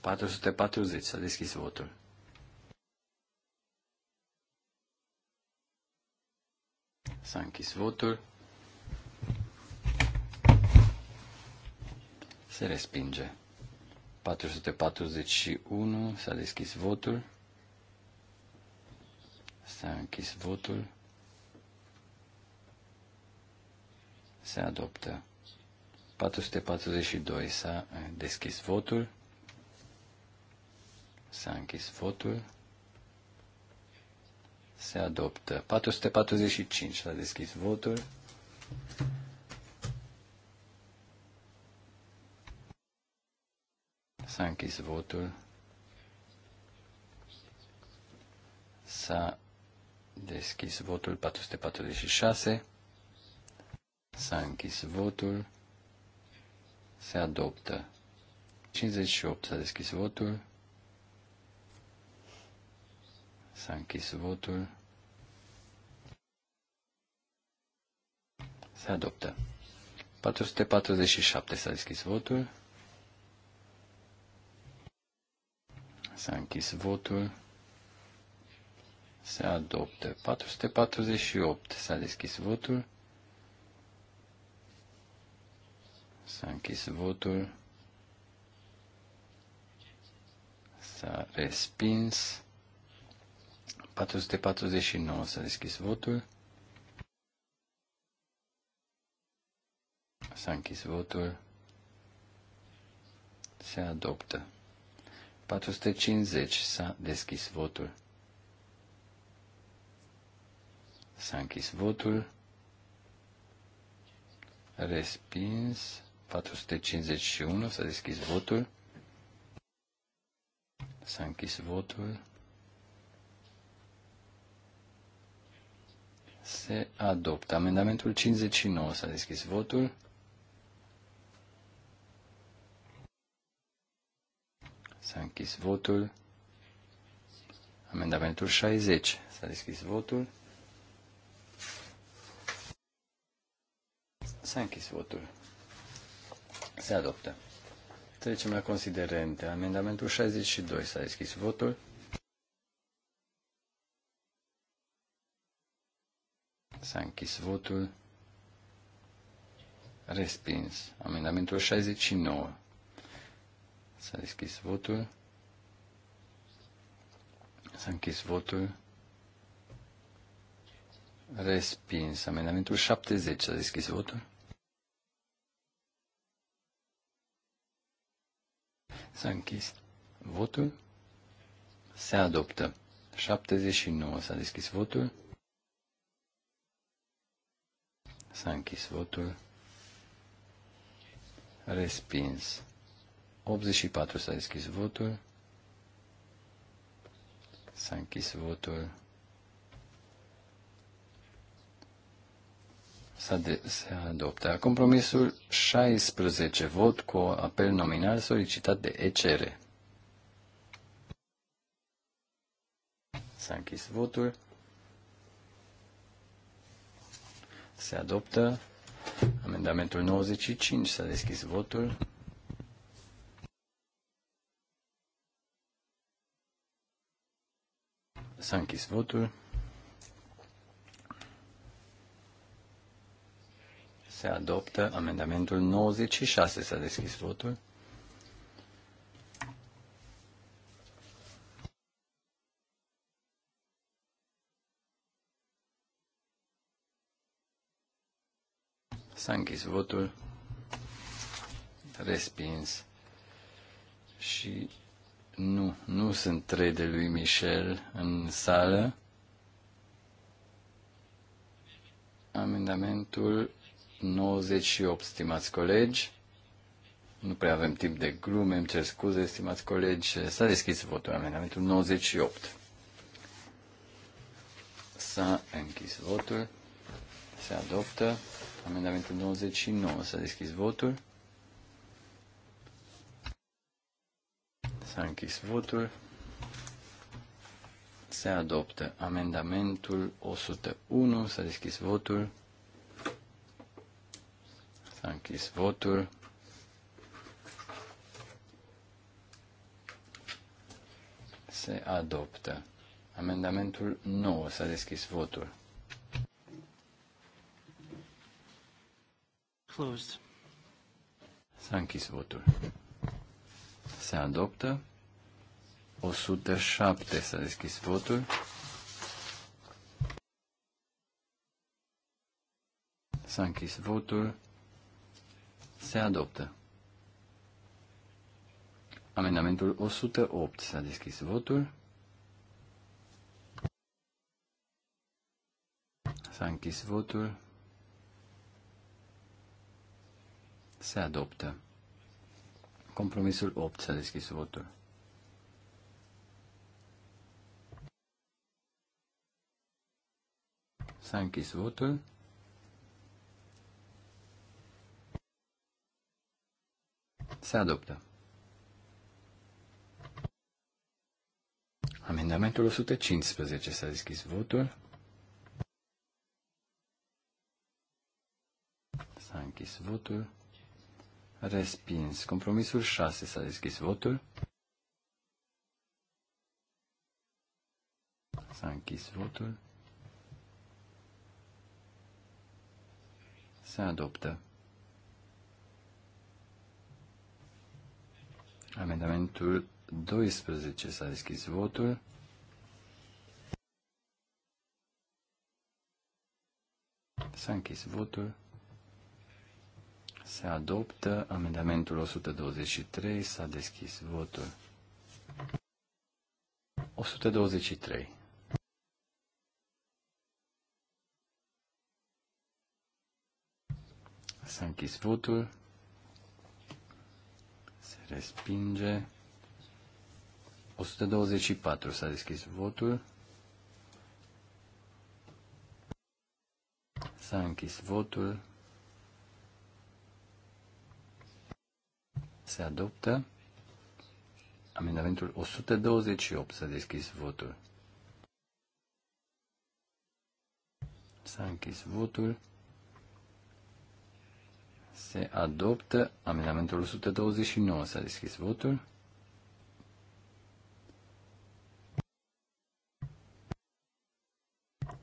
[SPEAKER 1] 440. S-a deschis votul. S-a închis votul. Se respinge. 441 s-a deschis votul. S-a închis votul. Se adoptă. 442 s-a deschis votul. S-a închis votul. Se adoptă. 445. S-a deschis votul. S-a închis votul. S-a deschis votul 446. S-a închis votul. Se adoptă. 58 s-a deschis votul. S-a închis votul. Se adoptă. 447 s-a deschis votul. S-a închis votul. Se adoptă. 448 s-a deschis votul. S-a închis votul. S-a respins. 449 s-a deschis votul. S-a închis votul. Se adoptă. 450 s-a deschis votul. S-a închis votul. Respins. 451 s-a deschis votul. S-a închis votul. se adoptă. Amendamentul 59 s-a deschis votul. S-a închis votul. Amendamentul 60 s-a deschis votul. S-a închis votul. Se adoptă. Trecem la considerente. Amendamentul 62 s-a deschis votul. S-a închis votul. Respins. Amendamentul 69. S-a deschis votul. S-a închis votul. Respins. Amendamentul 70. S-a deschis votul. S-a închis votul. Se adoptă. 79. S-a deschis votul. S-a închis votul. Respins. 84 s-a deschis votul. S-a închis votul. S-a adoptat Compromisul 16 vot cu apel nominal solicitat de ECR. S-a închis votul. Se adoptă. Amendamentul 95. S-a deschis votul. S-a închis votul. Se adoptă amendamentul 96. S-a deschis votul. S-a închis votul. Respins. Și nu, nu sunt trei de lui Michel în sală. Amendamentul 98, stimați colegi. Nu prea avem timp de glume, îmi cer scuze, stimați colegi. S-a deschis votul amendamentul 98. S-a închis votul. Se adoptă. Amendamentul 99. S-a deschis votul. S-a închis votul. Se adoptă amendamentul 101. S-a deschis votul. S-a închis votul. Se adoptă. Amendamentul 9. S-a deschis votul. Closed. S-a închis votul. Se adoptă. 107 s-a deschis votul. S-a închis votul. Se adoptă. Amendamentul 108 s-a deschis votul. S-a închis votul. se adoptă. Compromisul 8 s-a deschis votul. S-a închis votul. Se adoptă. Amendamentul 115 s-a deschis votul. S-a închis votul. Respins. Compromisul 6. S-a deschis votul. S-a închis votul. Se adoptă. Amendamentul 12. S-a deschis votul. S-a închis votul. Se adoptă amendamentul 123. S-a deschis votul. 123. S-a închis votul. Se respinge. 124. S-a deschis votul. S-a închis votul. Se adoptă amendamentul 128. S-a deschis votul. S-a închis votul. Se adoptă amendamentul 129. S-a deschis votul.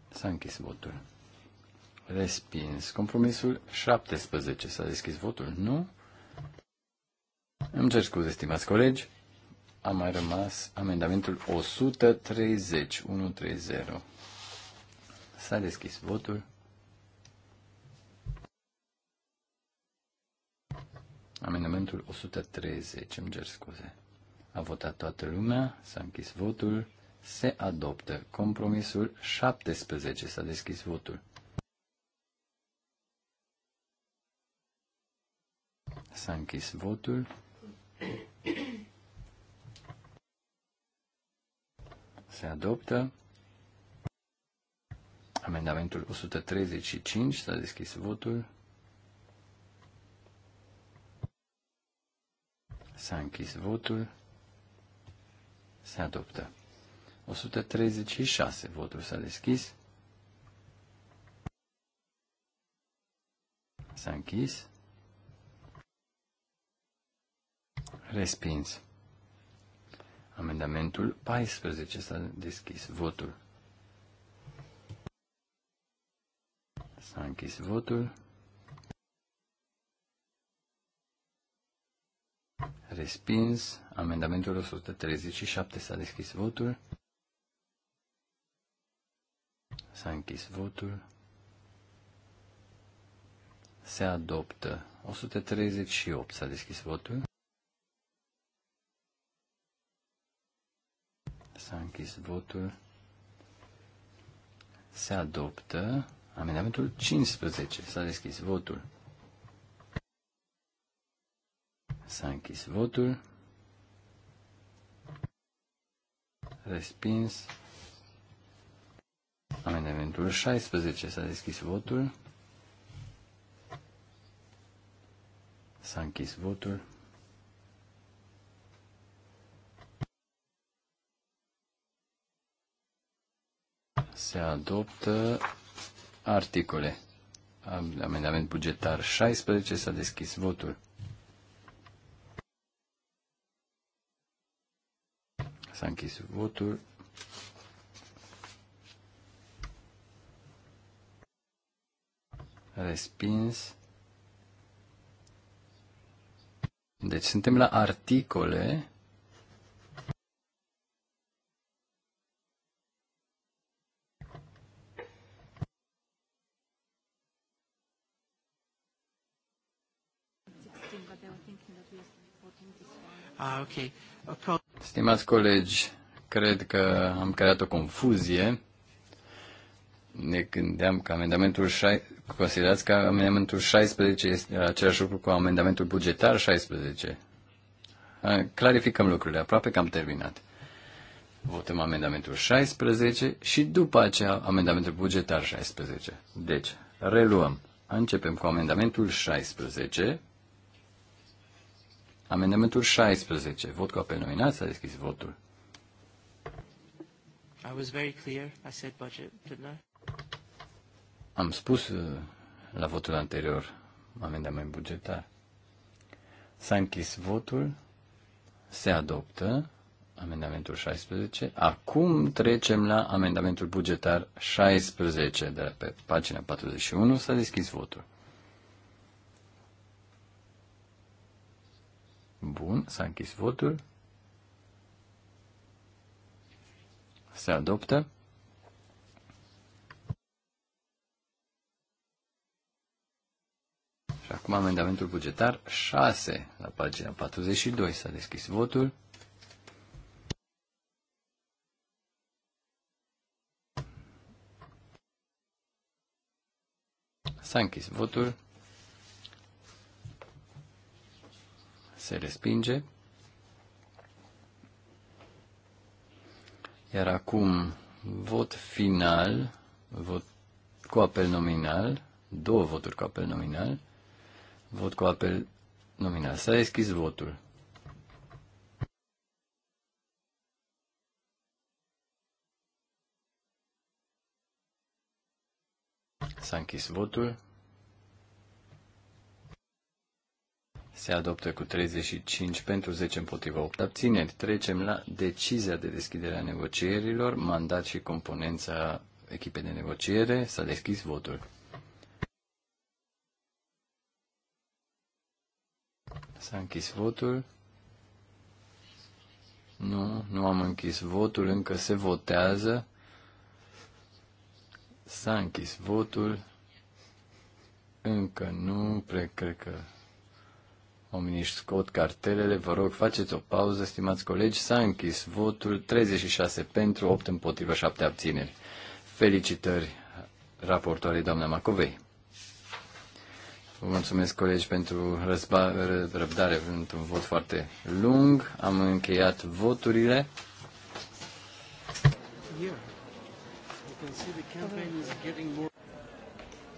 [SPEAKER 1] S-a închis votul. Respins. Compromisul 17. S-a deschis votul. Nu. Îmi cer scuze, stimați colegi. A mai rămas amendamentul 130. 130. S-a deschis votul. Amendamentul 130, îmi cer scuze. A votat toată lumea, s-a închis votul, se adoptă. Compromisul 17, s-a deschis votul. S-a închis votul. Se adoptă. Amendamentul 135 s-a deschis votul. S-a închis votul. Se adoptă. 136 votul s-a deschis. S-a închis. Respins. Amendamentul 14 s-a deschis votul. S-a închis votul. Respins. Amendamentul 137 s-a deschis votul. S-a închis votul. Se adoptă. 138 s-a deschis votul. S-a închis votul. Se adoptă amendamentul 15. S-a deschis votul. S-a închis votul. Respins. Amendamentul 16. S-a deschis votul. S-a închis votul. se adoptă articole. Amendament bugetar 16 s-a deschis votul. S-a închis votul. Respins. Deci suntem la articole Ah, Stimați colegi, cred că am creat o confuzie. Ne gândeam că amendamentul 16, considerați că amendamentul 16 este același lucru cu amendamentul bugetar 16. Clarificăm lucrurile, aproape că am terminat. Votăm amendamentul 16 și după aceea amendamentul bugetar 16. Deci, reluăm. Începem cu amendamentul 16 Amendamentul 16. Vot cu apel nominal. S-a deschis votul.
[SPEAKER 4] I was very clear. I said budget, didn't I?
[SPEAKER 1] Am spus uh, la votul anterior amendament bugetar. S-a închis votul. Se adoptă amendamentul 16. Acum trecem la amendamentul bugetar 16 de la pe pagina 41. S-a deschis votul. Bun, s-a închis votul. Se adoptă. Și acum amendamentul bugetar 6, la pagina 42 s-a deschis votul. S-a închis votul. se respinge. Iar acum, vot final, vot cu apel nominal, două voturi cu apel nominal, vot cu apel nominal. S-a deschis votul. S-a închis votul. se adoptă cu 35 pentru 10 împotriva 8 abțineri. Trecem la decizia de deschidere a negocierilor, mandat și componența echipei de negociere. S-a deschis votul. S-a închis votul. Nu, nu am închis votul, încă se votează. S-a închis votul. Încă nu, cred, cred că Oamenii își scot cartelele, vă rog, faceți o pauză, stimați colegi, s-a închis votul 36 pentru, 8 împotrivă, 7 abțineri. Felicitări raportoarei doamna Macovei. Vă mulțumesc, colegi, pentru răzba, răbdare într-un vot foarte lung. Am încheiat voturile. You can see the